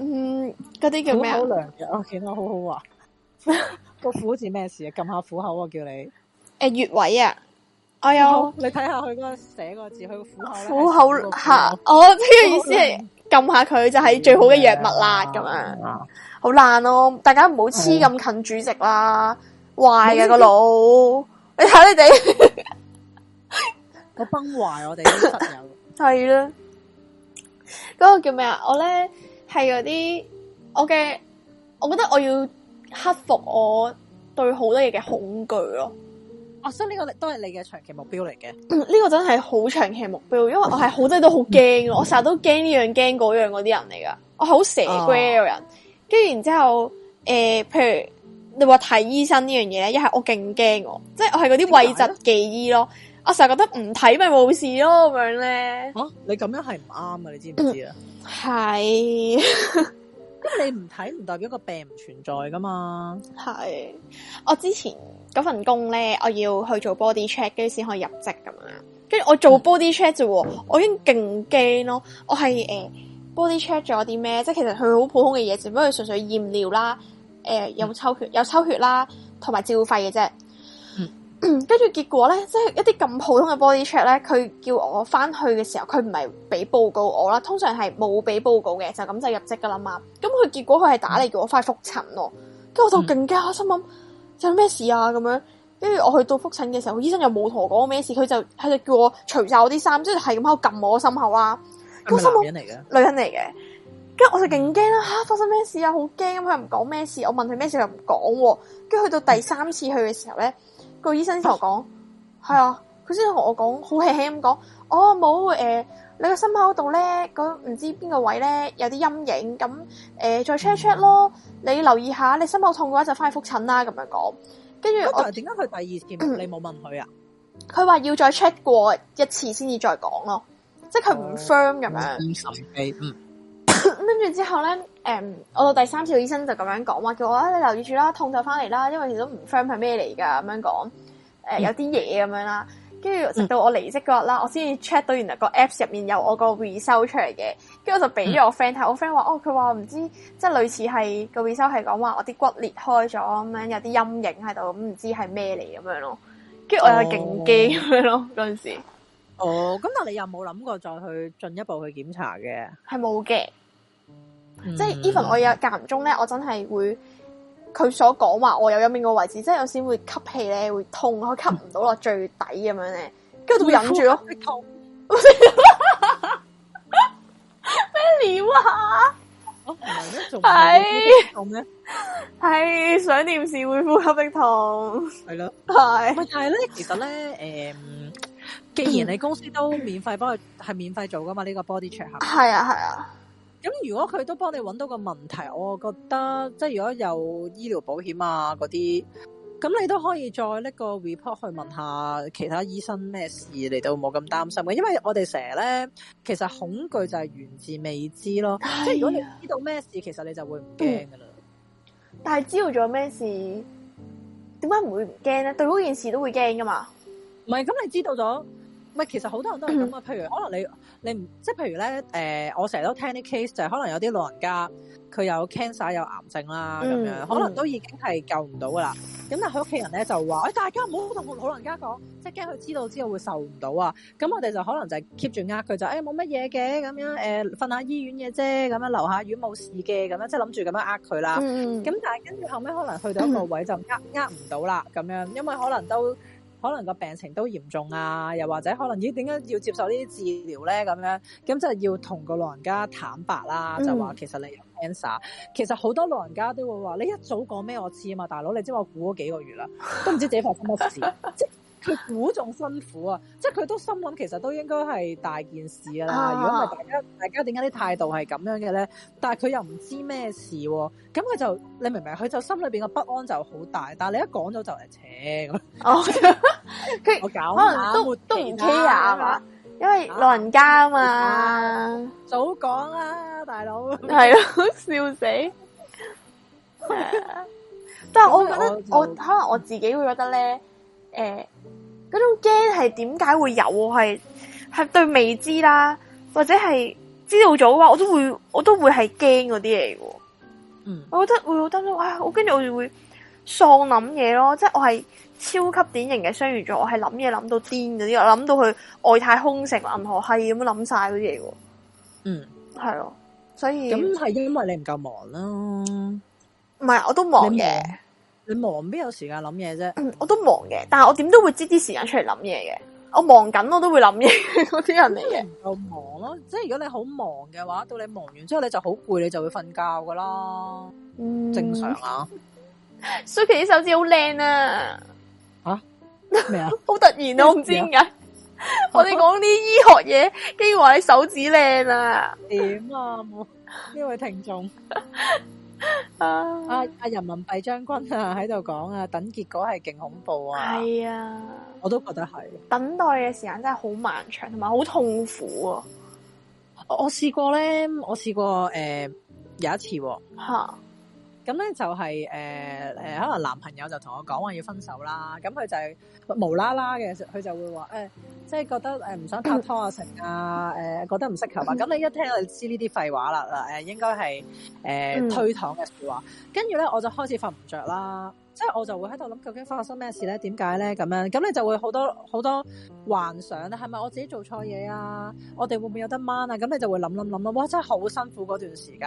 嗯，嗰啲叫咩好涼嘅，哦，見我好好啊。個虎字咩事啊？撳下虎口啊，叫你誒，穴位啊！哎呀你睇下佢嗰個寫個字，佢個虎口虎口吓，我呢個意思係撳下佢就係最好嘅藥物啦，咁樣好難咯！大家唔好黐咁近主席啦，壞嘅個腦，你睇你哋，我崩壞我哋啲室友係啦，嗰個叫咩啊？我咧係嗰啲，我嘅，我覺得我要。克服我對好多嘢嘅恐懼咯，哦、啊，所以呢個都係你嘅長期目標嚟嘅。呢、嗯這個真係好長期目標，因為我係好多嘢都好驚、嗯，我成日都驚呢樣驚嗰樣嗰啲人嚟㗎，我係好蛇怪嘅人。跟住、啊、然之後，誒、呃，譬如你話睇醫生呢樣嘢一係我勁驚我，即係我係嗰啲諱疾忌醫咯。有我成日覺得唔睇咪冇事咯，咁樣咧。你咁樣係唔啱啊！你，你知唔知啊？係、嗯。 因為你唔睇唔代表個病唔存在噶嘛？係，我之前嗰份工咧，我要去做 body check，跟住先可以入職咁樣。跟住我做 body check 啫，嗯、我已經勁驚咯。我係誒、呃、body check 咗啲咩？即係其實佢好普通嘅嘢，只不過純粹驗尿啦，誒、呃，有抽血，有抽血啦，同埋照肺嘅啫。跟住結果咧，即、就、係、是、一啲咁普通嘅 body check 咧，佢叫我翻去嘅時候，佢唔係俾報告我啦。通常係冇俾報告嘅，就咁就入職噶啦嘛。咁佢結果佢係打嚟、嗯、叫我翻去復診咯，跟住我就更加心諗有咩事啊？咁樣跟住我去到復診嘅時候，醫生又冇同我講咩事，佢就佢就叫我除晒我啲衫，即係係咁喺度撳我個心口啦。是是人女人嚟嘅，女人嚟嘅，跟住我就勁驚啦吓、嗯啊，發生咩事啊？好驚咁，佢又唔講咩事，我問佢咩事，佢又唔講。跟住去到第三次去嘅時候咧。嗯呢個醫生就頭講，係啊，佢先同我講，好輕輕咁講，哦冇，誒、呃，你個心口度咧，唔知邊個位咧有啲陰影，咁誒、呃、再 check check 咯，你留意下，你心口痛嘅話就翻去複診啦，咁樣講，跟住我點解佢第二次、嗯、你冇問佢啊？佢話要再 check 過一次先至再講咯，即係佢唔 firm 咁樣嗯嗯。嗯，神秘嗯。跟住之後咧，誒、嗯，我到第三次個醫生就咁樣講話，叫我你留意住啦，痛就翻嚟啦，因為都唔 firm 係咩嚟噶咁樣講，誒、呃，有啲嘢咁樣啦。跟住直到我離職嗰日啦，嗯、我先至 check 到原來個 apps 入面有我個 result 出嚟嘅，跟住我就俾咗我 friend 睇，嗯、我 friend 話哦，佢話唔知，即係類似係個 result 係講話我啲骨裂開咗咁樣，有啲陰影喺度，唔知係咩嚟咁樣咯。跟住我又勁驚係咯嗰陣時。哦，咁但你有冇諗過再去進一步去檢查嘅？係冇嘅。 即係 even 我有間唔中咧，我真係會佢所講話我有入面個位置，即係有時會吸氣咧會痛，會痛我吸唔到落最底咁樣咧，跟住就會忍住咯，痛咩料啊？係係想念時會呼吸的痛，係咯、 啊，係。咪就係咧，呢其實咧，誒、嗯， 既然你公司都免費幫佢係免費做噶嘛，呢、這個 body check 係啊的，係啊。咁如果佢都幫你揾到個問題，我覺得即係如果有醫療保險啊嗰啲，咁你都可以再拎個 report 去問下其他醫生咩事嚟到，冇咁擔心嘅。因為我哋成日咧，其實恐懼就係源自未知咯。哎呀，即係如果你知道咩事，其實你就會唔驚噶啦。但係知道咗咩事，點解唔會唔驚咧？對嗰件事都會驚噶嘛？唔係，咁你知道咗，唔係，其實好多人都係咁啊。譬如可能你。你唔即係譬如咧，誒我成日都聽啲 case 就係可能有啲老人家佢有 cancer，有癌症啦，咁樣可能都已經係救唔到噶啦。咁但係佢屋企人咧就話，誒大家唔好同個老人家講，即係驚佢知道之後會受唔到啊。咁我哋就可能就係 keep 住呃佢，就誒冇乜嘢嘅咁樣，誒瞓下醫院嘅啫，咁樣留下院冇事嘅，咁樣即係諗住咁樣呃佢啦。咁但係跟住後尾可能去到一個位就呃呃唔到啦，咁樣因為可能都。可能個病情都嚴重啊，又或者可能咦點解要接受呢啲治療咧？咁樣咁就要同個老人家坦白啦，嗯、就話其實你有癌症。其實好多老人家都會話：你一早講咩我知啊嘛，大佬，你知我估咗幾個月啦，都唔知自己發生乜事。 佢估仲辛苦啊！即係佢都心諗，其實都應該係大件事噶啦。如果唔係，大家大家點解啲態度係咁樣嘅咧？但係佢又唔知咩事、啊，咁佢就你明唔明？佢就心裏邊個不安就好大。但係你一講咗就嚟扯咁，佢可能都都唔 care 啊嘛，因為老人家啊嘛，啊早講啦，大佬係咯，笑死。 uh, 但係我覺得我，我可能我自己會覺得咧，誒、呃。嗰種驚係點解會有？係係對未知啦，或者係知道咗嘅話，我都會我都會係驚嗰啲嘢嘅。嗯，我，我覺得會好多，唉、哎，我跟住我就會喪諗嘢咯。即係我係超級典型嘅雙魚座，我係諗嘢諗到癲嗰啲，諗到佢外太空城、成銀河系咁樣諗晒嗰啲嘢。嗯，係咯，所以咁係因為你唔夠忙啦。唔係，我都忙嘅。你忙邊有時間諗嘢啫？我都忙嘅，但係我點都會擠啲時間出嚟諗嘢嘅。我忙緊，我都會諗嘢。我啲人嚟嘅。我忙咯，即係如果你好忙嘅話，到你忙完之後，你就好攰，你就會瞓覺噶、嗯、啦。正常啊。Suki 啲手指好靚啊！吓咩啊？好 突然啊！我唔知點解。啊、 我哋講啲醫學嘢，竟然話你手指靚啊？點啊？呢位聽眾。 啊，啊！人民幣將軍啊，喺度講啊，等結果係勁恐怖啊！係啊，我都覺得係。等待嘅時間真係好漫長，同埋好痛苦，啊我。我試過咧，我試過誒，有一次吓，啊。 咁咧就係誒誒，可能男朋友就同我講話要分手啦。咁佢就係無啦啦嘅，佢就會話誒，即係覺得誒唔想拍拖啊，成啊誒，覺得唔適合啊。咁 你一聽就知呢啲廢話啦啦誒，應該係誒推搪嘅話。跟住咧，我就開始瞓唔著啦。即係我就會喺度諗究竟發生咩事咧？點解咧？咁樣咁你就會好多好多幻想咧？係咪我自己做錯嘢啊？我哋會唔會有得掹啊？咁你就會諗諗諗諗，哇！真係好辛苦嗰段時間，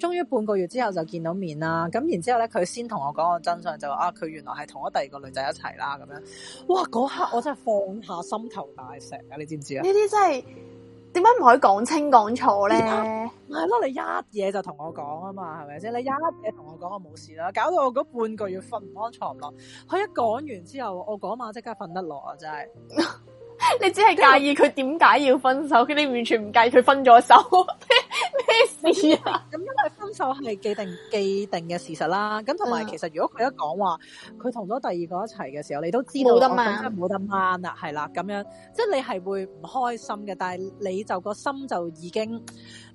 終於半個月之後就見到面啦。咁然之後咧，佢先同我講個真相，就話啊，佢原來係同一第二個女仔一齊啦。咁樣，哇！嗰刻我真係放下心頭大石啊！你知唔知啊？呢啲真係。點解唔可以講清講錯咧？咪係咯，你一嘢就同我講啊嘛，係咪？即係你一嘢同我講，我冇事啦。搞到我嗰半個月瞓唔安，床唔落。佢一講完之後，我嗰晚即刻瞓得落啊！真係。 你只係介意佢點解要分手，佢為你完全唔介意佢分咗手咩事啊？咁因為分手係既定既定嘅事實啦。咁同埋其實如果佢一講話佢同咗第二個一齊嘅時候，你都知道冇得掹，即冇得翻啦，係啦，咁樣即係你係會唔開心嘅，但係你就、個心就已經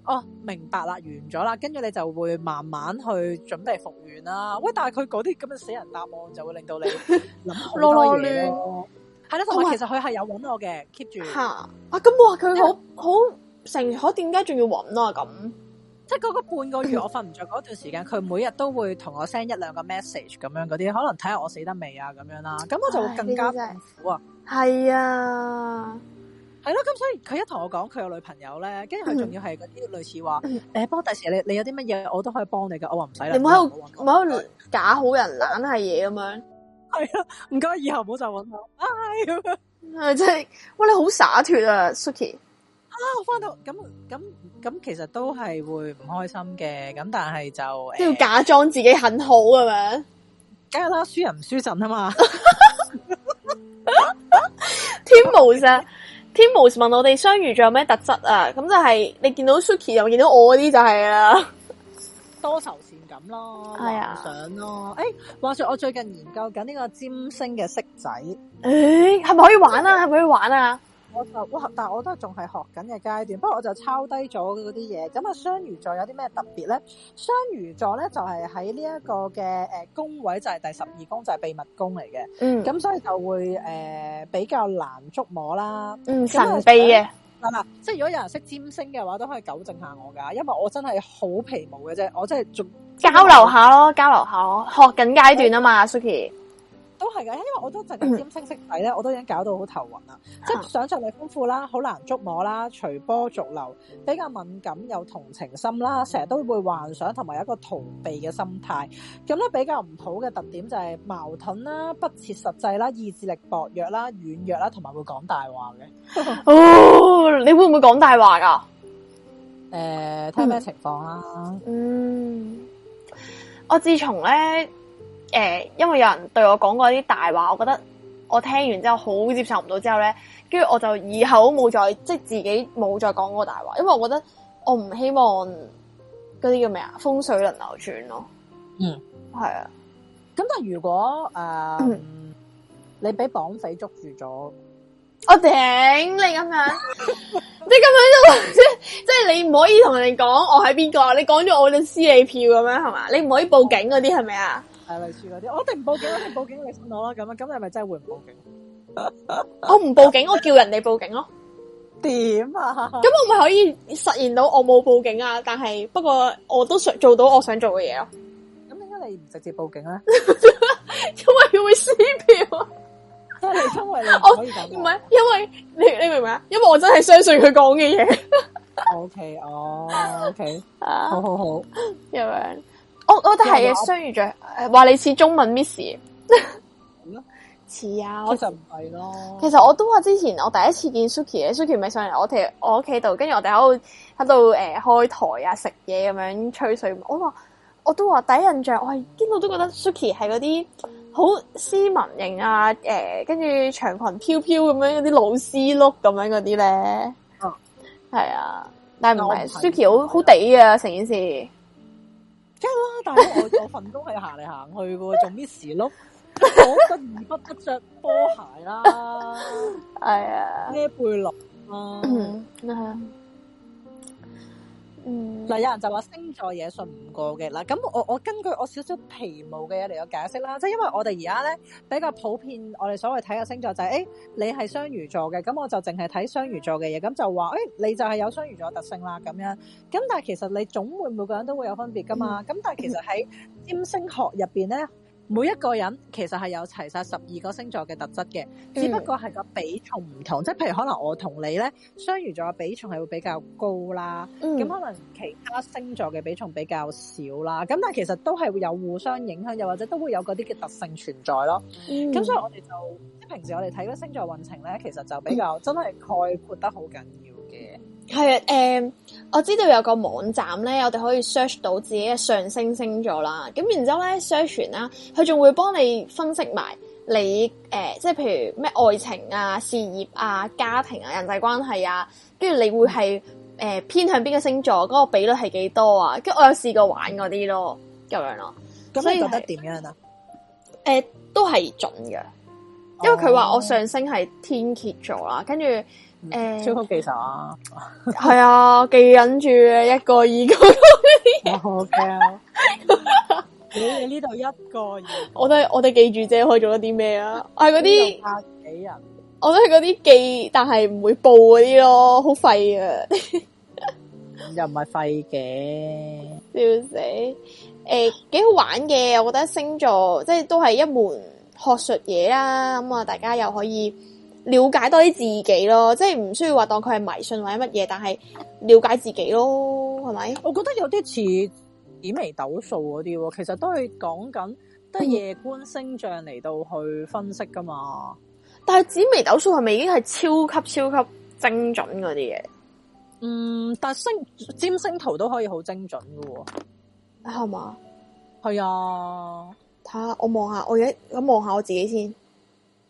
哦明白啦，完咗啦，跟住你就會慢慢去準備復原啦。喂，但係佢嗰啲咁嘅死人答案就會令到你諗好多嘢 囉囉攣。 係啦，同埋其實佢係有搵我嘅 keep 住。吓啊，咁我話佢好好成海，點解仲要搵啊？咁即係嗰個半個月我瞓唔着嗰段時間，佢每日都會同我 send 一兩個 message 咁樣嗰啲，可能睇下我死得未啊咁樣啦。咁我就會更加痛苦是是啊。係啊，係咯。咁所以佢一同我講佢有女朋友咧，跟住佢仲要係嗰啲類似話誒，幫 我第時你你有啲乜嘢我都可以幫你嘅。我話唔使啦，你唔好喺度假好人攬下嘢咁樣。係啊，唔該，以後唔好再搵我。唉、哎，咁、啊、真係，哇，你好灑脫啊，Suki。啊，我翻到咁咁咁，其實都係會唔開心嘅，咁但係就都要假裝自己很好咁樣。梗係啦，輸人唔輸陣啊嘛。 Timos，Timos、啊、 Tim 問我哋雙魚仲有咩特質啊？咁就係你見到 Suki 又見到我啲就係啦、啊，多咁咯，夢、哎、呀想咯、啊，誒、哎，話說我最近研究緊呢個占星嘅色仔，誒、欸，係咪可以玩啊？係咪的可以玩啊？我就哇，但係我都仲係學緊嘅階段，不過我就抄低咗嗰啲嘢。咁啊，雙魚座有啲咩特別咧？雙魚座咧就係喺呢一個嘅誒宮位就係、是、第十二宮就係、是、秘密宮嚟嘅，嗯，咁所以就會誒、呃、比較難捉摸啦，嗯，神秘嘅。嗱嗱，即係如果有人識占星嘅話，都可以糾正下我噶，因為我真係好皮毛嘅啫，我真係仲交流下咯，交流下咯，學緊階段嘛、嗯、啊嘛，Suki 都係嘅，因為我都直點清晰睇咧，我都已經搞到好頭暈啦。即係想象力豐富啦，好難捉摸啦，隨波逐流，比較敏感，有同情心啦，成日都會幻想，同埋有一個逃避嘅心態。咁咧比較唔好嘅特點就係矛盾啦、不切實際啦、意志力薄弱啦、軟弱啦，同埋會講大話嘅。哦，你會唔會講大話噶？誒、呃，睇下咩情況啦、啊？嗯，我自從咧。誒，因為有人對我講過啲大話，我覺得我聽完之後好接受唔到。之後咧，跟住我就以後冇再即係自己冇再講過大話，因為我覺得我唔希望嗰啲叫咩啊，風水輪流轉咯。嗯，係啊的。咁但係如果誒，你俾綁匪捉住咗，我頂你咁樣，你咁樣都即係你唔可以同人哋講我喺邊個？你講咗我哋就撕你票咁樣係嘛？你唔可以報警嗰啲係咪啊？係類似嗰啲，我一定唔報警，我一定報警你信我啦，咁啊，咁你係咪真係會唔報警？我唔報警，我叫人哋報警咯。點啊？咁我咪可以實現到我冇報警啊？但係不過我都想做到我想做嘅嘢咯。咁點解你唔直接報警啊？因為會撕票啊！因為你可以咁，唔係因為你你明唔明啊？因為我真係相信佢講嘅嘢。O K，哦，O K，好好好，咁樣。哦、我覺得係啊，相遇在誒話你似中文 miss 似啊，我就唔係咯。實其實我都話之前我第一次見 Suki，Suki 咪上嚟我條我屋企度，跟住我哋喺度喺度誒開台，啊食嘢咁樣吹水。我話我都話第一印象，我見到都覺得 Suki 係嗰啲好斯文型啊誒，跟、呃、住長裙飄飄咁樣一啲老師碌咁樣嗰啲咧。嗯、啊，係啊，但係唔係 Suki 好好地的啊成、啊、件事。梗啦，但係我份工係行嚟行去喎，做 miss 咯，我不得二不不着波鞋啦，係啊，孭 背囊啊。 嗯，嗱， 有人就話星座嘢信唔過嘅啦，咁我我根據我少少皮毛嘅嘢嚟個解釋啦，即係因為我哋而家咧比較普遍，我哋所謂睇個星座就係，誒，你係雙魚座嘅，咁我就淨係睇雙魚座嘅嘢，咁就話，誒，你就係有雙魚座特性啦，咁樣，咁但係其實你總會每個人都會有分別噶嘛，咁，嗯，但係其實喺占星學入邊咧。每一個人其實係有齊晒十二個星座嘅特質嘅，只不過係個比重唔同，即係譬如可能我同你咧雙魚座嘅比重係會比較高啦，咁、嗯、可能其他星座嘅比重比較少啦，咁但係其實都係會有互相影響，又或者都會有嗰啲嘅特性存在咯。咁、嗯、所以我哋就即係平時我哋睇嗰星座運程咧，其實就比較真係概括得好緊要。係誒、嗯，我知道有個網站咧，我哋可以 search 到自己嘅上升星座啦。咁然之後咧，search 完啦，佢仲會幫你分析埋你，誒、呃，即係譬如咩愛情啊、事業啊、家庭啊、人際關係啊，跟住你會係誒、呃、偏向邊個星座，嗰個比率係幾多啊？跟住我有試過玩嗰啲咯，咁樣咯。咁你覺得點樣啊？誒、呃，都係準嘅，因為佢話我上升係天蠍座啦，跟住、哦。嗯、超級記仇啊！係啊，我記忍住一個二個。O K 啊！你呢度一個二，我哋我哋記住姐可以做一啲咩啊？係嗰啲廿幾人，我都係嗰啲記，但係唔會報嗰啲咯，好廢啊！又唔係廢嘅，笑死！誒、 欸，幾好玩嘅，我覺得星座即係都係一門學術嘢啦。咁啊，大家又可以。了解多啲自己咯，即係唔需要話當佢係迷信或者乜嘢，但係了解自己咯，係咪？我覺得有啲似紫微斗數嗰啲，其實都係講緊都係夜觀星象嚟到去分析噶嘛。嗯，但係紫微斗數係咪已經係超級超級精準嗰啲嘢？嗯，但係星占星圖都可以好精準噶，係嘛嗎？係啊呀，睇下我望下，我而家咁望下我自己先。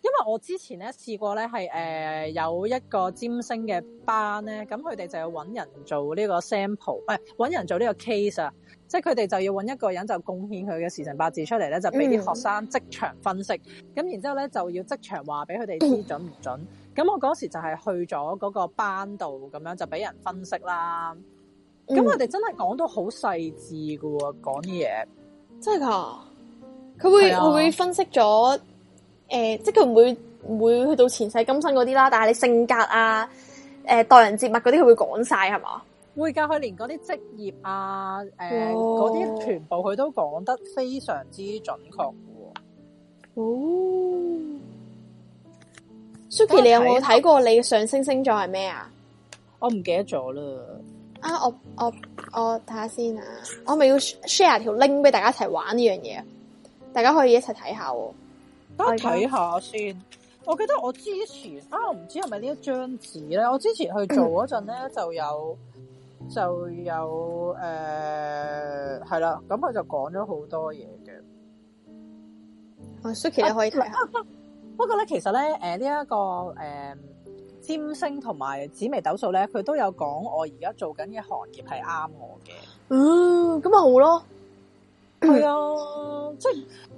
因為我之前咧試過咧係誒有一個占星嘅班咧，咁佢哋就要搵人做呢個 sample，誒、哎、搵人做呢個 case 啊，即係佢哋就要搵一個人就貢獻佢嘅時辰八字出嚟咧，就俾啲學生即場分析。咁、嗯、然之後咧就要即場話俾佢哋知準唔準。咁、嗯、我嗰時就係去咗嗰個班度，咁樣就俾人分析啦。咁我哋真係講到好細緻噶喎，講啲嘢真係噶、啊，佢會、啊、會，會分析咗。誒、呃，即係佢唔會唔會去到前世今生嗰啲啦，但係你性格啊，誒、呃，待人接物嗰啲佢會講晒係嘛？會教佢連嗰啲職業啊，誒、呃，嗰啲、oh. 全部佢都講得非常之準確喎。哦、oh.、Suki、欸、你有冇睇過你上升星座係咩啊？我唔記得咗啦。啊，我我我睇下先啊，我咪要 share 條 link 俾大家一齊玩呢樣嘢，大家可以一齊睇下，啊。睇下先，我記得我之前啊，唔知係咪呢一張紙咧，我之前去做嗰陣咧就有、嗯、就有誒，係、呃、啦，咁佢就講咗好多嘢嘅。阿 Suki、哦、你可以睇啊，啊，啊，啊，不過咧其實咧，誒呢一個誒占星同埋紫微斗數咧，佢都有講我而家做緊嘅行業係啱我嘅。嗯，咁咪好咯。係 啊，即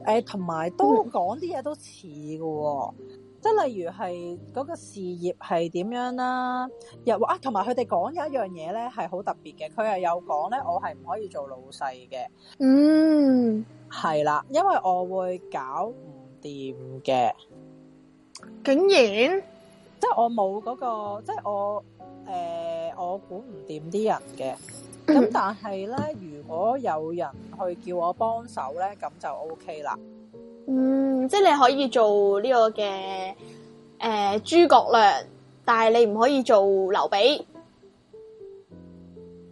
係誒，同、呃、埋都講啲嘢都似喎，哦。即係例如係嗰個事業係點樣啦，啊，又啊，同埋佢哋講有一樣嘢咧係好特別嘅，佢係有講咧，我係唔可以做老細嘅，嗯，係啦，啊，因為我會搞唔掂嘅，竟然，即係我冇嗰，那個，即係我誒、呃，我估唔掂啲人嘅。.咁、嗯、但係咧，如果有人去叫我幫手咧，咁就 OK 啦。嗯，即係你可以做呢個嘅誒，諸葛亮，但係你唔可以做劉備。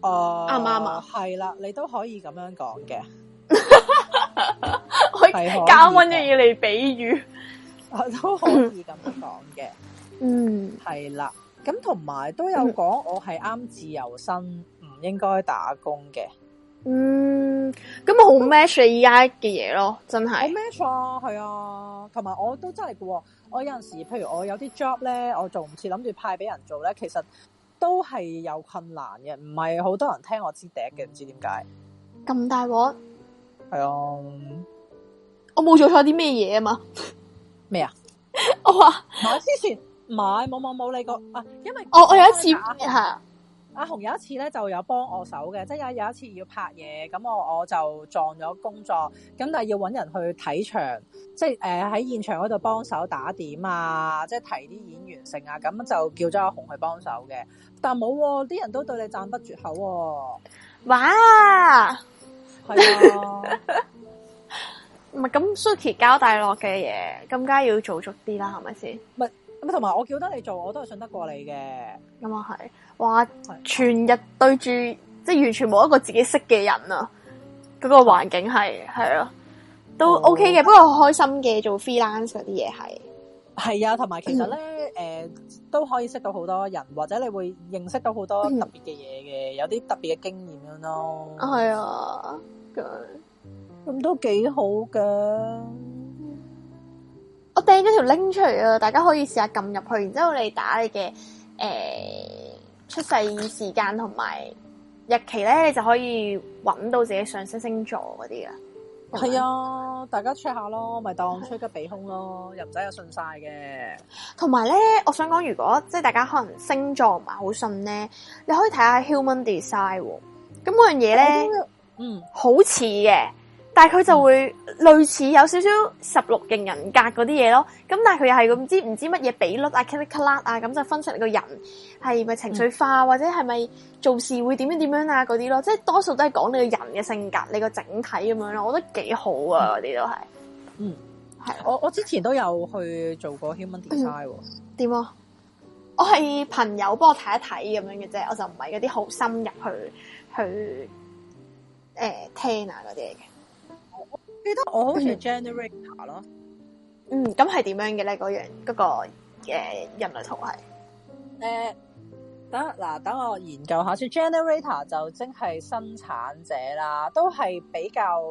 哦、呃，啱唔啱啊？係啦，你都可以咁樣講嘅，可以夾温嘅嘢嚟比喻，我都可以咁講嘅。嗯，係啦，咁同埋都有講，有我係啱自由身。應該打工嘅，嗯，咁啊好 match 你依家嘅嘢咯，真係好 match 啊，係啊，同埋我都真係嘅，我有陣時，譬如我有啲 job 咧，我做唔切，諗住派俾人做咧，其實都係有困難嘅，唔係好多人聽我知笛嘅，唔知點解咁大鑊，係啊，我冇做錯啲咩嘢啊嘛，咩 啊， 我話說 我之前買冇冇冇你個啊，因為我我，我有一次係。阿紅有一次咧就有幫我手嘅，即係有有一次要拍嘢，咁我我就撞咗工作，咁但係要搵人去睇場，即係誒喺現場嗰度幫手打點啊，即係提啲演員剩啊，咁就叫咗阿紅去幫手嘅。但冇、哦，啲人都對你讚不絕口、哦。哇，係啊，唔係咁，Suki 交大樂嘅嘢，更加要做足啲啦，係咪先？ 咁同埋我叫得你做，我都係信得過你嘅。咁啊係，哇！全日對住，即係完全冇一個自己識嘅人啊，嗰、嗰個環境係係啊，都 OK 嘅。嗯、不過開心嘅做 freelance 嗰啲嘢係係啊，同埋其實咧，誒、嗯呃、都可以識到好多人，或者你會認識到好多特別嘅嘢嘅，嗯、有啲特別嘅經驗咁咯。係啊 you know?、嗯，咁、嗯嗯、都幾好噶。我掟咗條 link 出嚟啊！大家可以試下撳入去，然之後你打你嘅誒、呃、出世時間同埋日期咧，就可以揾到自己上升星座嗰啲嘅。係啊，有大家 check 下咯，咪當吹吉避風咯，的又唔使有信晒嘅。同埋咧，我想講，如果即係大家可能星座唔係好信咧，你可以睇下 Human Design，咁嗰樣嘢咧，嗯，好似嘅。但係佢就會類似有少少十六型人格嗰啲嘢咯，咁但係佢又係咁，唔知唔知乜嘢比率啊、calculate 啊、嗯，咁就分出個人係咪情緒化，嗯、或者係咪做事會點樣點樣啊嗰啲咯，即係多數都係講你個人嘅性格、你個整體咁樣咯，我覺得幾好啊，嗰啲都係。嗯，係我我之前都有去做過 human design 點啊、嗯？我係朋友幫我睇一睇咁樣嘅啫，我就唔係嗰啲好深入去去誒、呃、聽啊嗰啲嘅。記得我好似 generator 咯，嗯，咁係點樣嘅咧？嗰樣嗰個誒人類同係誒，等嗱、呃，等我研究下先。generator 就即係生產者啦，嗯、都係比較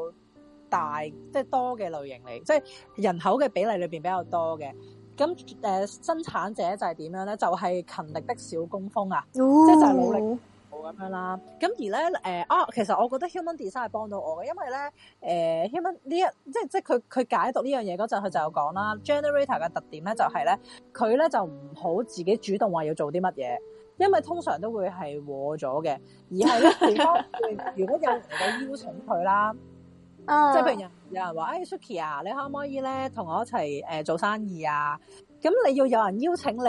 大即係、嗯、多嘅類型嚟，即、就、係、是、人口嘅比例裏邊比較多嘅。咁誒、呃，生產者就係點樣咧？就係、是、勤力的小工蜂啊，即係、哦、就係努力。咁樣啦，咁而咧，誒、呃，啊，其實我覺得 human design 係幫到我嘅，因為咧，誒、呃、，human 呢一，即係即係佢佢解讀呢樣嘢嗰陣，佢就有講啦。generator 嘅特點咧，就係、是、咧，佢咧就唔好自己主動話要做啲乜嘢，因為通常都會係禍咗嘅，而係咧， 如果有人邀請佢啦， 即係譬如有人話，誒，Suki 啊，你可唔可以咧同我一齊誒、呃、做生意啊？咁你要有人邀請你，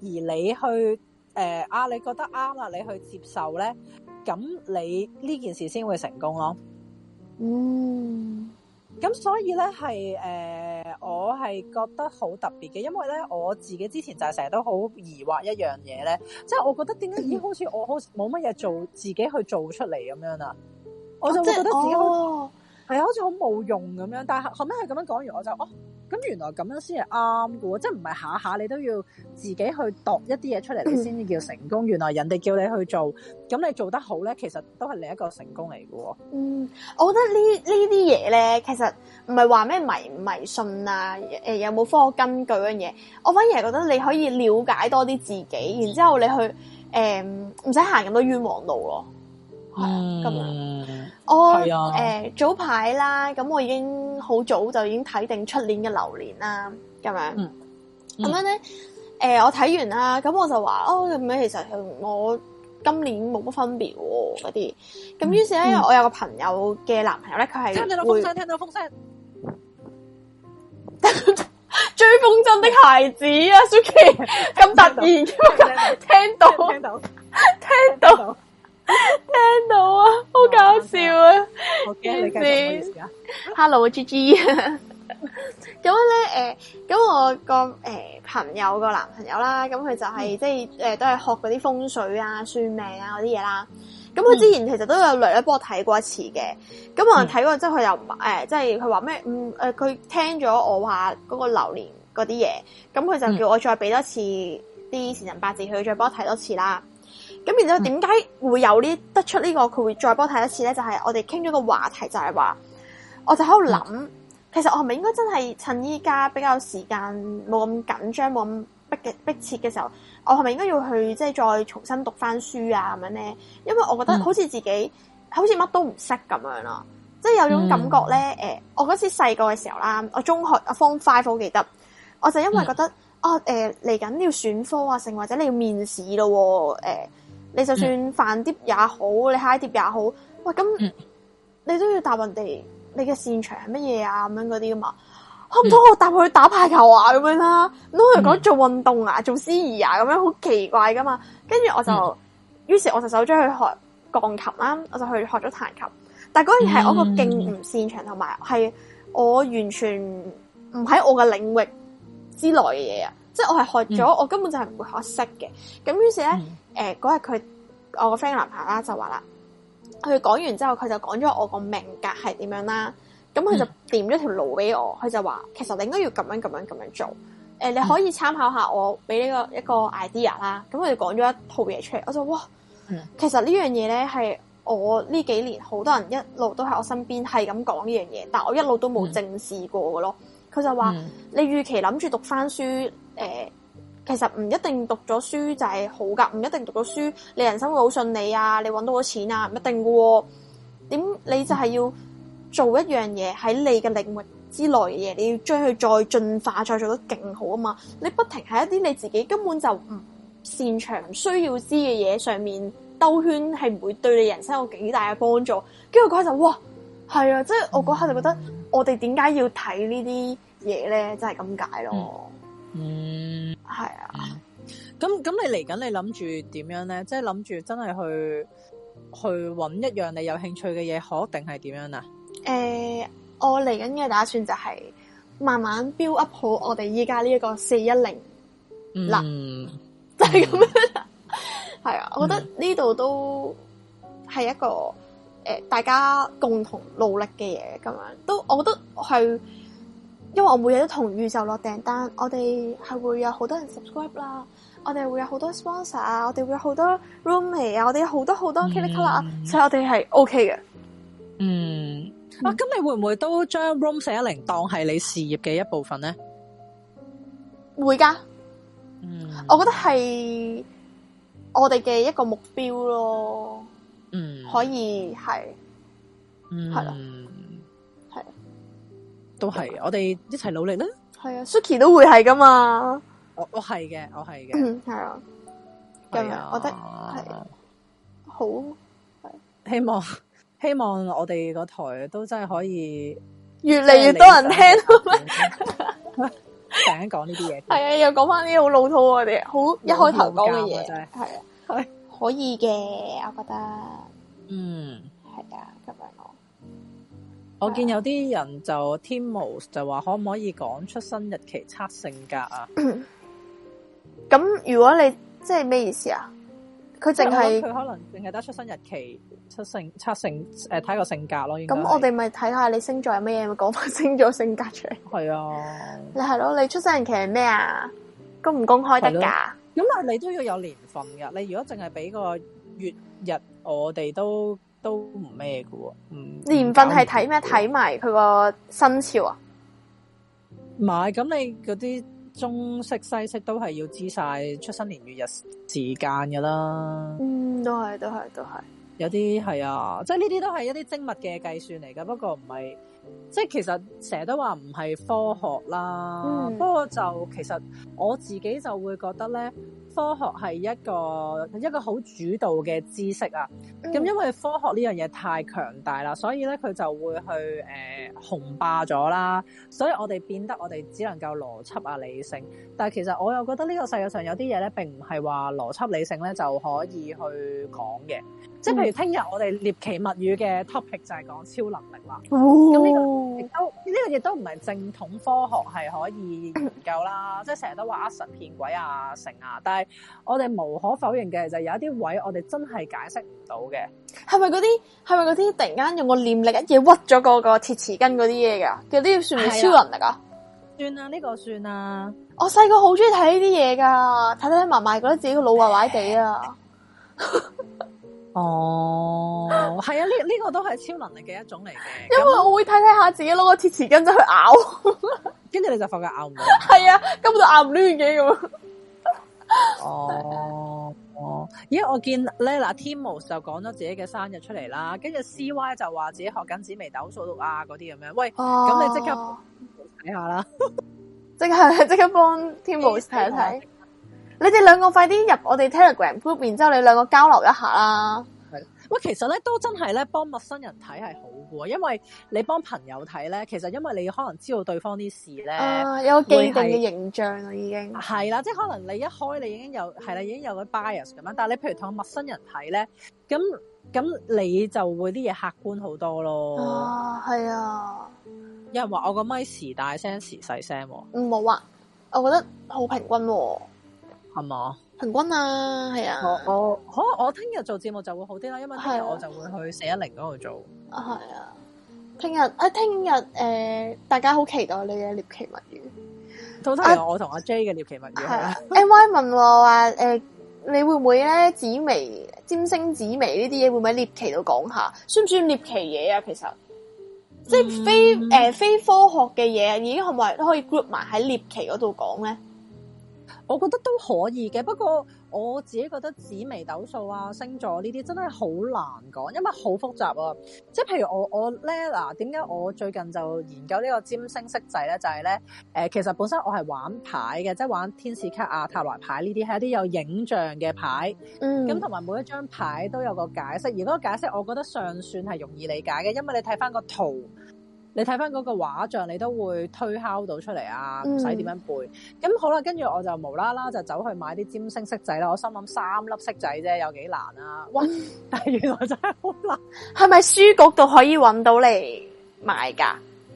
而你去。誒，啊，你覺得啱啦，你去接受咧，咁你呢件事先會成功咯。嗯，咁所以咧係誒，我係覺得好特別嘅，因為咧我自己之前就係成日都好疑惑一樣嘢咧，即係我覺得點解已經好似我好冇乜嘢做，自己去做出嚟咁樣啦，我就會覺得自係、啊哦、好似好冇用咁樣，但係後尾係咁樣講完，我就哦。咁原來咁樣先係啱嘅喎，即係唔係下下你都要自己去度一啲嘢出嚟，你先至叫成功。嗯、原來人哋叫你去做，咁你做得好咧，其實都係另一個成功嚟嘅喎。嗯，我覺得呢呢啲嘢咧，其實唔係話咩迷唔迷信啊，誒、呃、有冇科學根據嘅嘢，我反而係覺得你可以了解多啲自己，然之後你去誒唔使行咁多冤枉路咯。係咁，我誒早排啦，咁我已經好早就已經睇定出年嘅流年啦，咁樣，咁樣咧，誒我睇完啦，咁我就話哦，咁樣其實我今年冇乜分別嗰啲，咁於是咧，我有個朋友嘅男朋友咧，佢係聽到風聲，聽到風聲，追風箏的孩子啊，Suki 咁突然咁聽到，聽到，聽到。 聽到啊，好搞笑啊！好嘅、啊，你繼續 Hello Gigi 咁咧誒，咁、 呃、我個誒、呃、朋友個男朋友啦，咁佢就係、是嗯、即係誒、呃、都係學嗰啲風水啊、算命啊嗰啲嘢啦。咁佢之前其實都有略咗幫我睇過一次嘅。咁我睇過之後，佢又誒即係佢話咩？嗯誒，佢、呃、聽咗我話嗰個流年嗰啲嘢，咁佢就叫我再俾多一次啲時辰八字，佢再幫我睇多次啦。咁，然之後點解會有呢？得出呢、這個佢會再幫我睇一次咧？就係、是、我哋傾咗個話題，就係、是、話，我就喺度諗，其實我係咪應該真係趁依家比較時間冇咁緊張、冇咁逼嘅逼切嘅時候，我係咪應該要去即係再重新讀翻書啊咁樣咧？因為我覺得好似自己、嗯、好似乜都唔識咁樣啦，即係有種感覺咧、嗯呃。我嗰次細個嘅時候啦，我中學啊 form five，我記得，我就因為覺得、嗯、啊嚟緊、呃、你要選科啊，成或者你要面試咯，誒、呃。你就算泛啲也好，你嗨啲也好，喂，咁，你都要答人哋你嘅擅長係乜嘢啊，咁樣嗰啲噶嘛？唔通、嗯、我答佢打排球啊，咁樣啦，唔通佢講做運動啊，做司儀啊，咁樣好奇怪噶嘛？跟住我就，於、嗯、是我就走咗去學鋼琴啦，我就去學咗彈琴，但係嗰樣係我個勁唔擅長，同埋係我完全唔喺我嘅領域之內嘅嘢啊！即、就、係、是、我係學咗，嗯、我根本就係唔會學識嘅。咁於是咧。嗯嗯誒，嗰日佢我個 friend 男朋友啦，就話啦，佢講完之後佢就講咗我個命格係點樣啦，咁佢就掂咗條路俾我，佢就話其實你應該要咁樣咁樣咁樣做，誒、呃，你可以參考下我俾呢個一個 idea 啦，咁佢就講咗一套嘢出嚟，我就話哇，其實呢樣嘢咧係我呢幾年好多人一路都喺我身邊係咁講呢樣嘢，但我一路都冇正視過嘅咯，佢就話你預期諗住讀翻書，誒、呃。其實唔一定讀咗書就係好噶，唔一定讀咗書你人生會好順利啊，你搵到咗錢啊，唔一定噶、啊。點你就係要做一樣嘢喺你嘅領域之內嘅嘢，你要將佢再進化，再做得勁好啊嘛。你不停喺一啲你自己根本就唔擅長、需要知嘅嘢上面兜圈，係唔會對你人生有幾大嘅幫助。跟住嗰刻就哇，係啊，即係我嗰刻就覺得，我哋點解要睇呢啲嘢咧？即係咁解咯。嗯，係啊，咁咁、嗯、你嚟緊你諗住點樣咧？即係諗住真係去去揾一樣你有興趣嘅嘢，可定係點樣啊？誒、呃，我嚟緊嘅打算就係慢慢 build up 好我哋依家呢一個四一零，嗱、嗯，就係咁樣。係、嗯、 啊，我覺得呢度都係一個誒、呃、大家共同努力嘅嘢，咁樣都我覺得係因為我每日都同宇宙落訂單，我哋係會有好多人 subscribe 啦，我哋會有好多 sponsor、er, 啊，我哋會有好多 roomie 啊，我哋有好多好多 click 啦、嗯，所以我哋係 O K 嘅。嗯，嗯嗯啊，咁你會唔會都將 room 四一零當係你事業嘅一部分咧？會噶的，嗯，我覺得係我哋嘅一個目標咯。嗯，可以係，嗯，係都係，我哋一齊努力啦！係啊，Suki 都會係噶嘛，我我係嘅，我係嘅，嗯，係啊，咁樣我覺得係好係，希望希望我哋嗰台都真係可以越嚟越多人聽。成日講呢啲嘢，係啊，又講翻啲好老套我哋好一開頭講嘅嘢，真係係啊，可以嘅，我覺得，嗯。我見有啲人就 team 就話可唔可以講出生日期測性格啊？咁、嗯、如果你即係咩意思啊？佢淨係佢可能淨係得出生日期測性測性誒睇個性格咯。咁、嗯、我哋咪睇下你星座有咩嘢，咪講翻星座性格出嚟。係啊，你係咯？你出生日期係咩啊？公唔公開得噶？咁啊，你都要有年份噶。你如果淨係俾個月日，我哋都。都唔咩嘅喎，年份係睇咩？睇埋佢個生肖啊。唔係，咁你嗰啲中式西式都係要知晒出生年月日時間噶啦。嗯，都係，都係，都係。有啲係啊，即係呢啲都係一啲精密嘅計算嚟㗎，不過唔係，即係其實成日都話唔係科學啦。嗯，不過就其實我自己就會覺得咧。科學係一個一個好主導嘅知識啊，咁因為科學呢樣嘢太強大啦，所以咧佢就會去誒紅、呃、霸咗啦，所以我哋變得我哋只能夠邏輯啊、理性，但係其實我又覺得呢個世界上有啲嘢咧並唔係話邏輯理性咧就可以去講嘅，即係譬如聽日我哋獵奇物語嘅 topic 就係講超能力啦，咁呢、哦哦、個亦都呢、呢個亦都唔係正統科學係可以研究啦， 即係成日都話阿神騙鬼啊成啊，但係我哋無可否認嘅就係有一啲位，我哋真係解釋唔到嘅。係咪嗰啲？係咪嗰啲突然間用個念力一嘢屈咗嗰個鐵匙羹嗰啲嘢噶？嗰啲算唔算超能力嘅啊？算啊，呢、呢個算啊。我細個好中意睇呢啲嘢噶，睇睇埋埋覺得自己個腦壞壞地啊。哦、呢個，係啊，呢呢個都係超能力嘅一種嚟嘅。因為那我會睇睇下自己攞個鐵匙羹就去咬，跟 住你就發覺咬唔到。係 啊，根本就咬唔攣嘅咁。 哦哦，咦！ 我見咧嗱，Timus 就講咗自己嘅生日出嚟啦，跟住 C Y 就話自己學緊紫微斗數讀啊嗰啲咁樣，喂，咁、啊、你即刻睇 下啦，即係即刻幫 Timus 睇一睇，你哋兩個快啲入我哋 Telegram group，然之後你兩個交流一下啦。其實咧都真係咧幫陌生人睇係好嘅，因為你幫朋友睇咧，其實因為你可能知道對方啲事咧、啊，有個既定嘅形象啦，已經係啦，即係可能你一開你已經有係啦，已經有個 bias 咁樣，但係你譬如同陌生人睇咧，咁咁你就會啲嘢客觀好多咯。啊，係啊！有人話我個咪時大聲時細聲，唔冇、嗯、啊，我覺得好平均、啊，係嘛？平均是啊，係啊！我好我可我聽日做節目就會好啲啦，因為聽日我就會去四一零嗰度做是啊。啊，係啊，聽日啊，聽日誒，大家好期待你嘅獵奇物語。都係我同阿 J 嘅獵奇物語。係啊，M I 問我話誒，你會唔會咧？紫微，占星、紫微呢啲嘢會唔會喺獵奇度講下？算唔算獵奇嘢啊？其實、mm. 即係非誒、呃、非科學嘅嘢，已家可咪，都可以 group 埋喺獵奇嗰度講咧？我覺得都可以嘅，不過我自己覺得紫微斗數啊、星座呢啲真係好難講，因為好複雜啊。即係譬如我我咧嗱，點解我最近就研究呢個占星色制咧？就係咧、誒，其實本身我係玩牌嘅，即係玩天使卡啊、塔羅牌呢啲係一啲有影像嘅牌，咁同埋每一張牌都有個解釋，而個解釋我覺得尚算係容易理解嘅，因為你睇翻個圖。你睇翻嗰個畫像，你都會推敲到出嚟啊！唔使點樣背，咁、嗯、好啦。跟住我就無啦啦就走去買啲尖星色仔啦。我心諗三粒色仔啫，有幾難啊？哇但係原來真係好難。係咪 書局度可以揾到嚟買㗎？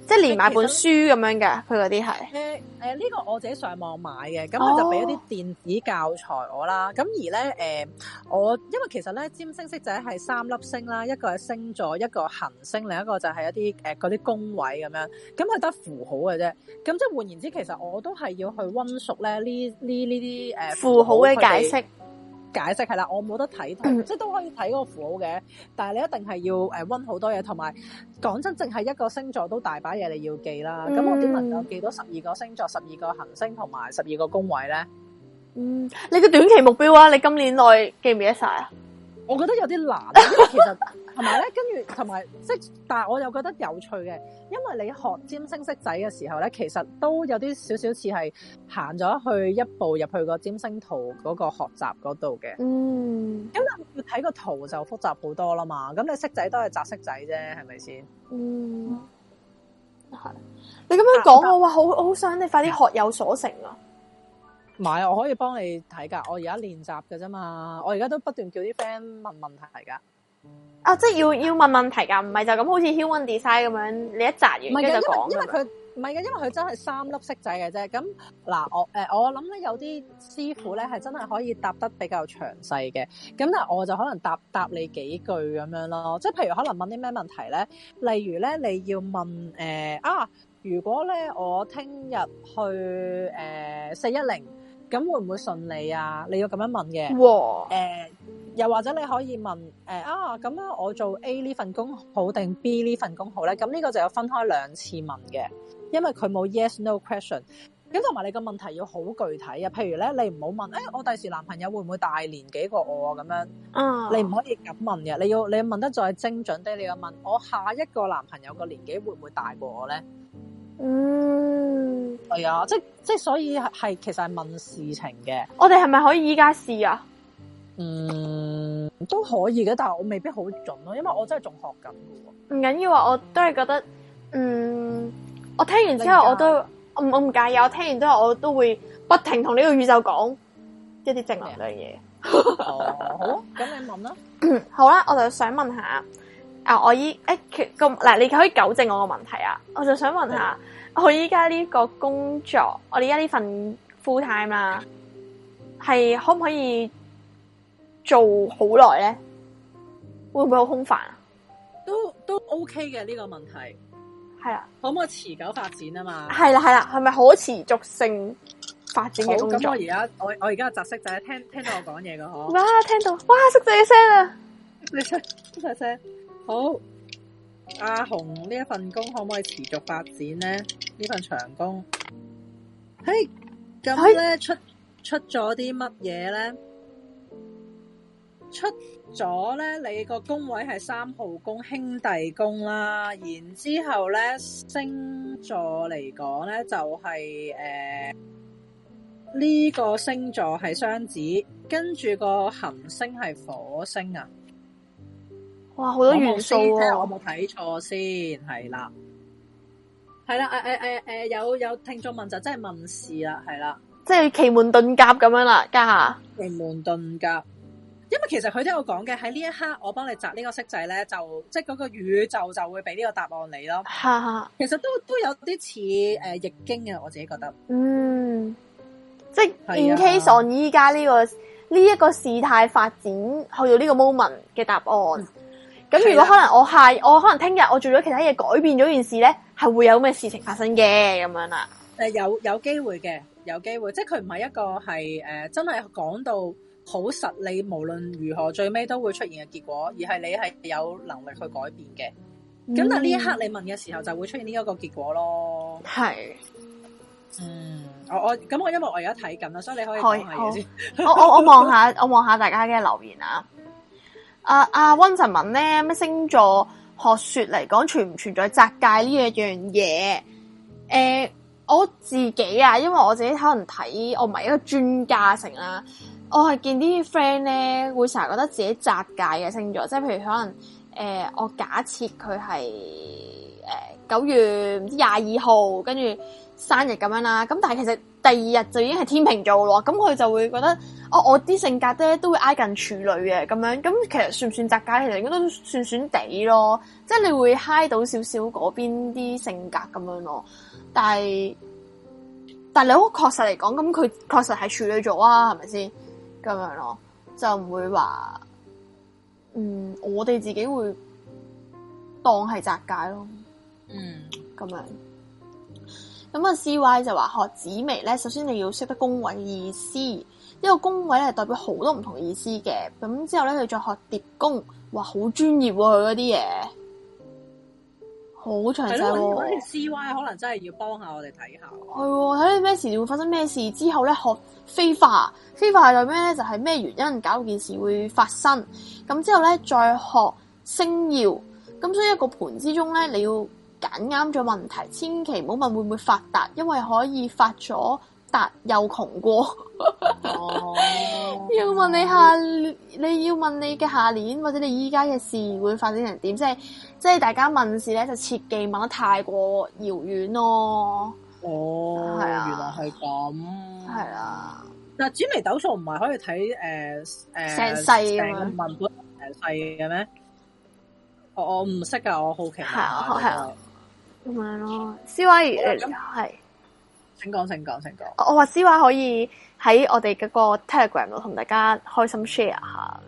即係連買本書咁樣嘅，佢嗰啲係誒、誒呢個我自己上網買嘅，咁佢就俾一啲電子教材我啦。咁、哦、而咧誒、呃，我因為其實咧占星色仔係三粒星啦，一個係星座，一個行星，另一個就係一啲誒嗰啲宮位咁樣。咁佢得符號嘅啫。咁即係換言之，其實我都係要去溫熟咧呢呢呢啲誒符號嘅解釋。解釋係啦，我冇得睇，嗯、即係都可以睇嗰個符號嘅，但係你一定係要誒溫好多嘢，同埋講真，淨係一個星座都大把嘢你要記啦。咁、嗯、我點能夠記到十二個星座，十二個行星同埋十二個宮位咧？嗯，你嘅短期目標啊，你今年內記唔記得晒？我覺得有啲難，因為其實同埋咧，跟住同埋，即但我又覺得有趣嘅，因為你學占星色仔嘅時候咧，其實都有啲少少似係行咗去一步入去個占星圖嗰個學習嗰度嘅。嗯，咁但係要睇個圖就複雜好多啦嘛。咁你色仔都係扎色仔啫，係咪先？嗯，你咁樣講但我話，好，我好想你快啲學有所成啊！唔係，我可以幫你睇㗎。我而家練習㗎啫嘛，我而家都不斷叫啲 friend 問問題㗎。啊，即係要要問問題㗎，唔係就咁好似 Human Design 咁樣，你一扎完唔係不因為因為佢唔係嘅，因為佢吧真係三粒色仔嘅啫。咁嗱，我、呃、我諗咧有啲師傅咧係真係可以答得比較詳細嘅。咁但係我就可能答答你幾句咁樣咯。即係譬如可能問啲咩問題咧？例如咧，你要問誒、呃、啊，如果咧我聽日去誒四一零。呃咁會唔會順利啊？你要咁樣問嘅，誒哇、呃，又或者你可以問，誒、呃、啊，咁樣我做 A 呢份工好定 B 呢份工好咧？咁呢個就要分開兩次問嘅，因為佢冇 yes no question。咁同埋你個問題要好具體啊，譬如咧，你唔好問，誒、欸，我第時男朋友會唔會大年紀過我咁樣？啊，你唔可以咁問嘅，你要你要問得再精準啲，你要問我下一個男朋友個年紀會唔會大過我咧？嗯。係啊、哎，即即所以係其實係問事情嘅。我哋係咪可以依家試啊？嗯，都可以嘅，但係我未必好準咯，因為我真係仲學緊嘅。唔緊要啊，我都係覺得，嗯，嗯，我聽完之後我都該我，我我唔介意，我聽完之後我都會不停同呢個宇宙講一啲正能量嘢、嗯嗯。好啊，咁你問啦。 好啦、啊，我就想問一下。啊！我依誒咁嗱，你可以糾正我個問題啊。我就想問下，我依家呢個工作，我哋依家呢份 full time 啊，係可唔可以做好耐咧？會唔會好空泛啊？都都 O K 嘅呢個問題係啊，是的可唔可以持久發展啊？嘛係啦，係啦，係咪可持續性發展嘅工作？咁我而家我我而家集色仔聽聽到我講嘢嘅嗬。 哇，聽到哇，識仔聲啊！你出呢個聲？好，阿紅呢一份工可唔可以持續發展呢？呢份長工，嘿 Hey,，咁咧 Hey. 出出咗啲乜嘢咧？出咗咧，你個宮位係三號宮，兄弟宮啦。然之後咧，星座嚟講咧，就係誒，呢、這個星座係雙子，跟住個行星係火星啊。哇，好多元素我冇睇錯先，係啦，係啦，誒誒誒誒，有有聽眾問就真係問事啦，係啦，即係奇門遁甲咁樣啦，啊，家下奇門遁甲，因為其實佢聽我講嘅喺呢一刻，我幫你摘呢個色仔咧，就即係嗰個宇宙就會俾呢個答案你咯。哈哈，其實都都有啲似誒易經嘅，啊，我自己覺得，嗯，即係的 in case on 依家呢個呢一個事態發展去到呢個 moment 嘅答案。嗯咁如果可能我，我係的我可能聽日我做咗其他嘢，改變咗件事咧，係會有咩事情發生嘅，咁樣啦。誒，有有機會嘅，有機會，即係佢唔係一個係誒、呃，真係講到好實，你無論如何最尾都會出現嘅結果，而係你係有能力去改變嘅。咁、嗯、但呢一刻你問嘅時候，就會出現呢一個結果咯。係是，嗯，我我咁我因為我而家睇緊啦，所以你可以先我我我望下 我望下大家嘅留言啊。啊啊，温晨文咧，咩星座學説嚟講，存唔存在窄界呢一樣嘢？誒、呃，我自己啊，因為我自己可能睇，我唔係一個專家成啦，我係見啲 friend 咧，會成日覺得自己窄界嘅星座，即係譬如可能誒、呃，我假設佢係誒九月唔知廿二號跟住生日咁樣啦，咁但係其實第二日就已經係天秤座咯，咁佢就會覺得。哦，我啲性格咧都會挨近處女嘅咁樣，咁其實算唔算宅界？其實應該都算算地咯，即係你會嗨到少少嗰邊啲性格咁樣咯。但係，但係你好確實嚟講，咁佢確實係處女座啊，係咪先咁樣咯？就唔會話，嗯，我哋自己會當係宅界咯。嗯，咁樣。咁啊，C Y 就話，學紫薇咧，首先你要識得恭維意思。一個宮位咧，代表好多唔同嘅意思嘅。咁之後咧，你再學疊宮，哇，好專業喎、啊！佢嗰啲嘢好詳細。嗰啲、啊、C Y 可能真係要幫一下我哋睇下。係睇啲咩事會發生咩事？之後咧學飛化，飛化代表咩咧？就係、是、咩原因搞件事會發生？咁之後咧再學星曜。咁所以一個盤之中咧，你要揀啱咗問題，千祈唔好問會唔會發達，因為可以發咗。達又窮過、 哦， 要問你下，你要問你嘅下年或者你依家嘅事會發展成點？即係即係大家問事咧，就切忌問得太過遙遠咯。哦，係啊，原來係咁。係啊，嗱，紫微斗數唔係可以睇誒誒成世啊嘛文本成世嘅咩？我我唔識噶，我好奇係啊係啊，咁樣咯。C Y，你係、哦。請講，請講，請講、嗯。我話私話可以喺我哋嗰個 Telegram 度同大家開心 share 下。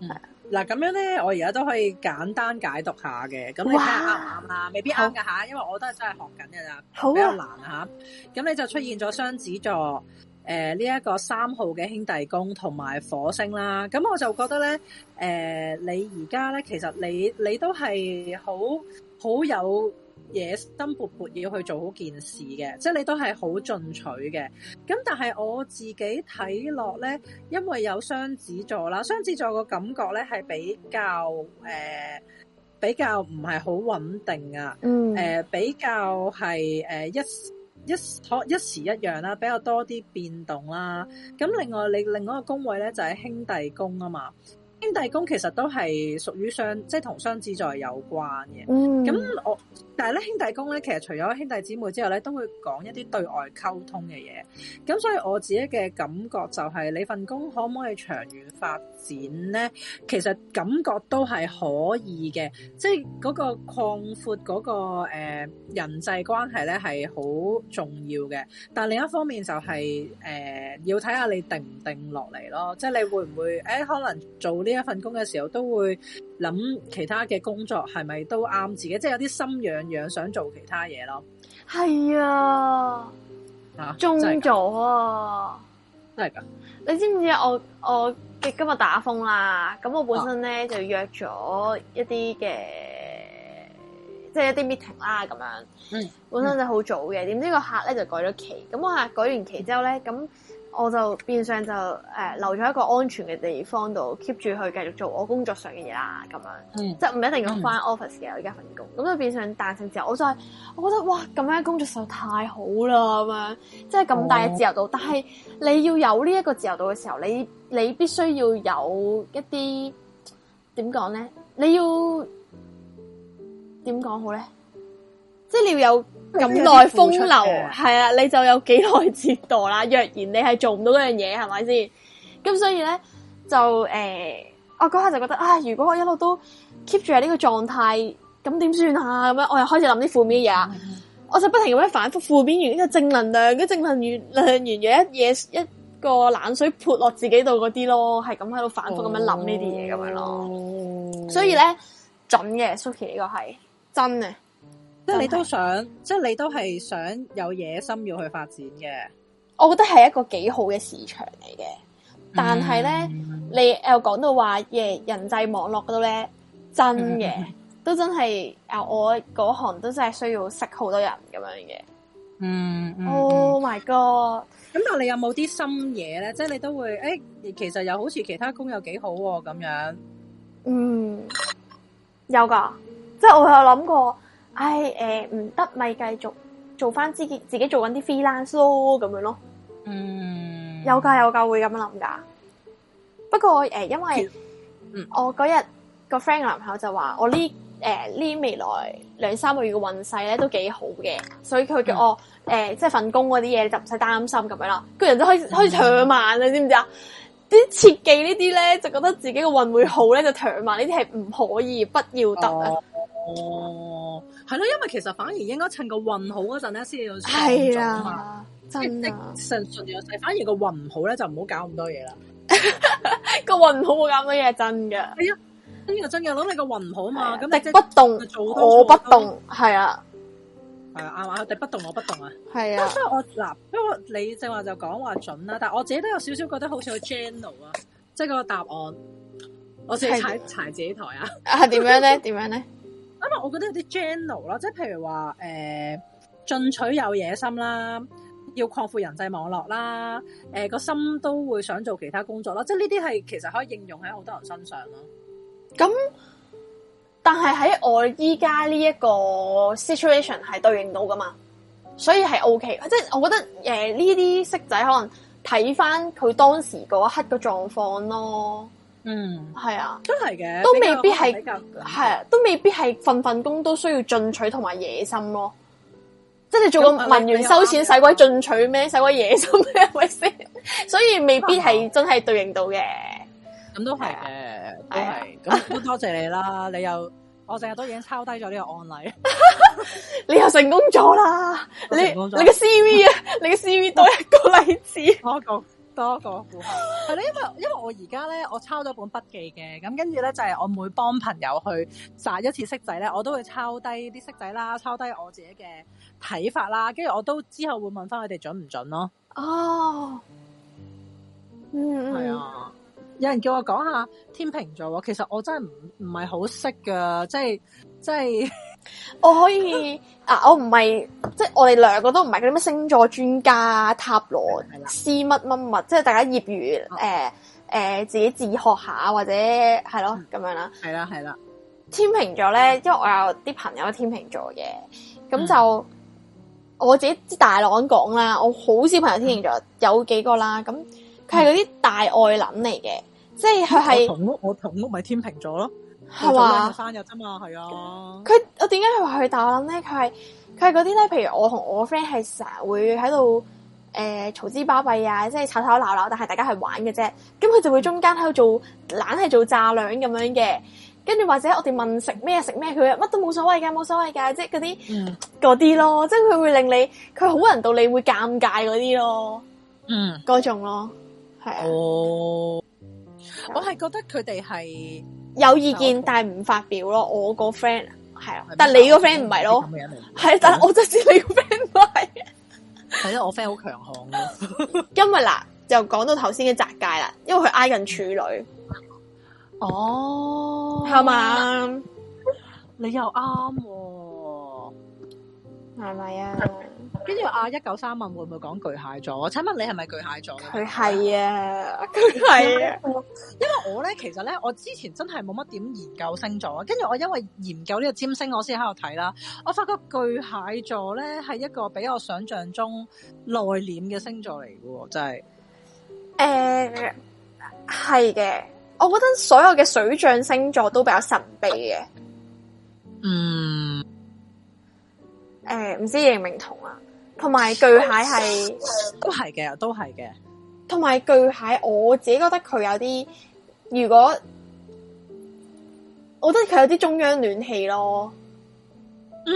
嗯，嗱咁樣咧，我而家都可以簡單解讀一下嘅，咁你睇下啱唔啱啦，哇未必啱噶吓，因為我都係真係學緊噶咋，比較難吓。咁、啊、你就出現咗雙子座，誒呢一個三號嘅兄弟宮同埋火星啦。咁我就覺得咧，誒、呃、你而家咧，其實你你都係好好有野心，yes，勃勃要去做好件事嘅，即係你都係好進取嘅。咁但係我自己睇落咧，因為有雙子座啦，雙子座個感覺咧係比較誒、呃，比較唔係好穩定啊。嗯。誒、呃，比較係誒、呃、一一一時一樣啦，比較多啲變動啦。咁另外你另外一個宮位咧就係、是、兄弟宮啊嘛。兄弟宮其實都係屬於相，即係同相自在有關嘅。咁、嗯、我，但係咧兄弟宮咧，其實除咗兄弟姊妹之外，咧，都會講一啲對外溝通嘅嘢。咁所以我自己嘅感覺就係、是，你份工可唔可以長遠發展？展咧，其實感覺都係可以嘅，即係嗰個擴闊嗰個誒、呃、人際關係咧係好重要嘅。但另一方面就係、是、誒、呃、要睇下你定唔定落嚟咯，即係你會唔會誒、欸、可能做呢一份工嘅時候都會諗其他嘅工作係咪都啱自己？即係有啲心癢癢想做其他嘢咯。係啊，中咗啊，啊真係㗎？你知唔知我我？我今日打風啦，咁我本身咧、oh，就約咗一啲嘅，即、就、係、是、一啲 meeting 啦咁樣。嗯、mm，hmm，本身就好早嘅，點知個客咧就改咗期，咁我客改完期之後咧，咁、mm。Hmm. 我就變相就、呃、留咗一個安全嘅地方度，keep 住去繼續做我工作上嘅嘢啦，咁樣，即係唔、嗯、一定要翻 office 嘅我而家份工，咁就變相彈性自由。我就係、是、我覺得哇，咁樣工作上太好啦，咁樣即係咁大嘅自由度。哦、但係你要有呢一個自由度嘅時候，你你必須要有一啲點講咧，你要點講好咧，即、就、係、是、你要有。咁耐風流係啊，你就有幾耐折墮啦。若然你係做唔到嗰樣嘢，係咪先？咁所以咧就誒、欸，我嗰刻就覺得啊，如果我一路都 keep 住喺呢個狀態，咁點算啊？咁樣我又開始諗啲負面嘢啊，嗯、我就不停咁樣反覆負面完，跟住正能量，跟正能量完完一嘢一個冷水潑落自己度嗰啲咯，係咁喺度反覆咁樣諗呢啲嘢咁樣咯。哦、所以咧，準嘅 Suki 呢個係真嘅。即係你都想，是即係你都係想有野心要去發展嘅。我覺得係一個幾好嘅市場嚟嘅，嗯、但係咧，嗯、你又講到話嘅人際網絡嗰度咧，真嘅、嗯、都真係啊，我嗰行都真係需要識好多人咁樣嘅、嗯。嗯，Oh my God！咁但係你有冇啲新嘢咧？即係你都會誒、欸，其實又好似其他工友幾好喎、啊、咁樣。嗯，有噶，即係我有諗過。唉，誒、呃，唔得咪繼續做翻自己，自己做緊啲 freelance 咯，咁樣咯。嗯，有噶，有噶會咁樣諗噶。不過誒、呃，因為，嗯，我嗰日個 friend 嘅男朋友就話，我呢誒呢未來兩三個月嘅運勢咧都幾好嘅，所以佢叫我誒、嗯呃、即係份工嗰啲嘢就唔使擔心咁樣啦。個人都開開始怠慢啦，嗯、知唔知啊？啲設計呢啲咧就覺得自己個運會好咧就搶慢呢啲係唔可以，不要得啊！哦哦，係咯，因為其實反而應該趁個運好嗰陣咧，先要係啊，真啊，順順反而個運唔好咧，就唔好搞咁多嘢啦。個運唔好，會搞乜嘢？真嘅，哎呀，呢個真噶，諗你個運唔好嘛，咁你不動，我不動，係啊，係啊，啱啊，敵不動，我不動啊，係啊。所以我嗱，不過你正話就講話準啦，但係我自己都有少少覺得好似個 channel 啊，即係嗰個答案，我自己踩踩自己台啊，啊，點樣咧？點樣咧？因為我覺得有啲 general 啦，即係譬如話誒，進取有野心啦，要擴闊人際網絡啦，誒，個心都會想做其他工作啦，即係呢啲係其實可以應用喺好多人身上咯。咁，但係喺我依家呢一個 situation 係對應到㗎嘛，所以係 OK，即係我覺得誒呢啲色仔可能睇返佢當時嗰一刻嘅狀況咯。嗯，係啊，都係嘅，都未必係，係，都未必係份份工都需要進取同埋野心咯。即係你做個文員收錢使鬼進取咩？使鬼野心咩？咪先？所以未必係真係對應到嘅。咁都係都係。咁多謝你啦，你又，我成日都已經抄低咗呢個案例，你又成功咗啦。你你嘅 C V 啊，你嘅 C V 都多一個例子。好。多個顧客係咯，因為因為我而家咧，我抄咗本筆記嘅，咁跟住咧就係、是、我每幫朋友去摘一次色仔咧，我都會抄低啲色仔啦，抄低我自己嘅睇法啦，跟住我都之後會問翻佢哋準唔準咯。哦、oh. mm，嗯，係啊，有人叫我講下天秤座，其實我真係唔唔係好識噶，即係即係。 我可以 啊，我唔係即係我哋兩個都唔係嗰啲咩星座專家塔羅、師乜乜乜，即係大家業餘誒誒、啊呃呃、自己自己學下或者係咯咁樣啦。係啦係啦，天秤座咧，因為我有啲朋友天秤座嘅，咁就、嗯、我自己大朗講啦，我好少朋友天秤座、嗯、有幾個啦，咁佢係嗰啲大外諗嚟嘅，嗯、即係佢係同屋，我同屋咪天秤座咯。係嘛？做兩日翻又得嘛？係啊。佢我點解佢話佢打？我諗咧佢係佢係嗰啲咧，譬如我同我 friend 係成日會喺度誒嘈之巴閉啊，即、呃、係吵吵鬧鬧，但係大家係玩嘅啫。咁佢就會中間喺度做懶係做炸兩咁樣嘅，跟住或者我哋問食咩食咩，佢乜都冇所謂噶，冇所謂噶，即係嗰啲嗰啲咯，即係佢會令你佢好人到你會尷尬嗰啲咯。嗯，嗰種咯，係啊。哦、so，我我係覺得佢哋係。有意見但係唔發表咯，我個 friend 係啊，但係你個 friend 唔係咯，係但係我知你個 friend 唔係，係咯我 friend 好強項，因為嗱，就講到頭先嘅窄界啦，因為佢挨近處女，哦係嘛，吧你又啱喎，係咪啊？是跟住啊，一九三問會唔會講巨蟹座？我請問你係咪巨蟹座？佢係啊，佢係啊，因為我咧其實咧，我之前真係冇乜點研究星座啊。跟住我因為研究呢個占星，我先喺度睇啦。我發覺巨蟹座咧係一個比我想象中內斂嘅星座嚟嘅喎，真係。誒，係嘅。我覺得所有嘅水象星座都比較神秘嘅。嗯。誒，唔、嗯、知道認唔認同啊？同埋巨蟹係都係嘅，都係嘅。同埋巨蟹，我自己覺得佢有啲，如果我覺得佢有啲中央暖氣咯。嗯，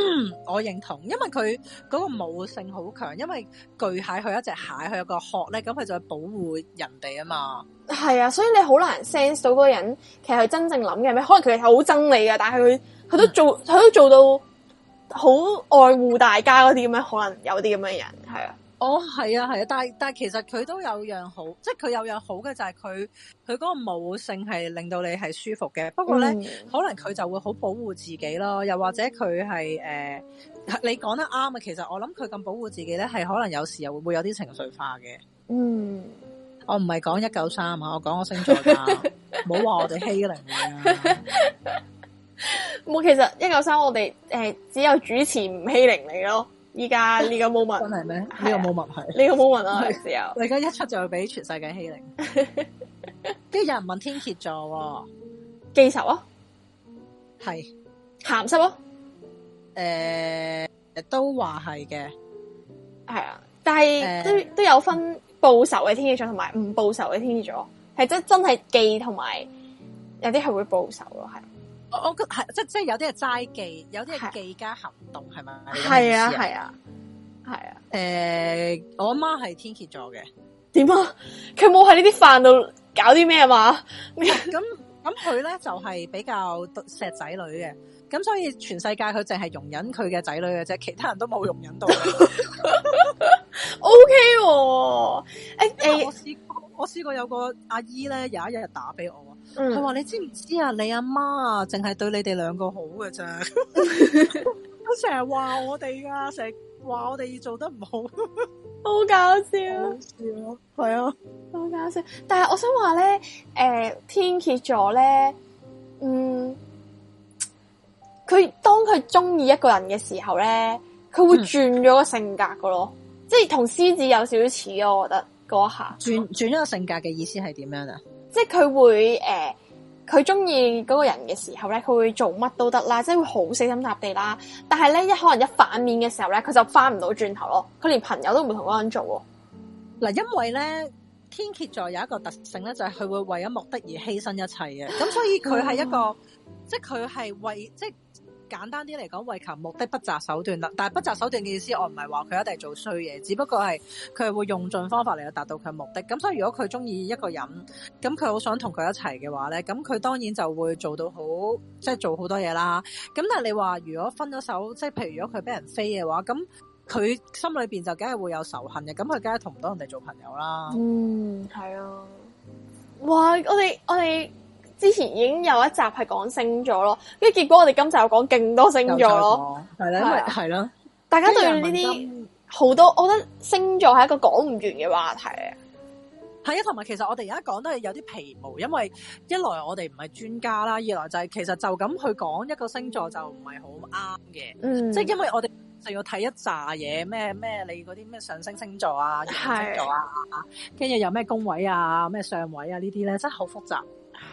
我認同，因為佢嗰個母性好強，因為巨蟹佢一隻蟹，佢有個殼咧，咁佢就會保護人哋啊嘛。係啊，所以你好難 sense 到嗰個人其實係真正諗嘅咩？可能佢係好憎你嘅，但係佢佢都做佢、嗯、都做到。好愛護大家嗰啲咁樣，可能有啲咁樣嘅人係啊。哦，係啊，係啊，但係但係其實佢都有樣好，即係佢有樣好嘅就係佢佢嗰個母性係令到你係舒服嘅。不過咧，嗯、可能佢就會好保護自己咯，又或者佢係誒，你講得啱啊。其實我諗佢咁保護自己咧，係可能有時候又會會有啲情緒化嘅。嗯，我唔係講一九三啊，我講個星座噶唔好話我哋欺凌你 冇， 其實一九三我哋誒，只有主持唔欺凌你咯。 依家呢個 moment 係咩？呢個 moment 係呢個 moment 啊，時候你而家一出就會俾全世界欺凌。跟住 有人問天蠍座、哦、記仇咯、啊，係鹹濕咯，誒、啊呃、都話係嘅，係啊，但係都、呃、都有分報仇嘅天蠍座同埋唔報仇嘅天蠍座，係真真係記同埋有啲係會報仇咯，係。我我係即即有啲係齋技，有啲係技加行動，係咪？係啊，係啊，係啊。誒、啊，欸，我阿媽係天蠍座嘅。點啊？佢冇喺呢啲飯度搞啲咩啊嘛？咁咁佢咧就係、是、比較錫仔女嘅，咁所以全世界佢淨係容忍佢嘅仔女嘅啫，其他人都冇容忍到。O K。誒誒，欸、我試我試過有個阿姨咧，有一日打俾我。佢話、嗯、你知唔知啊？你阿媽啊，淨係對你哋兩個好嘅啫。 都成日話我哋噶、啊，成日話我哋做得唔好，好搞笑。係啊，好搞笑。但係我想話咧，誒、呃，天蠍座咧，嗯，佢當佢中意一個人嘅時候咧，佢會轉咗個性格噶咯，嗯，即係同獅子有少少似。我覺得嗰一下轉轉咗個性格嘅意思係點樣啊？即係佢會誒，佢中意嗰個人嘅時候咧，佢會做乜都得啦，即係會好死心塌地啦。但係咧，一可能一反面嘅時候咧，佢就翻唔到轉頭咯。佢連朋友都唔會同嗰個人做喎。嗱，因為咧，天蠍座有一個特性咧，就係、是、佢會為咗目的而犧牲一切嘅。咁所以佢係一個，嗯、即係佢係為即簡單啲嚟講，為求目的不擇手段啦。但係不擇手段嘅意思，我唔係話佢一定係做衰嘢，只不過係佢係會用盡方法嚟到達到佢嘅目的。咁所以如果佢中意一個人，咁佢好想同佢一齊嘅話咧，咁佢當然就會做到好，即係做好多嘢啦。咁但係你話如果分咗手，即係譬如如果佢俾人飛嘅話，咁佢心裏邊就梗係會有仇恨嘅。咁佢梗係同唔到人哋做朋友啦。嗯，係啊。哇！我哋我哋。之前已經有一集係講星座咯，跟住結果我哋今集又講勁多星座咯，係啦，的因為係咯，大家對呢啲間好多，我覺得星座係一個講唔完嘅話題啊。係啊，同埋其實我哋而家講都係有啲皮毛，因為一來我哋唔係專家啦，二來就係其實就咁去講一個星座就唔係好啱嘅，即係、嗯、因為我哋就要睇一紮嘢，咩咩你嗰啲咩上升星座啊，星座啊，跟住的有咩宮位啊，咩上位啊這些呢啲咧，真係好複雜。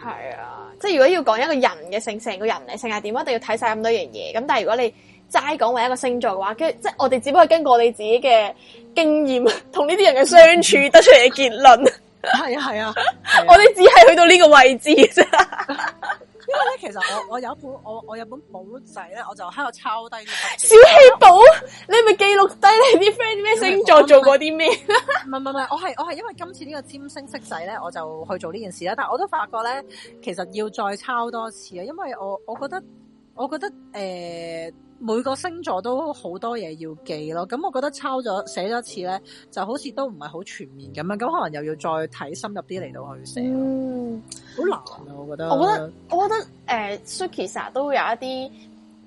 係啊，即係如果要講一個人嘅性，成個人嘅性格點，一定要睇晒咁多樣嘢。咁但係如果你齋講為一個星座嘅話，跟即係我哋只不過經過你自己嘅經驗，同呢啲人嘅相處得出嚟嘅結論。係啊係啊，是啊是啊，我哋只係去到呢個位置啫。 因為咧，其實我我有一本我我有本簿仔咧，我就喺度抄低。小氣簿，打你係咪記錄低你啲 friend 咩星座做過啲咩？唔係唔係，我係我係因為今次呢個占星識仔咧，我就去做呢件事啦。但係我都發覺咧，其實要再抄多次啊，因為我我覺得，我覺得誒。欸每個星座都好多嘢要記咯，咁我覺得抄咗寫咗一次咧，就好似都唔係好全面咁啊，咁可能又要再睇深入啲嚟到去寫，嗯，好難啊，我覺得。我覺得我覺得誒、呃，Suki 其實都會有一啲誒、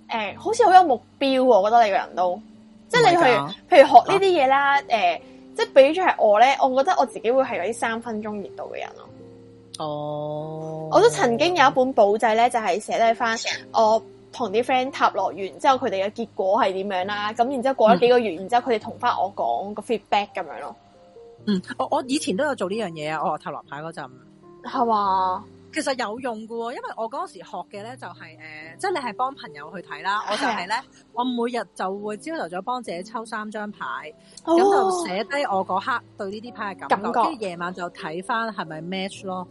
呃，好似好有目標，我覺得你個人都，即係你去，譬如學呢啲嘢啦，誒、啊呃，即係俾咗係我咧，我覺得我自己會係嗰啲三分鐘熱度嘅人咯。哦，我都曾經有一本簿仔咧，就係寫低翻我。同啲 friend 塔羅完，之後佢哋嘅結果係點樣啦？咁然之後過咗幾個月，然、嗯、之後佢哋同翻我講個 feedback 咁樣咯。嗯，我我以前都有做呢樣嘢啊，我學塔羅牌嗰陣。係嘛嗎，其實有用喎，因為我嗰時學嘅咧就係、是、誒、呃，即係你係幫朋友去睇啦。我就係、是、咧，啊、我每日就會朝頭早幫自己抽三張牌，咁、哦、就寫低我嗰刻對呢啲牌嘅感覺，跟住夜晚就睇翻係咪 match 咯。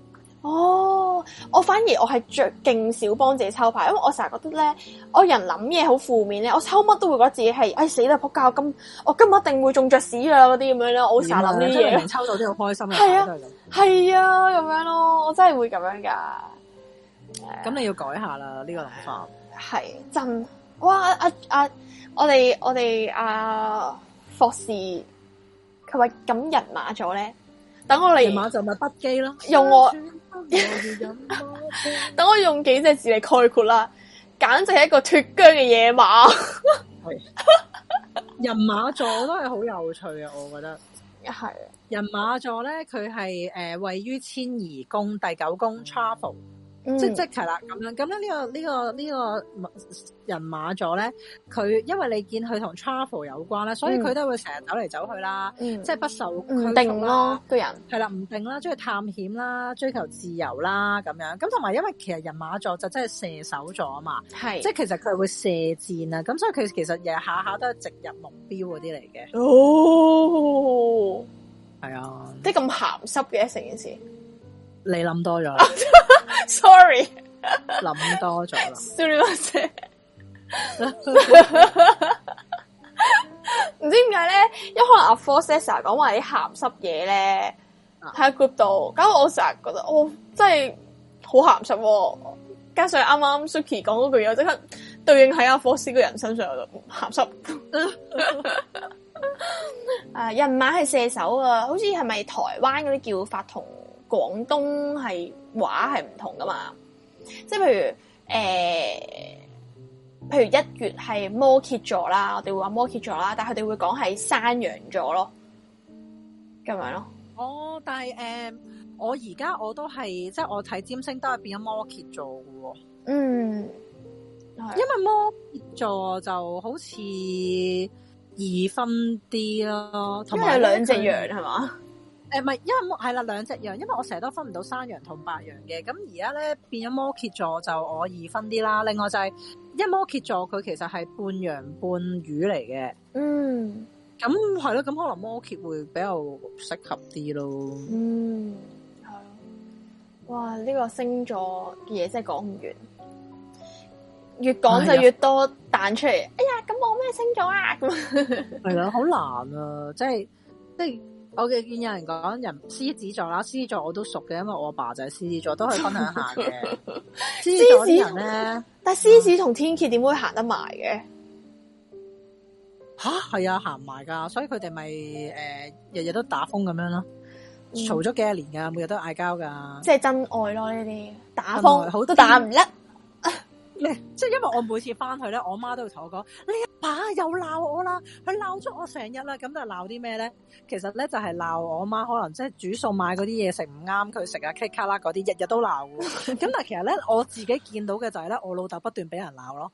哦，oh, 我反而我係着勁少幫自己抽牌，因為我成日覺得咧，我人諗嘢好負面咧，我抽乜都會覺得自己係，哎死啦仆街咁，我今日一定會中着屎啦嗰啲咁樣咧，嗯、我成日諗呢啲嘢，這抽到都好開心 啊，係啊，係啊，咁樣咯，我真係會咁樣噶。咁你要改一下啦，呢、這個諗法係真哇啊啊！我哋我哋阿博士，佢咪咁人馬咗咧，等我嚟，人馬就咪不機咯，用我。等 我用幾隻字嚟概括啦，簡直係一個脫韁嘅野馬 人馬座都係好有趣啊，我覺得係 人馬座咧，佢係誒位於遷移宮第九宮 travel 嗯、即即係啦，咁樣咁樣呢、呢個呢、呢個呢、呢個人馬座咧，佢因為你見佢同 travel 有關咧，嗯、所以佢都會成日走嚟走去啦，嗯、即係不受拘定咯，個人係啦，唔定啦，鍾意探險啦，追求自由啦咁樣。咁同埋因為其實人馬座就真係射手座啊嘛，係是即係其實佢會射箭啊，咁是所以佢其實日日下下都係直入目標嗰啲嚟嘅。哦，係啊，即係咁鹹濕嘅成件事。你諗多咗啦 ，sorry，諗多咗啦，sorry，唔知點解咧，因為可能阿 four 師講話啲鹹濕嘢咧，喺 group 度，搞到我成日覺得，哦，真係好鹹濕。加上啱啱 Suki 講嗰句嘢，我即刻對應喺阿 four 師個人身上度鹹濕。啊、 呃，人馬係射手啊，好似係咪台灣嗰啲叫法同？.廣東係話係唔同噶嘛，即係譬如誒、欸，譬如一月係摩羯座啦，我哋會話摩羯座啦，但係佢哋會講係山羊座咯，咁樣咯。哦，但係誒、呃，我而家我都係即係我睇占星都係變咗摩羯座嘅喎、哦。嗯，因為摩羯座就好似二分啲咯，因為係兩隻羊係嘛。嗯，係吧？誒，唔係、欸，因為係啦，兩隻羊，因為我成日都分唔到山羊同白羊嘅。咁而家咧變咗摩羯座就我易分啲啦。另外就係一摩羯座佢其實係半羊半魚嚟嘅。嗯，咁係咯，咁可能摩羯會比較適合啲咯。嗯，係咯。哇，呢、這個星座嘅嘢真係講唔完，越講就越多彈出嚟。哎呀，咁、哎、我咩星座啊？咁係啦，好難啊，即係即係。我嘅見有人講人獅子座啦，獅子座我都熟嘅，因為我阿爸就係獅子座，都可以分享下嘅。獅 子座人咧，但獅獅子同天蠍點會行得埋嘅？吓，係啊，行唔埋噶，所以佢哋咪誒日日都打風咁樣咯，嘈咗幾多年噶，每日都嗌交噶，即係真愛咯，呢啲打風，好多打唔甩。即係因為我每次翻去咧，我媽都會同我講：你阿爸又鬧我啦，佢鬧咗我成日啦。咁就鬧啲咩咧？其實咧就係鬧我媽，可能即係煮餸買嗰啲嘢食唔啱佢食啊 kakala 嗰啲，日日都鬧。咁 但係其實咧，我自己見到嘅就係咧，我老豆不斷俾人鬧咯。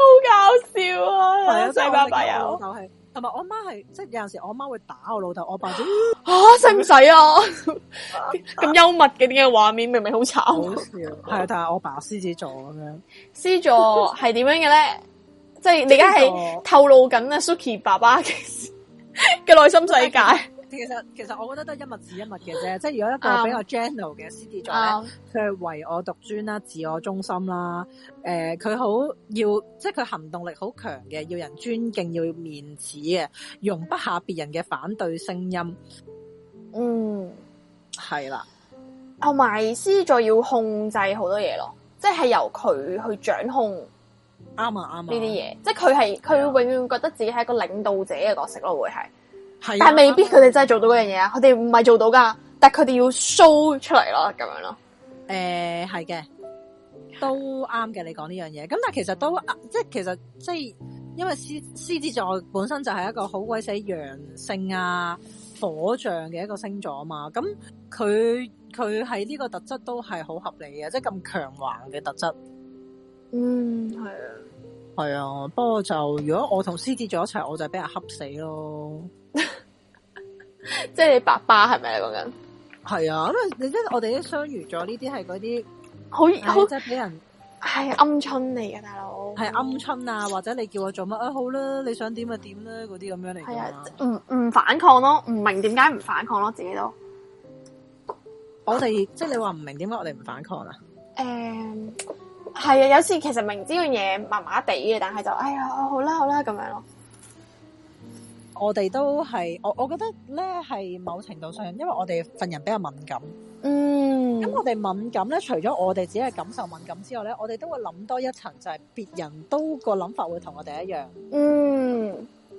好搞笑啊！我一世界白人係。同埋我媽係，即係有陣時我媽會打我老豆，我爸就，啊，使唔使啊？咁 幽默嘅啲嘅畫面，明明好慘，好笑係， 但係我爸獅子座咁樣，獅子座係點樣嘅咧？即係你而家係透露緊阿 Suki 爸爸嘅嘅內心世界。 其實其實我覺得都一物治一物嘅啫，即係 如果一個比較 general 嘅獅子座咧，佢係唯我獨尊啦，自我中心啦，誒、呃，佢好要，即係佢行動力好強嘅，要人尊敬，要面子嘅，容不下別人嘅反對聲音。嗯，係啦了，同埋獅子座要控制好多嘢咯，即係由佢去掌控這些東西。啱啊啱啊，呢啲嘢，即係佢係佢永遠覺得自己係一個領導者嘅角色咯，會係。但係未必佢哋真係做到嗰樣嘢啊！佢哋唔係做到噶，但係佢哋要 show 出嚟咯，咁樣咯。誒、呃，係嘅，都啱嘅。你講呢樣嘢，咁但係其實都、呃、即係其實即係，因為獅獅子座本身就係一個好鬼死陽性啊，火象嘅一個星座啊嘛。咁佢佢喺呢個特質都係好合理嘅，即係咁強橫嘅特質。嗯，係啊，係啊。不過就如果我同獅子座一齊，我就俾人恰死咯。即係 你爸爸係咪啊？講緊係啊，咁你即係我哋都相遇咗呢啲係嗰啲好好即係俾人係鵪鶉嚟嘅大佬，係鵪鶉啊，或者你叫我做乜啊、哎？好啦，你想點就點啦，嗰啲咁樣嚟。係啊，唔唔反抗咯，唔明點解唔反抗咯，自己都我哋即係你話唔明點解我哋唔反抗啊？誒，係啊，有時其實明知樣嘢麻麻地嘅，但係就哎呀，好啦好啦咁樣咯。我哋都係我我覺得咧係某程度上，因為我哋份人比較敏感，嗯。咁我哋敏感咧，除咗我哋自己嘅感受敏感之外咧，我哋都會諗多一層，就係別人都個諗法會同我哋一樣，嗯。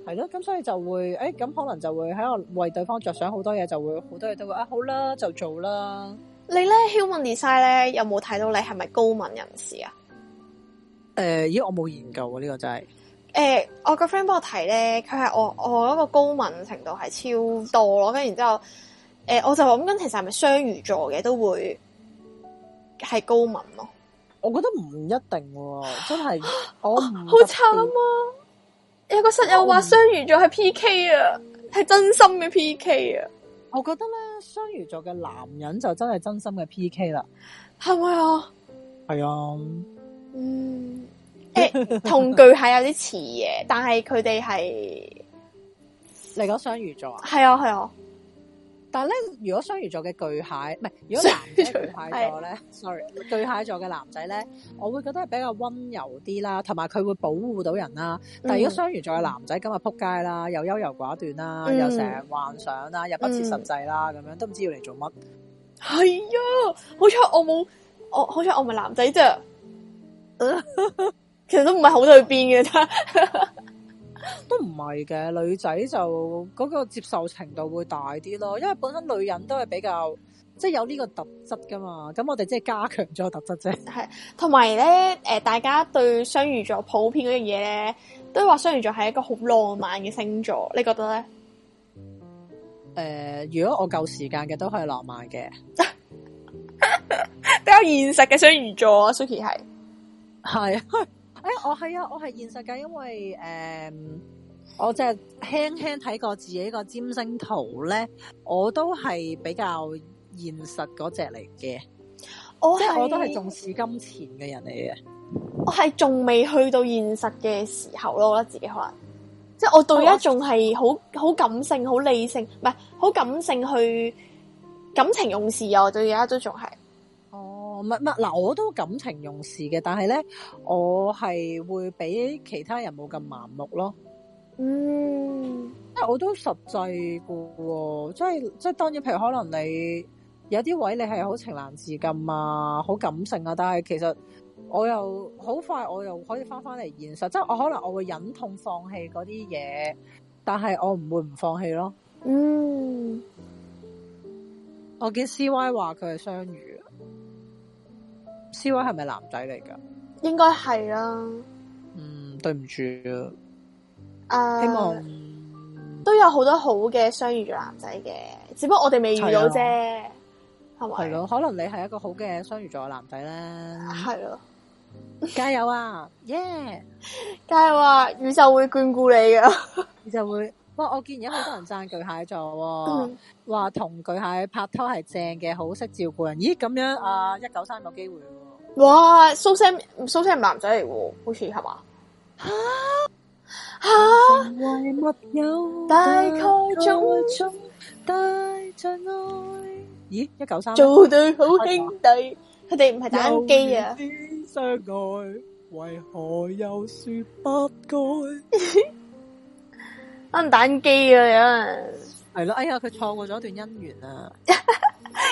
係咯、嗯，咁所以就會，誒、欸，咁可能就會喺度為對方着想好多嘢，好多嘢就會好多嘢都會啊，好啦，就做啦。你咧 human design 咧，有冇睇到你係咪高敏人士啊？誒、呃，咦我冇研究啊，呢、呢個真係。誒、呃，我個 friend 幫我睇咧，佢係我我個個高敏程度係超多咯，跟然之後，誒、呃，我就諗緊，其實係咪雙魚座嘅都會係高敏咯？我覺得唔一定喎，真係好好慘啊！有個室友話雙魚座係 PK 啊，係真心嘅 PK 啊！我，不我覺得咧，雙魚座嘅男人就真係真心嘅 PK 啦，係咪啊？係啊，嗯。誒，同、 欸、巨蟹有啲似嘅，但係佢哋係嚟講雙魚座，啊，係啊，係啊。但係咧，如果雙魚座嘅巨蟹，唔、呃、係如果男仔巨蟹座咧、 啊、，sorry，巨蟹座嘅男仔咧，我會覺得係比較温柔啲啦，同埋佢會保護到人啦。嗯、但係如果雙魚座嘅男仔，今日撲街啦，又優柔寡斷啦，嗯、又成日幻想啦，又不切實際啦，咁、嗯、樣都唔知要嚟做乜。係啊，好彩我冇，我好彩我唔係男仔啫。 其實都唔係好對邊嘅， 都唔係嘅。女仔就嗰個接受程度會大啲咯，因為本身女人都係比較即係、就是、有，有呢個特質噶嘛。咁我哋即係加強咗個特質啫。係。同埋咧，誒，大家對雙魚座普遍嗰樣嘢咧，都話雙魚座係一個好浪漫嘅星座，你覺得咧？誒、呃，如果我夠時間嘅都係浪漫嘅，比較 現實嘅雙魚座，Suki 係係啊。是 誒、哎，我係啊，我係現實嘅，因為誒，um，我淨係輕輕睇過自己個占星圖咧，我都係比較現實嗰隻嚟嘅。我即是係我都係重視金錢嘅人嚟嘅。我係仲未去到現實嘅時候咯，我覺得自己可能，即係我到而家仲係好好感性，好理性，唔係好感性去感情用事啊！我到而家都仲係。唔係唔係，嗱我都感情用事嘅，但係咧，我係會比其他人冇咁盲目咯。嗯，即係我都實際過喎，即係即係，就是、當然，譬如可能你有啲位你係好情難自禁啊，好感性啊，但係其實我又好快我又可以翻翻嚟現實，即、就、係、是、我可能我會忍痛放棄嗰啲嘢，但係我唔會唔放棄咯。嗯，我見 C Y 話佢係雙魚。C 位係咪男仔嚟噶應該係啦。嗯，對唔住。Uh, 希望都有好多好嘅雙魚座男仔嘅，只不過我哋未遇到啫。係咪？啊？係咯，可能你係一個好嘅雙魚座嘅男仔咧。係咯，啊，加油啊！耶，yeah!！ 加油啊！宇宙會眷顧你噶， 宇宙會。哇！我見而家好多人讚巨蟹座，話同巨蟹拍拖係正嘅，好識照顧人。咦，咁樣啊，一九三冇機會喎。哇！蘇 Sam，蘇 Sam 係男仔嚟，好似係嘛？哈？哈？咦？一九三做對好兄弟，佢哋唔係打機啊？相愛為何又說不該？安蛋機啊樣係咯，哎呀，佢錯過咗一段姻緣 啊！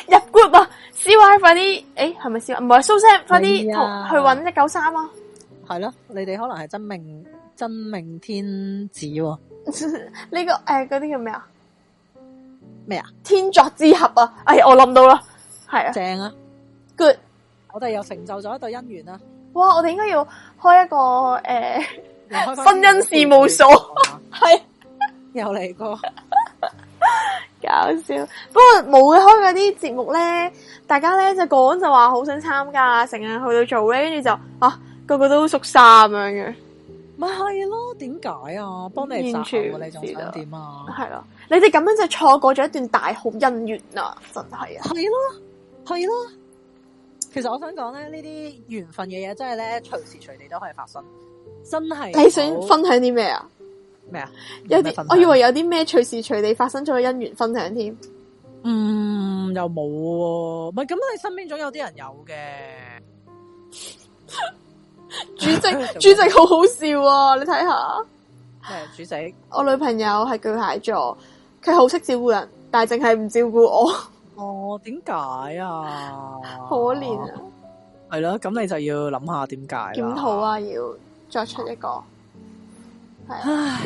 入 group、欸、啊，CY 快啲，誒，係咪 CY？唔係蘇生，快啲同去搵一九三啊！係咯，你哋可能係真命真命天子喎！呢個誒，嗰啲叫咩啊？咩、 呢個呃、啊？咩啊天作之合啊！哎，我諗到啦，係啊，正啊，good！我哋又成就咗一對姻緣啊。哇，我哋應該要開一個誒婚姻事務所、啊，係。 又嚟過， 搞笑。不過冇開嗰啲節目咧，大家咧就講就話好想參加，成日去到做咧，跟住就啊，個個都縮沙咁，嗯，樣嘅。咪係咯？點解啊？幫你完全，你仲想點啊？係咯，你哋咁樣就錯過咗一段大好姻緣啊！真係啊，係咯，係咯。其實我想講咧，呢啲緣分嘅嘢真係咧，隨時隨地都可以發生。真係，你想分享啲咩啊？咩啊？什麼有啲點我以為有啲咩隨時隨地發生咗嘅姻緣分享添，嗯，又冇、啊，咪咁你身邊總有啲人有嘅。 主席，好主席好好笑啊！你睇下，主席，我女朋友係巨蟹座，佢好識照顧人，但係淨係唔照顧我。 哦，點解啊？ 可憐啊！係咯，咁你就要諗下點解，檢討啊，要作出一個，唉。了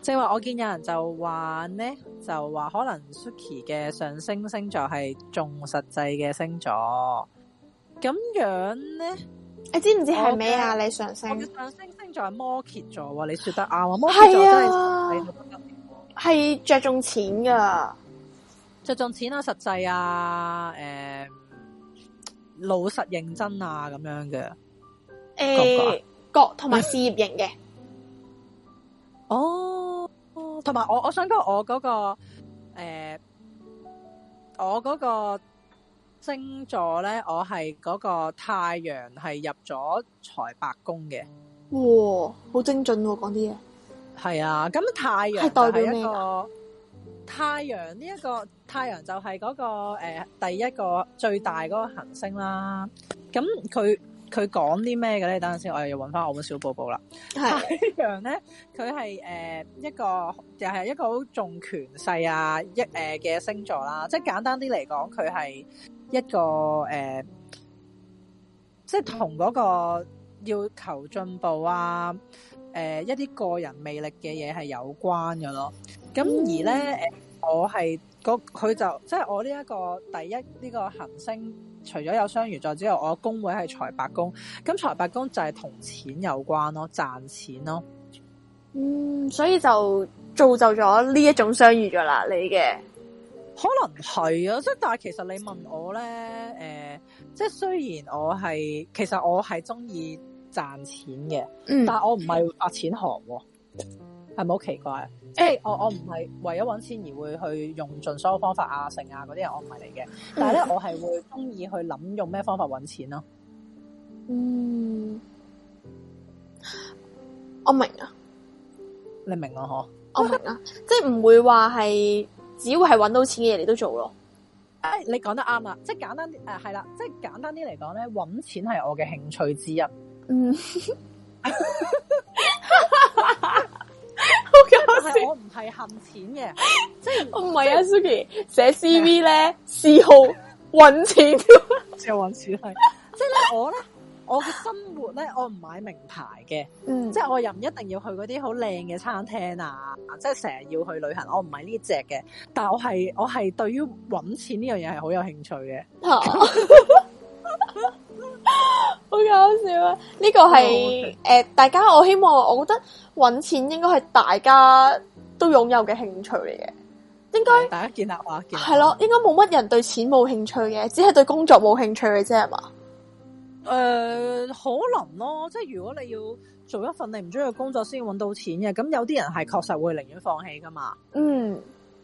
即係話，我見有人就話咧，就話可能 Suki 嘅上升星座係重實際嘅星座，咁樣咧，你知唔知係咩啊？你上升上升星座係摩羯座，你說得啱，摩羯座都係係着重錢噶，着重錢啊，實際啊，誒、欸，老實認真啊，咁樣嘅，誒、欸，角同埋事業型嘅， 哦。同埋我，我想講我嗰個誒，我嗰個星座咧，我係嗰個太陽係入咗財帛宮嘅。哇、哦，好精準喎，講啲嘢。係啊，咁太陽係代表咩噶？太陽呢一個太陽就係嗰個誒第一個最大嗰個行星啦。咁佢。佢講啲咩嘅咧？等陣先，我又要揾翻我個小寶寶啦。是太陽咧，佢係誒一個又係、就係、一個好重權勢啊，一誒嘅星座啦。即係簡單啲嚟講，佢係一個誒、呃，即係同嗰個要求進步啊，誒、呃、一啲個人魅力嘅嘢係有關嘅咯。咁而咧誒，我係佢就即係我呢一個第一呢、呢個行星。除咗有雙魚座之外，我嘅宮位係財帛宮，咁財帛宮就係同錢有關咯，賺錢咯。嗯，所以就造就咗呢一種雙魚座啦，你嘅可能係啊，即係但係其實你問我咧，誒、呃，即係雖然我係其實我係中意賺錢嘅，嗯、但係我唔係阿錢行。係咪好奇怪？即係、欸、我我唔係為咗揾錢而會去用盡所有方法啊、剩啊嗰啲人，我唔係嚟嘅。但係咧，嗯、我係會中意去諗用咩方法揾錢咯、啊。嗯，我明啊，你明我嗬？ 我明啊，即係唔會話係，只要係揾到錢嘅嘢，你都做咯。誒、哎，你講得啱啦，即係簡單啲誒，係、呃、啦，即係簡單啲嚟講咧，揾錢係我嘅興趣之一。嗯。 但係我唔係恨錢嘅， 即係唔係啊，Suki 寫 CV 咧，嗜好揾錢，即係揾錢係，即係咧我咧，我嘅生活咧，我唔買名牌嘅，嗯，mm. 即係我又唔一定要去嗰啲好靚嘅餐廳啊，即係成日要去旅行，我唔係呢隻嘅，但係我係我係對於揾錢呢樣嘢係好有興趣嘅。 好搞笑啊！呢、這個係誒 Okay.、呃，大家我希望，我覺得搵錢應該係大家都擁有嘅興趣嚟嘅，應該、呃、大家見下話見下，係咯，應該冇乜人對錢冇興趣嘅，只係對工作冇興趣嘅啫，係嘛？誒，可能咯，即係如果你要做一份你唔中意嘅工作先搵到錢嘅，咁有啲人係確實會寧願放棄噶嘛。嗯，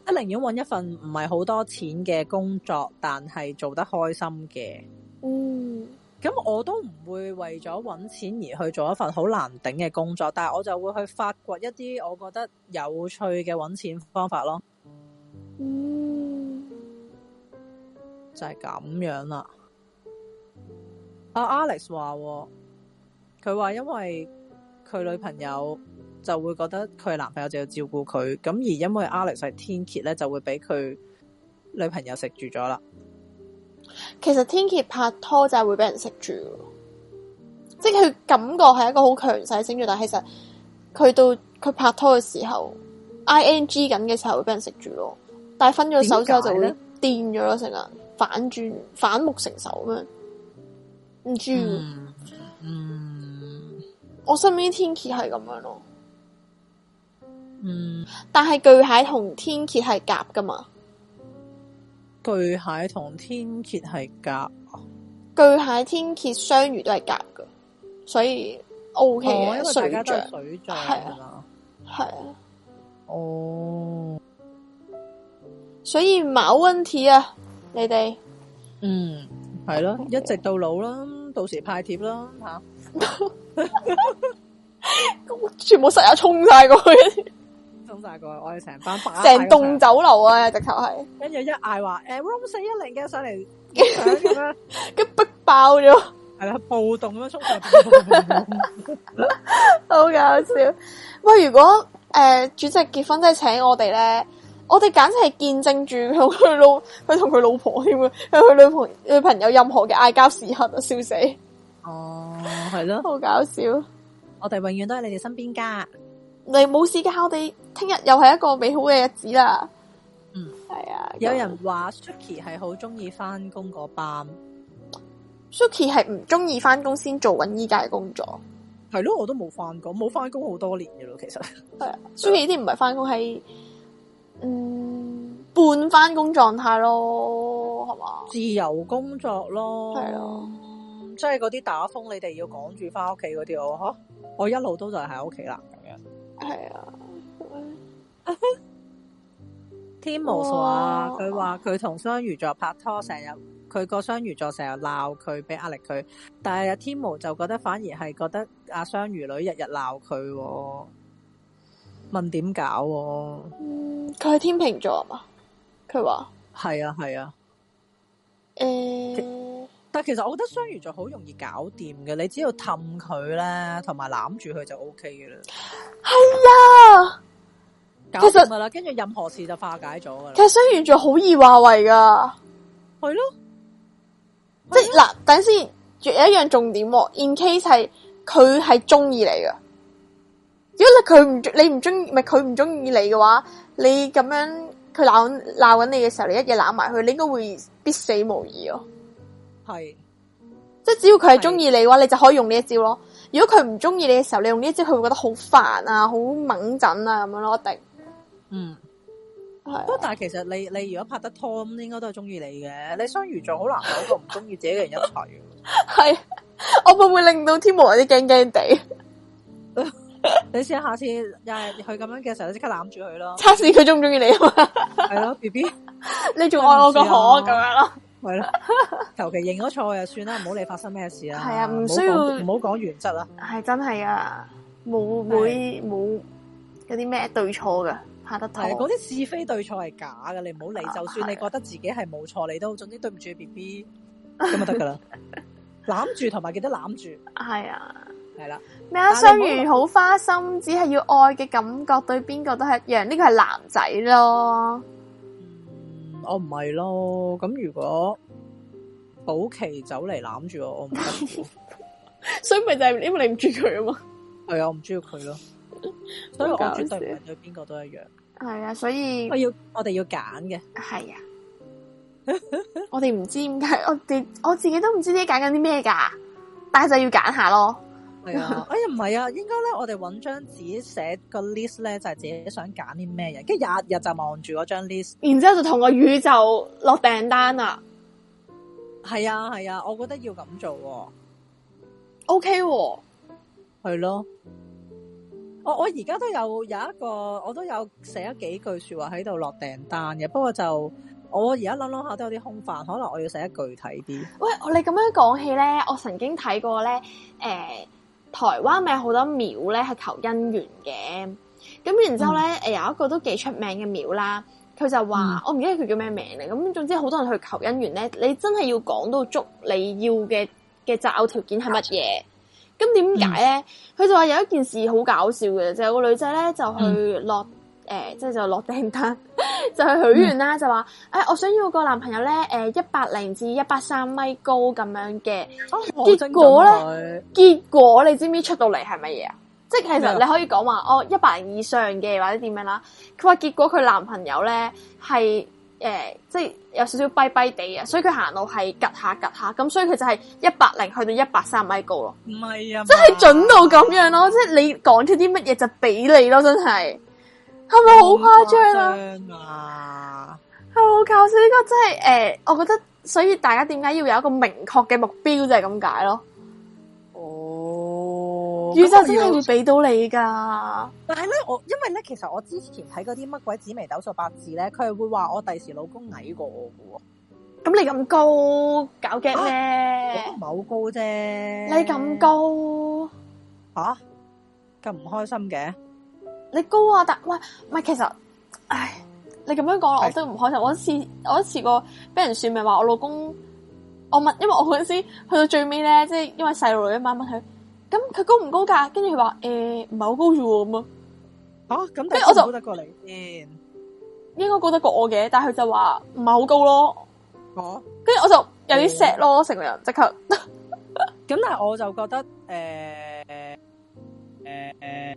啊，寧願搵一份唔係好多錢嘅工作，但係做得開心嘅。嗯。咁我都唔會為咗搵錢而去做一份好難頂嘅工作，但係我就會去發掘一啲我覺得有趣嘅搵錢方法咯。嗯，就係咁樣啦。阿、啊、Alex 話佢話因為佢女朋友就會覺得佢男朋友就要照顧佢，咁而因為 Alex 係天蠍咧，就會俾佢女朋友食住咗啦。其實天蠍拍拖就係會俾人食住，即係佢感覺係一個好強勢星座，但係其實佢到佢拍拖嘅時候，ING 緊嘅時候會俾人食住咯，但係分咗手之後就會癲咗咯，成日反轉反目成仇咁樣，唔知，嗯，嗯，我身邊天蠍係咁樣咯，嗯，但係巨蟹同天蠍係夾噶嘛。巨蟹同天蠍係夾，巨蟹天蠍雙魚都係夾噶，所以 O、OK、K。哦、因為大家都係水象係啊，係啊，哦，oh。所以冇問題啊，你哋，嗯，係咯、啊，一直到老啦，到時派帖啦，吓，全部室友沖晒過去。衝晒過，我哋成班成棟酒樓啊！直頭係，跟住一嗌話，誒，room 四一零嘅上嚟，咁逼爆咗，係啦，暴動咁樣速度，好搞笑。喂，如果誒主席結婚真係請我哋咧，我哋簡直係見證住佢老佢同佢老婆添啊，佢女朋友女朋友任何嘅嗌交時刻啊，笑死！哦，係咯，好搞笑。我哋永遠都喺你哋身邊噶。你冇事嘅，我哋聽日又係一個美好嘅日子啦。嗯，係啊。有人話 Suki 係好中意，翻工嗰班，Suki 係唔中意翻工先做緊依家嘅工作。係咯，我都冇翻工，冇翻工好多年嘅咯。其實係啊，Suki 啲唔係翻工，係嗯半翻工狀態咯，係嘛？自由工作咯，係咯，啊，嗯，即係嗰啲打風你哋要趕住翻屋企嗰啲，我嗬，我一路都就喺屋企啦。係啊，天無話，佢話佢同雙魚座拍拖，成日佢個雙魚座成日鬧佢，俾壓力佢，但係阿天無就覺得反而係覺得阿雙魚女日日鬧佢，問點搞？嗯，佢係天秤座啊嘛，佢話係啊係啊，誒、啊。欸但其實我覺得雙魚座好容易搞掂嘅，你只要氹佢咧，同埋攬住佢就 O K 嘅啦。係啊，搞其實啦，跟住任何事就化解咗噶啦。其實雙魚座好易話為噶，係咯，啊、即係嗱，等先，有一樣重點喎。In case 係佢係中意你噶，如果佢唔你佢唔你唔中意，唔佢唔中意你嘅話，你咁樣佢鬧鬧緊你嘅時候，你一嘢攬埋佢，你應該會必死無疑哦。係，即係是只要佢係中意你嘅話，的你就可以用呢一招咯。如果佢唔中意你嘅時候，你用呢一招，佢會覺得好煩啊，好猛震啊咁樣咯。一定，嗯，係是。不過但係其實你你如果拍得拖咁，應該都係中意你嘅。你雙魚座好難搵個唔中意自己嘅人一齊。係， 我會唔會令到天王啲驚驚地？ 你試下下次又係佢咁樣嘅時候，即刻攬住佢咯，測試佢中唔中意你啊嘛。係咯，B B，你仲愛我個可、啊？咁樣咯。係咯，求其 認咗錯就算啦，唔好理發生咩事啦。係啊，唔需要唔好講原則啊。係真係啊，冇冇冇有啲咩對錯嘅，拍得。係嗰啲是非對錯係假嘅，你唔好理。啊、就算你覺得自己係冇錯，啊、你都總之對唔住 B B 咁就得噶啦，攬住同埋記得攬住。係啊，係啦了。咩啊？雙魚好花心，只係要愛嘅感覺，對邊個都係一樣。呢個係男仔咯。我唔係咯，咁如果保期走嚟攬住我，我唔， 所以咪就係因為你唔中意佢啊嘛。係啊，我唔中意佢咯，所以我絕對唔對邊個都一樣。係啊，啊，所以我要我哋要揀嘅。係啊， 我哋唔知點解，我哋我自己都唔知點解揀緊啲咩噶，但係就要揀下咯。係 啊，哎呀唔係啊，應該咧，我哋搵張紙寫個 list 咧，就係、是、自己想揀啲咩嘢，跟住日日就望住嗰張 list，然之後就同個宇宙落訂單啦。係啊係啊，我覺得要咁做，OK，係咯。我我而家都有有一個，我都有寫咗幾句說話喺度落訂單嘅，不過就我而家諗諗下都有啲空泛，可能我要寫得具體啲。喂，你咁樣講起咧，我曾經睇過咧，誒、欸。台灣咪好多廟咧，係求姻緣嘅。咁然之後咧，嗯、有一個都幾出名嘅廟啦。佢就話：嗯、我唔記得佢叫咩名嚟。」咁總之好多人去求姻緣咧。你真係要講到足你要嘅嘅擇偶條件係乜嘢？咁點解咧？佢、嗯、就話有一件事好搞笑嘅，就係、有個女仔咧就去落。誒，即係、呃、就落、是、訂單， 就去許願啦，嗯、就話誒、哎，我想要個男朋友咧，誒、呃，一百零至一百三米高咁樣嘅。哦，結果咧，結果你知唔知出到嚟係乜嘢？即係其實你可以講話，哦一百零以上嘅或者點樣啦。佢話結果佢男朋友咧係誒，即係、呃就是、有少少跛跛地啊，所以佢行路係趷下趷下咁，所以佢就係一百零去到一百三米高咯。唔係啊，即係準到咁樣咯，即係你講出啲乜嘢就俾、是、你咯，真係。係咪好誇張啊？啊，係咪好搞笑？呢個真係誒、呃，我覺得所以大家點解要有一個明確嘅目標就係咁解咯。哦，宇宙先係會俾到你噶。但係咧，我因為咧，其實我之前睇嗰啲乜鬼紫微斗數八字咧，佢係會話我第時老公矮過、嗯嗯嗯、啊、我噶喎。咁你咁高搞驚咩？我唔係好高啫。你咁高吓咁唔開心嘅？你高啊？但喂，唔係其實，唉，你咁樣講我都唔開心是的 我。我一次我一次過俾人算命話我老公，我問，因為我嗰陣時去到最尾咧，即係因為細路女一晚問佢，咁佢高唔高噶？跟住佢話誒，唔係好高啫喎，咁啊，啊咁，跟住我就高得過你先，應該高得過我嘅，但係佢就話唔係好高咯。我跟住我就有啲 sad 囉，咯，成個人即刻。咁 但係我就覺得誒誒誒。呃呃呃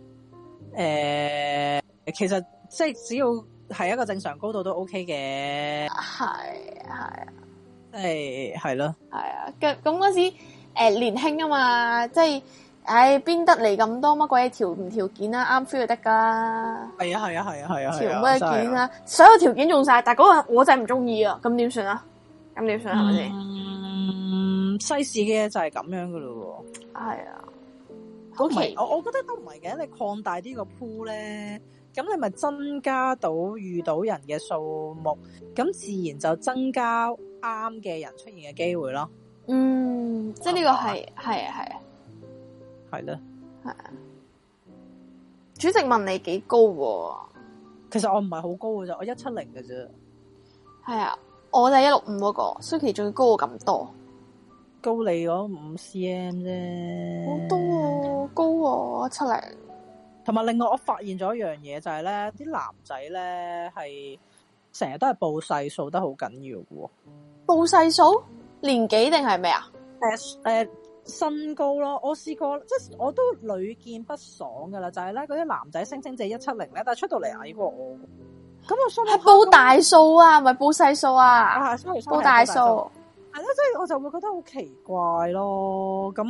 誒、欸，其實即係只要係一個正常高度都 OK 嘅，係係啊，係係咯，係啊。咁嗰、欸啊啊、時誒、欸、年輕啊嘛，即係，唉、哎，邊得嚟咁多乜鬼條唔條件啊？啱 feel 就得噶啦。係啊係啊係啊係啊，條咩、啊啊啊啊啊、件啊？所有條件用晒，但係嗰個我就係唔中意啊！咁點算啊？咁點算係咪先？世事嘅嘢就係咁樣噶咯，係啊。我 Okay. 我覺得都唔係嘅。你擴大這個呢個 pool 咧，咁你咪增加到遇到人嘅數目，咁自然就增加啱嘅人出現嘅機會咯。嗯，即係呢個係係啊係啊，係咯係啊。主席問你幾高的？其實我唔係好高嘅啫，我一七零嘅啫。係啊，我就一六五個，Suki 仲要高我咁多。高你嗰五 cm 啫，好多喎，高喎，一七零。同埋另外，我發現咗一樣嘢就係咧，啲男仔咧係成日都係報細數得好緊要喎。報細數年紀定係咩啊？誒誒、呃呃，身高咯。我試過,我試過即係我都屢見不爽㗎啦。就係咧，嗰啲男仔聲稱一七零咧，但係出到嚟矮過我。咁我係報大數啊，唔係報細數啊。啊，Sorry, 報大數。係咯，所以我就會覺得好奇怪咯。咁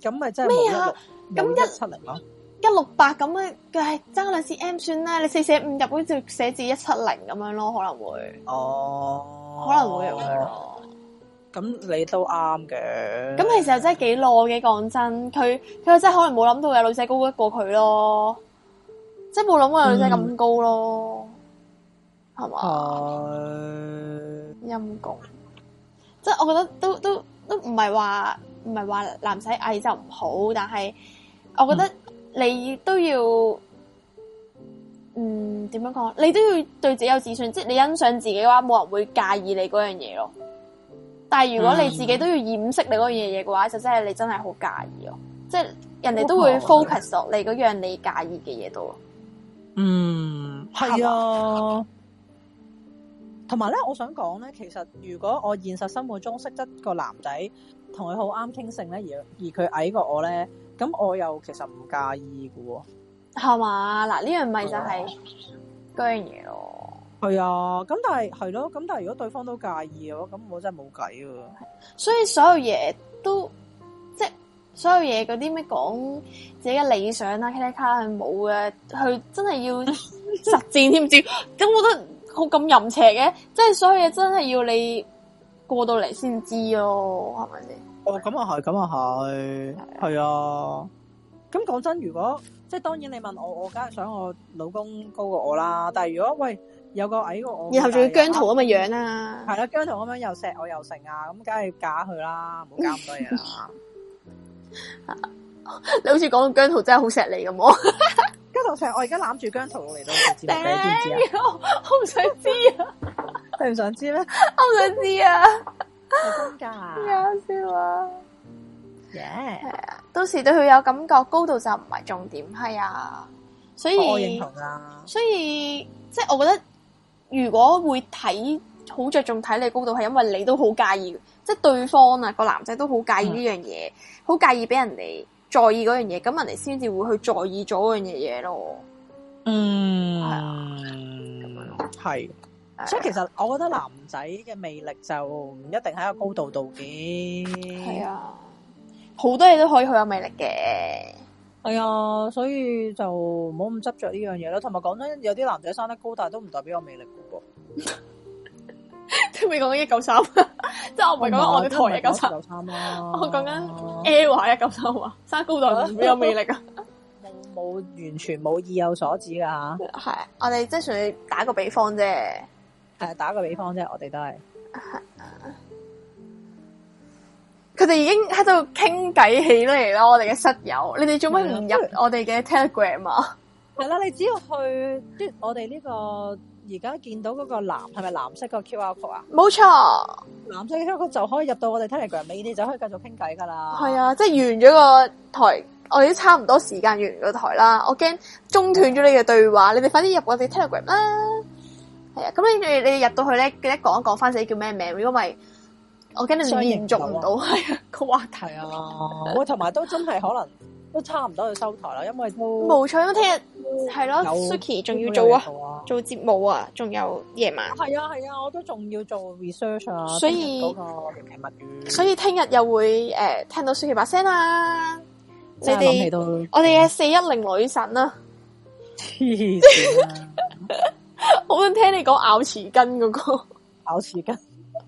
咁咪真係咩啊？咁一七零咯，一六八咁咧，佢係爭兩 CM 算啦。你四捨五入，好似寫至一七零咁樣咯，可能會哦，可能會咁樣咯。咁你都啱嘅。咁其實真係幾耐嘅，講真，佢佢真係可能冇諗到有女仔高過佢咯，即係冇諗過有女仔咁高咯，係嘛？陰公。即係我覺得都都都唔係話唔係話男仔矮就唔好，但係我覺得你都要，嗯，點樣講？你都要對自己有自信，即係你欣賞自己嘅話，冇人會介意你嗰樣嘢咯。但係如果你自己都要掩飾你嗰樣嘢嘅話，嗯、就真係你真係好介意咯。即係人哋都會 focus 落你嗰樣你介意嘅嘢度。嗯，係啊。 同埋咧，我想講咧，其實如果我現實生活中識得個男仔，同佢好啱傾性咧，而而佢矮過我咧，咁我又其實唔介意嘅喎，哦，係嘛？嗱，呢樣咪就係嗰樣嘢咯。係啊，咁但係係咯，咁但係如果對方都介意嘅話，咁我真係冇計啊。所以所有嘢，都即係所有嘢嗰啲咩講自己嘅理想啊，K T 卡係冇嘅，佢真係要實戰添， 唔知咁我覺得。好咁淫邪嘅，即係所以真係要你過到嚟先知咯，係咪先？哦，咁啊係，咁啊係，係啊。咁講真，如果即係當然，你問我，我梗係想我老公高過我啦。但係如果喂有個矮過我，然後仲要姜濤咁嘅樣啦，係啦，姜濤咁樣又錫我又成啊，咁梗係假佢啦，唔好搞咁多嘢啊！你好似講到姜濤真係好錫你咁我。現在我而家攬住姜濤嚟到，你知唔知啊？我唔想知啊！ 你唔想知咩？我唔想知啊知道！好係搞笑啊！耶、 yeah,！係啊 Yeah.，到時對佢有感覺，高度就唔係重點，係啊。所以我，我認同啊。所以即係我覺得，如果會睇好着重睇你高度，係因為你都好介意，即係對方啊個男仔都好介意呢樣嘢，好 Yeah. 介意俾人哋。在意嗰樣嘢，咁人哋先至會去在意咗嗰樣嘢嘢咯。嗯，係啊，咁係。是是啊，所以其實我覺得男仔嘅魅力就唔一定喺個高度度嘅。係啊，好多嘢都可以好有魅力嘅。係啊，所以就唔好咁執着呢樣嘢啦。同埋講真，有啲男仔生，生得高，大都唔代表有魅力噶 未講緊一九三， 即係我唔係講緊我哋台一九三，我講緊 a 下嘅九三話，山高代唔會有魅力啊！冇，完全冇意有所指噶，係、啊、 我哋即係算打個比方啫，誒打個比方啫，我哋都係。佢哋已經喺度傾偈起嚟啦，我哋嘅室友，你哋做乜唔入我哋嘅 Telegram 啊？係啦，你只要去即我哋呢、這個。而家見到嗰個藍係咪藍色嗰個 QR code 啊？冇錯，藍色嘅 QR code 就可以入到我哋 Telegram，你哋就可以繼續傾偈㗎啦。係啊，即係完咗個台，我哋都差唔多時間完咗台啦。我驚中斷咗你嘅對話，你哋快啲入我哋 Telegram 啦。係啊，咁你你入到去咧，記得講一講翻自己叫咩名，如果唔係我驚你延續唔到係啊，個話題啊。我同埋都真係可能。都差唔多要收台啦，因為都無彩。因為聽日係咯，Suki 仲要做啊，做節目啊，仲有夜晚。係啊係啊，我都仲要做 research 啊，所以所以聽日又會誒聽到 Suki 把聲啊。你哋，我哋嘅四一零女神啦。黐線啦！好想聽你講咬匙羹嗰個咬匙羹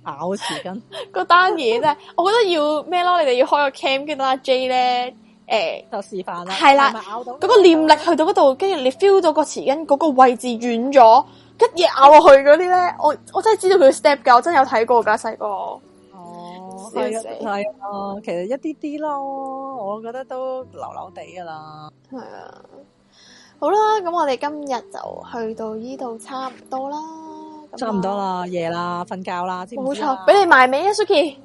咬匙羹個單嘢真係，我覺得要咩咯？你哋要開個 cam 跟得阿 J 咧。誒，欸、就示範啦，係啦，嗰個念力去到嗰度，跟住你 feel 到嗰個匙羹嗰個位置軟咗，跟住咬落去嗰啲咧，我我真係知道佢 step 噶，我真係知道 step 嘅，我真係有睇過噶細個。小哦，係啊，其實一啲啲咯，我覺得都流流地噶啦。係啊，好啦，咁我哋今日就去到呢度差唔多啦，啊、差唔多啦，夜啦，瞓覺啦，知唔知啊？冇錯、啊，俾你埋尾啊，Suki，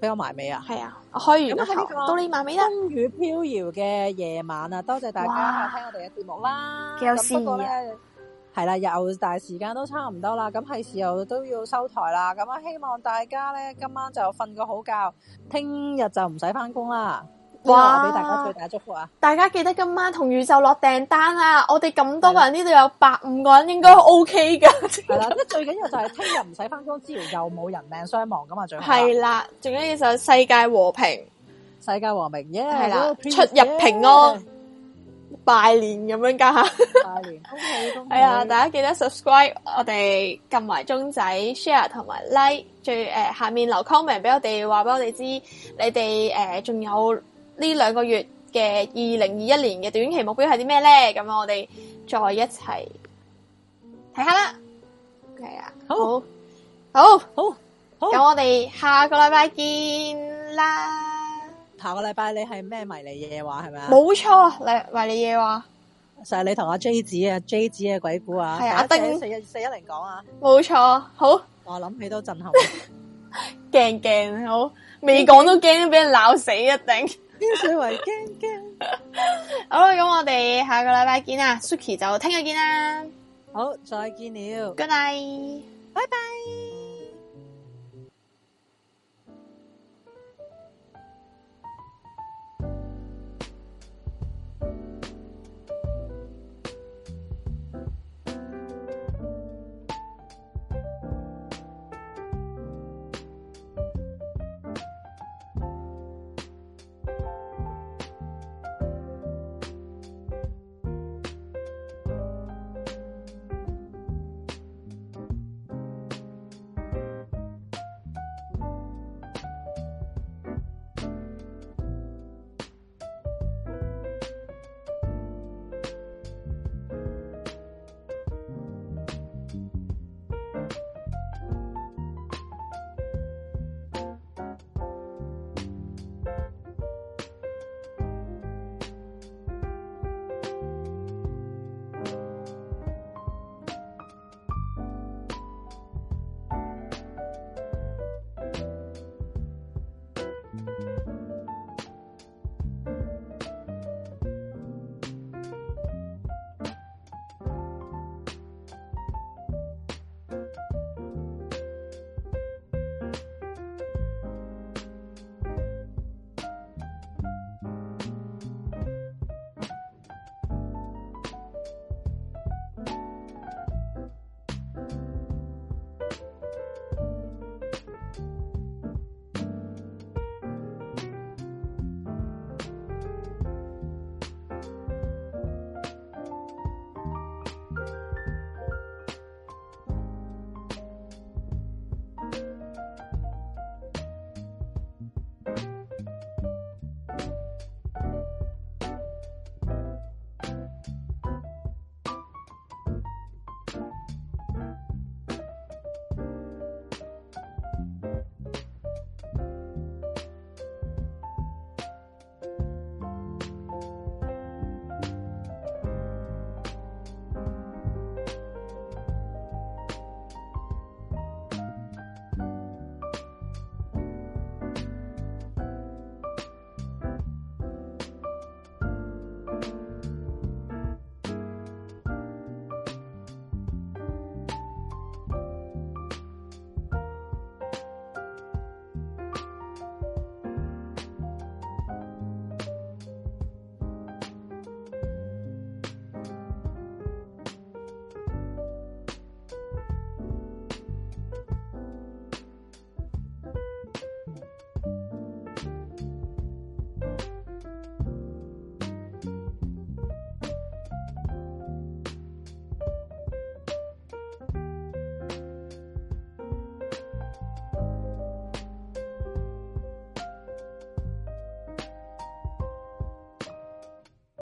俾我埋尾啊，係啊。去完、這個、到你頭，風雨飄搖嘅夜晚啊！多謝大家聽我哋嘅節目啦。幾有詩意啊！不過呢，係啦，又大時間都差唔多啦，咁係時候都要收台啦。咁啊，希望大家咧今晚就瞓個好覺，聽日就唔使返工啦。哇！俾大家最大祝福啊！大家記得今晚同宇宙落訂單啦！我哋咁多個人呢度有百五個人，應該 OK 噶。係啦，咁最緊要就係聽日唔使返工，之餘又冇人命傷亡噶嘛，最後係啦，最緊要就世界和平，世界和平啫！出入平安，拜年咁樣噶吓。哎呀，大家記得 subscribe 我哋撳埋鐘仔、share 同埋 like 最誒，下面留 comment 俾我哋，話俾我哋知你哋誒仲有。呢兩個月嘅二零二一年嘅短期目標係啲咩咧？咁我哋再一齊睇下啦。係啊，好好好好，咁好好我哋下個禮拜見啦。下個禮拜你係咩迷你嘢話係咪啊？冇錯，嚟迷你嘢話，成日你同阿 J 子啊，J 子啊鬼故啊，係阿丁四一四一零講啊，冇錯，好。我諗起都震撼，驚驚好，未講怕怕都驚，俾人鬧死一定。天水圍驚驚，好喇，咁，我哋下個禮拜見喇，Suki 就聽日見喇，好，再見了，Good night，拜拜。